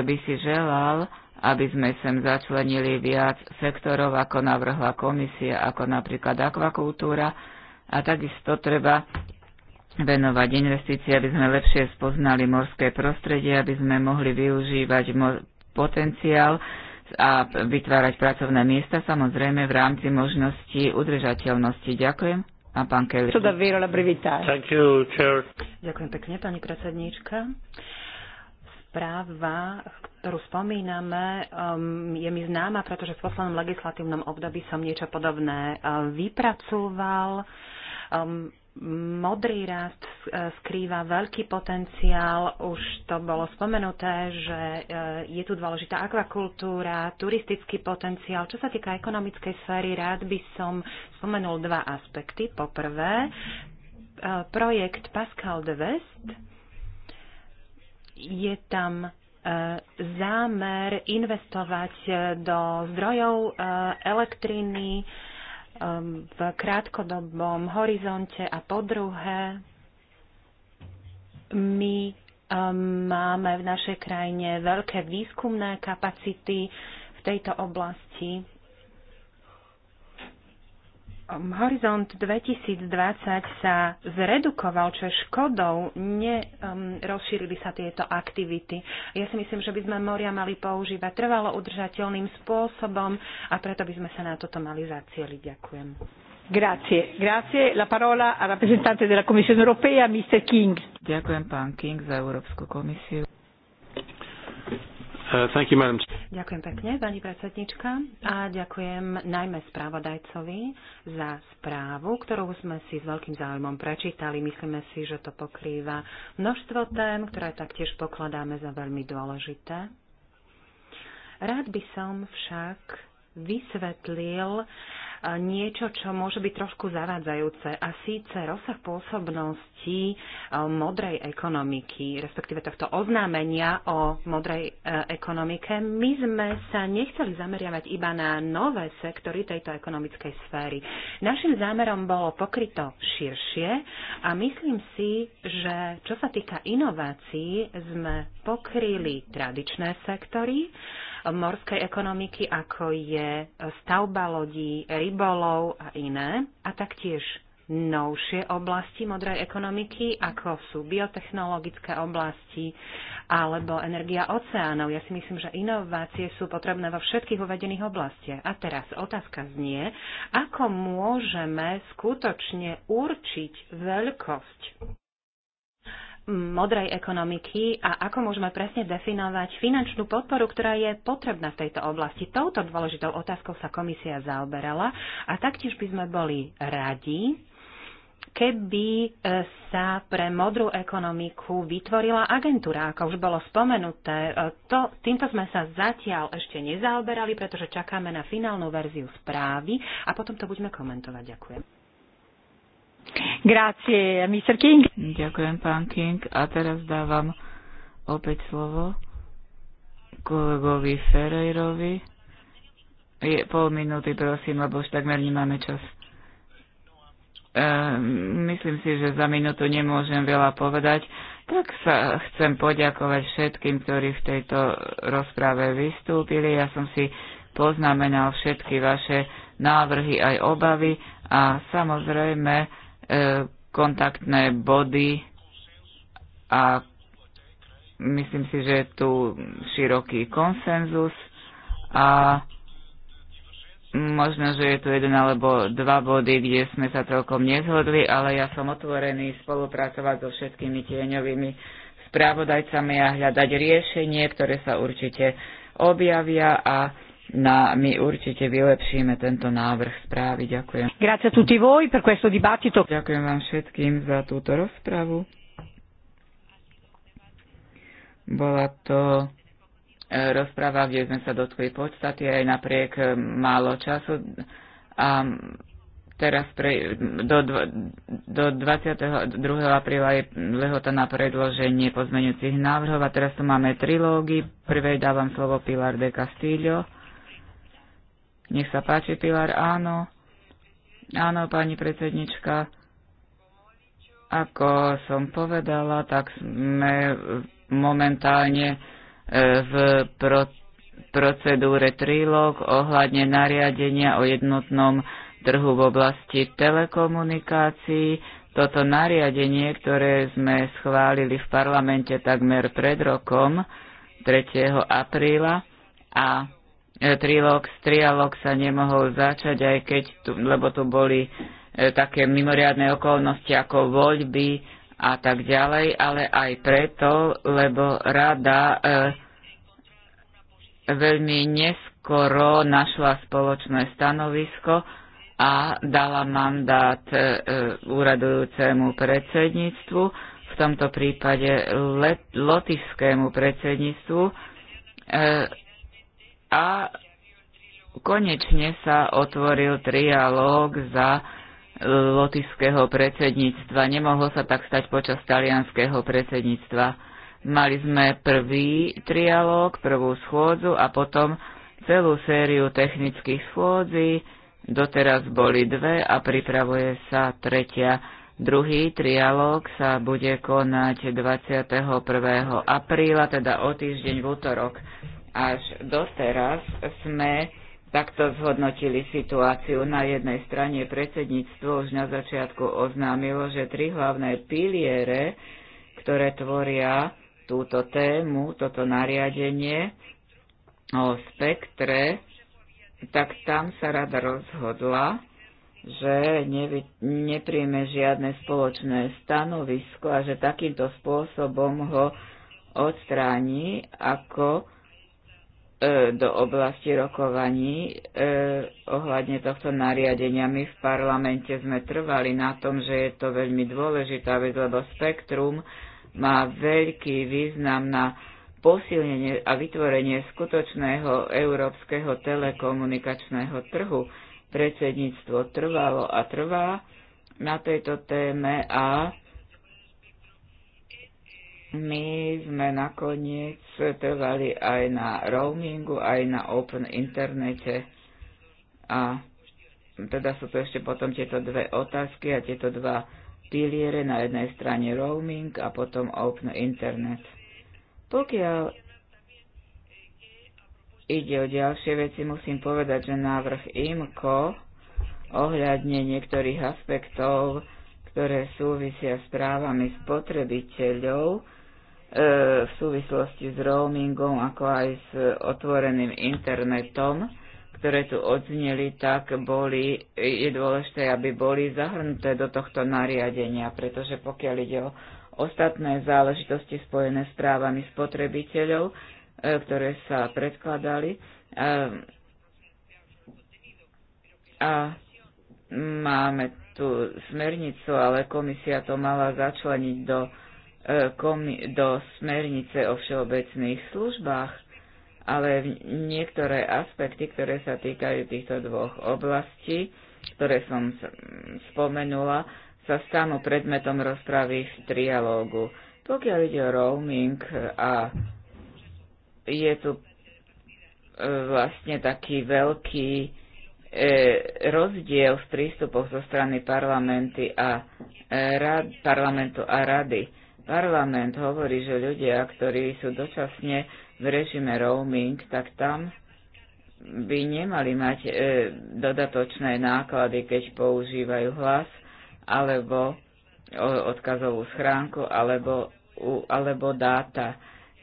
by si želal, aby sme sem začlenili viac sektorov, ako navrhla komisia, ako napríklad akvakultúra, a takisto treba venovať investície, aby sme lepšie spoznali morské prostredie, aby sme mohli využívať potenciál a vytvárať pracovné miesta, samozrejme v rámci možností udržateľnosti. Ďakujem. A pán Kelly. Ďakujem pekne, pani predsedníčka správa, ktorú spomíname, um, je mi známa, pretože v poslednom legislatívnom období som niečo podobné uh, vypracoval. Ehm, modrý rast e, skrýva veľký potenciál. Už to bolo spomenuté, že e, je tu dôležitá akvakultúra, turistický potenciál. Čo sa týka ekonomickej sféry, rád by som spomenul dva aspekty. Poprvé, e, projekt Pascal de West. Je tam zámer investovať do zdrojov elektriny, Um, v krátkodobom horizonte a po druhé, my um, máme v našej krajine veľké výskumné kapacity v tejto oblasti Ehm, horizont 2020 sa zredukoval, čo je škodou, nerozšírili ehm, um, sa tieto aktivity. Ja si myslím, že by sme moria mali používať trvalo udržateľným spôsobom a preto by sme sa na toto mali zacieliť. Ďakujem. Grazie, grazie. La parola a rappresentante della Commissione europea, Mr. King. Ďakujem pán King za Európsku komisiu. Uh, thank you, madam. Ďakujem pekne, pani predsednička, a ďakujem najmä správodajcovi za správu, ktorú sme si s veľkým záujmom prečítali. Myslíme si, že to pokrýva množstvo tém, ktoré taktiež pokladáme za veľmi dôležité. Rád by som však vysvetlil niečo, čo môže byť trošku zavádzajúce a síce rozsah pôsobnosti e, modrej ekonomiky, respektíve tohto oznámenia o modrej e, ekonomike. My sme sa nechceli zameriavať iba na nové sektory tejto ekonomickej sféry. Našim zámerom bolo pokryto širšie a myslím si, že čo sa týka inovácií, sme pokryli tradičné sektory, morskej ekonomiky, ako je stavba lodí, rybolov a iné, a taktiež novšie oblasti modrej ekonomiky, ako sú biotechnologické oblasti alebo energia oceánov. Ja si myslím, že inovácie sú potrebné vo všetkých uvedených oblastiach. A teraz otázka znie, ako môžeme skutočne určiť veľkosť modrej ekonomiky a ako môžeme presne definovať finančnú podporu, ktorá je potrebná v tejto oblasti. Touto dôležitou otázkou sa komisia zaoberala a taktiež by sme boli radi, keby e, sa pre modrú ekonomiku vytvorila agentúra, ako už bolo spomenuté. E, to, týmto sme sa zatiaľ ešte nezaoberali, pretože čakáme na finálnu verziu správy a potom to budeme komentovať. Ďakujem. Grazie, Mr. King. Ďakujem, pán King. A teraz dávam opäť slovo kolegovi Ferreirovi. Je pol minúty, prosím, lebo už takmer nemáme čas. E, myslím si, že za minútu nemôžem veľa povedať. Tak sa chcem poďakovať všetkým, ktorí v tejto rozprave vystúpili. Ja som si poznamenal všetky vaše návrhy aj obavy a samozrejme kontaktné body a myslím si, že je tu široký konsenzus a možno, že je tu jeden alebo dva body, kde sme sa celkom nezhodli, ale ja som otvorený spolupracovať so všetkými tieňovými správodajcami a hľadať riešenie, ktoré sa určite objavia a na, no, my určite vylepšíme tento návrh správy. Ďakujem. Grazie tutti voi per questo dibattito. Ďakujem vám všetkým za túto rozpravu. Bola to e, rozpráva, kde sme sa dotkli podstaty aj napriek e, málo času. A teraz pre, do, do 22. apríla je lehota na predloženie pozmeňujúcich návrhov a teraz tu máme trilógy. Prvej dávam slovo Pilar de Castillo nech sa páči, Pilar, áno. Áno, pani predsednička. Ako som povedala, tak sme momentálne e, v pro- procedúre trílog ohľadne nariadenia o jednotnom trhu v oblasti telekomunikácií. Toto nariadenie, ktoré sme schválili v parlamente takmer pred rokom 3. apríla a E, trilog, trialog sa nemohol začať, aj keď, tu, lebo tu boli e, také mimoriadne okolnosti ako voľby a tak ďalej, ale aj preto, lebo rada e, veľmi neskoro našla spoločné stanovisko a dala mandát úradujúcemu predsedníctvu, v tomto prípade let, lotišskému predsedníctvu, a konečne sa otvoril trialóg za lotišského predsedníctva. Nemohlo sa tak stať počas talianského predsedníctva. Mali sme prvý trialóg, prvú schôdzu a potom celú sériu technických schôdzí. Doteraz boli dve a pripravuje sa tretia. Druhý trialóg sa bude konať 21. apríla, teda o týždeň v útorok až doteraz sme takto zhodnotili situáciu. Na jednej strane predsedníctvo už na začiatku oznámilo, že tri hlavné piliere, ktoré tvoria túto tému, toto nariadenie o spektre, tak tam sa rada rozhodla, že nevy, nepríjme žiadne spoločné stanovisko a že takýmto spôsobom ho odstráni ako E, do oblasti rokovaní e, ohľadne tohto nariadenia. My v parlamente sme trvali na tom, že je to veľmi dôležitá vec, lebo spektrum má veľký význam na posilnenie a vytvorenie skutočného európskeho telekomunikačného trhu. Predsedníctvo trvalo a trvá na tejto téme a my sme nakoniec trvali aj na roamingu, aj na open internete. A teda sú to ešte potom tieto dve otázky a tieto dva piliere, na jednej strane roaming a potom open internet. Pokiaľ ide o ďalšie veci, musím povedať, že návrh IMCO ohľadne niektorých aspektov, ktoré súvisia s právami spotrebiteľov, E, v súvislosti s roamingom, ako aj s otvoreným internetom, ktoré tu odzneli, tak boli, je dôležité, aby boli zahrnuté do tohto nariadenia, pretože pokiaľ ide o ostatné záležitosti spojené s právami spotrebiteľov, e, ktoré sa predkladali, e, a máme tu smernicu, ale komisia to mala začleniť do E, do smernice o všeobecných službách, ale niektoré aspekty, ktoré sa týkajú týchto dvoch oblastí, ktoré som spomenula, sa stanú predmetom rozpravy v trialógu. Pokiaľ ide o roaming a je tu e, vlastne taký veľký e, rozdiel v prístupoch zo strany parlamentu a rady parlament hovorí, že ľudia, ktorí sú dočasne v režime roaming, tak tam by nemali mať e, dodatočné náklady, keď používajú hlas alebo o, odkazovú schránku alebo, u, alebo dáta.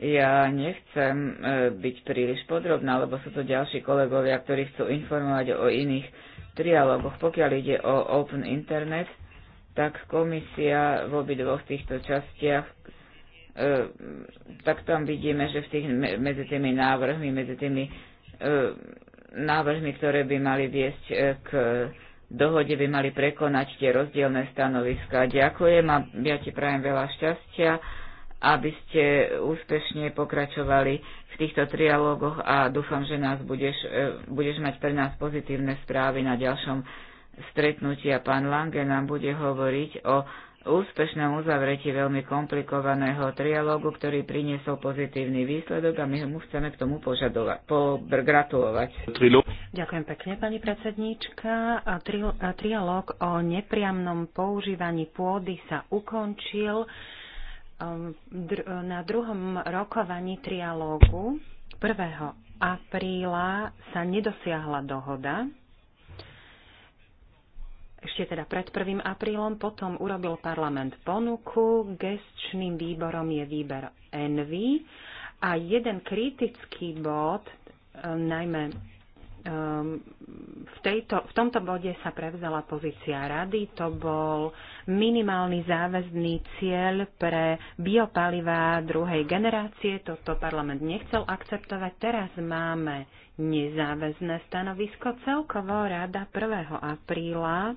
Ja nechcem e, byť príliš podrobná, lebo sú to ďalší kolegovia, ktorí chcú informovať o iných trialógoch. Pokiaľ ide o Open Internet, tak komisia v obidvoch týchto častiach e, tak tam vidíme, že v tých, medzi tými návrhmi, medzi tými e, návrhmi, ktoré by mali viesť e, k dohode, by mali prekonať tie rozdielne stanoviská. Ďakujem a ja ti prajem veľa šťastia, aby ste úspešne pokračovali v týchto trialógoch a dúfam, že nás budeš, budeš mať pre nás pozitívne správy na ďalšom stretnutia. Pán Lange nám bude hovoriť o úspešnom uzavretí veľmi komplikovaného trialógu, ktorý priniesol pozitívny výsledok a my mu chceme k tomu požadovať, pogratulovať. Ďakujem pekne, pani predsedníčka. Tri, trialóg o nepriamnom používaní pôdy sa ukončil um, na druhom rokovaní trialógu 1. apríla sa nedosiahla dohoda ešte teda pred 1. aprílom, potom urobil parlament ponuku, gestčným výborom je výber Envy a jeden kritický bod, e, najmä e, v, tejto, v tomto bode sa prevzala pozícia rady. To bol minimálny záväzný cieľ pre biopalivá druhej generácie. Toto parlament nechcel akceptovať. Teraz máme nezáväzné stanovisko. Celkovo rada 1. apríla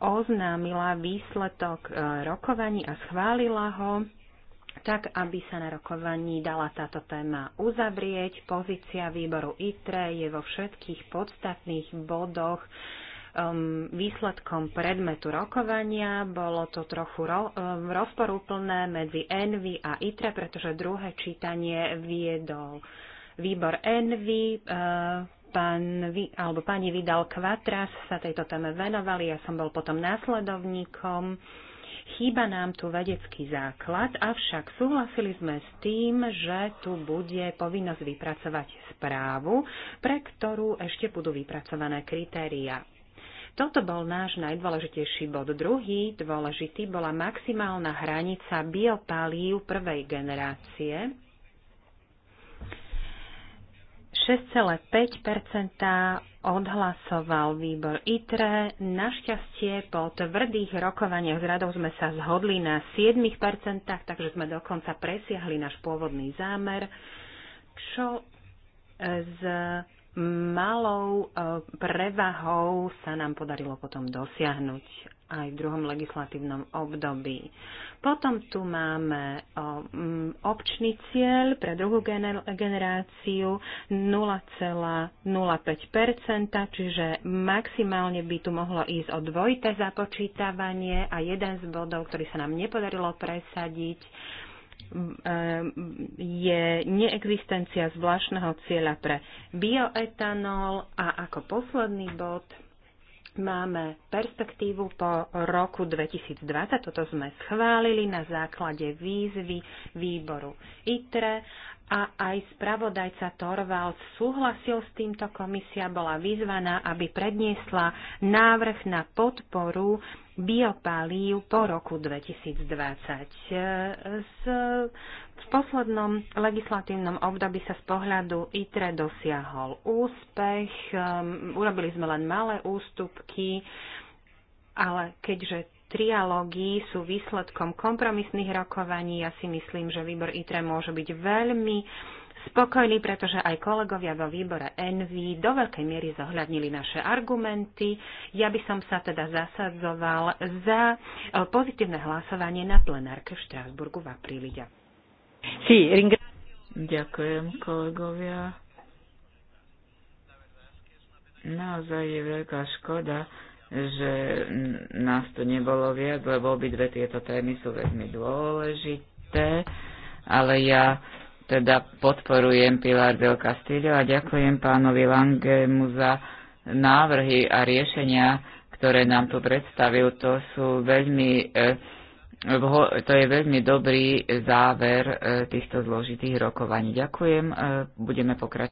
oznámila výsledok e, rokovaní a schválila ho tak, aby sa na rokovaní dala táto téma uzavrieť. Pozícia výboru ITRE je vo všetkých podstatných bodoch um, výsledkom predmetu rokovania. Bolo to trochu ro, um, rozporúplné medzi Envy a ITRE, pretože druhé čítanie viedol výbor ENVY, eh, pán, alebo pani Vidal Kvatras sa tejto téme venovali, ja som bol potom následovníkom. Chýba nám tu vedecký základ, avšak súhlasili sme s tým, že tu bude povinnosť vypracovať správu, pre ktorú ešte budú vypracované kritéria. Toto bol náš najdôležitejší bod. Druhý dôležitý bola maximálna hranica biopalív prvej generácie, 6,5 odhlasoval výbor ITRE. Našťastie po tvrdých rokovaniach s radou sme sa zhodli na 7 takže sme dokonca presiahli náš pôvodný zámer, čo z malou e, prevahou sa nám podarilo potom dosiahnuť aj v druhom legislatívnom období. Potom tu máme e, občný cieľ pre druhú generáciu 0,05%, čiže maximálne by tu mohlo ísť o dvojité započítavanie a jeden z bodov, ktorý sa nám nepodarilo presadiť, je neexistencia zvláštneho cieľa pre bioetanol a ako posledný bod máme perspektívu po roku 2020. Toto sme schválili na základe výzvy výboru ITRE a aj spravodajca Torvald súhlasil s týmto. Komisia bola vyzvaná, aby predniesla návrh na podporu biopalív po roku 2020. v poslednom legislatívnom období sa z pohľadu ITRE dosiahol úspech, um, urobili sme len malé ústupky, ale keďže trialógy sú výsledkom kompromisných rokovaní. Ja si myslím, že výbor ITRE môže byť veľmi spokojný, pretože aj kolegovia vo výbore NV do veľkej miery zohľadnili naše argumenty. Ja by som sa teda zasadzoval za e, pozitívne hlasovanie na plenárke v Štrásburgu v apríli. Ďakujem, kolegovia. Naozaj je veľká škoda, že nás tu nebolo viac, lebo obidve tieto témy sú veľmi dôležité, ale ja teda podporujem Pilar del Castillo a ďakujem pánovi Langemu za návrhy a riešenia, ktoré nám tu predstavil. To sú veľmi, e, to je veľmi dobrý záver e, týchto zložitých rokovaní. Ďakujem, e, budeme pokračovať.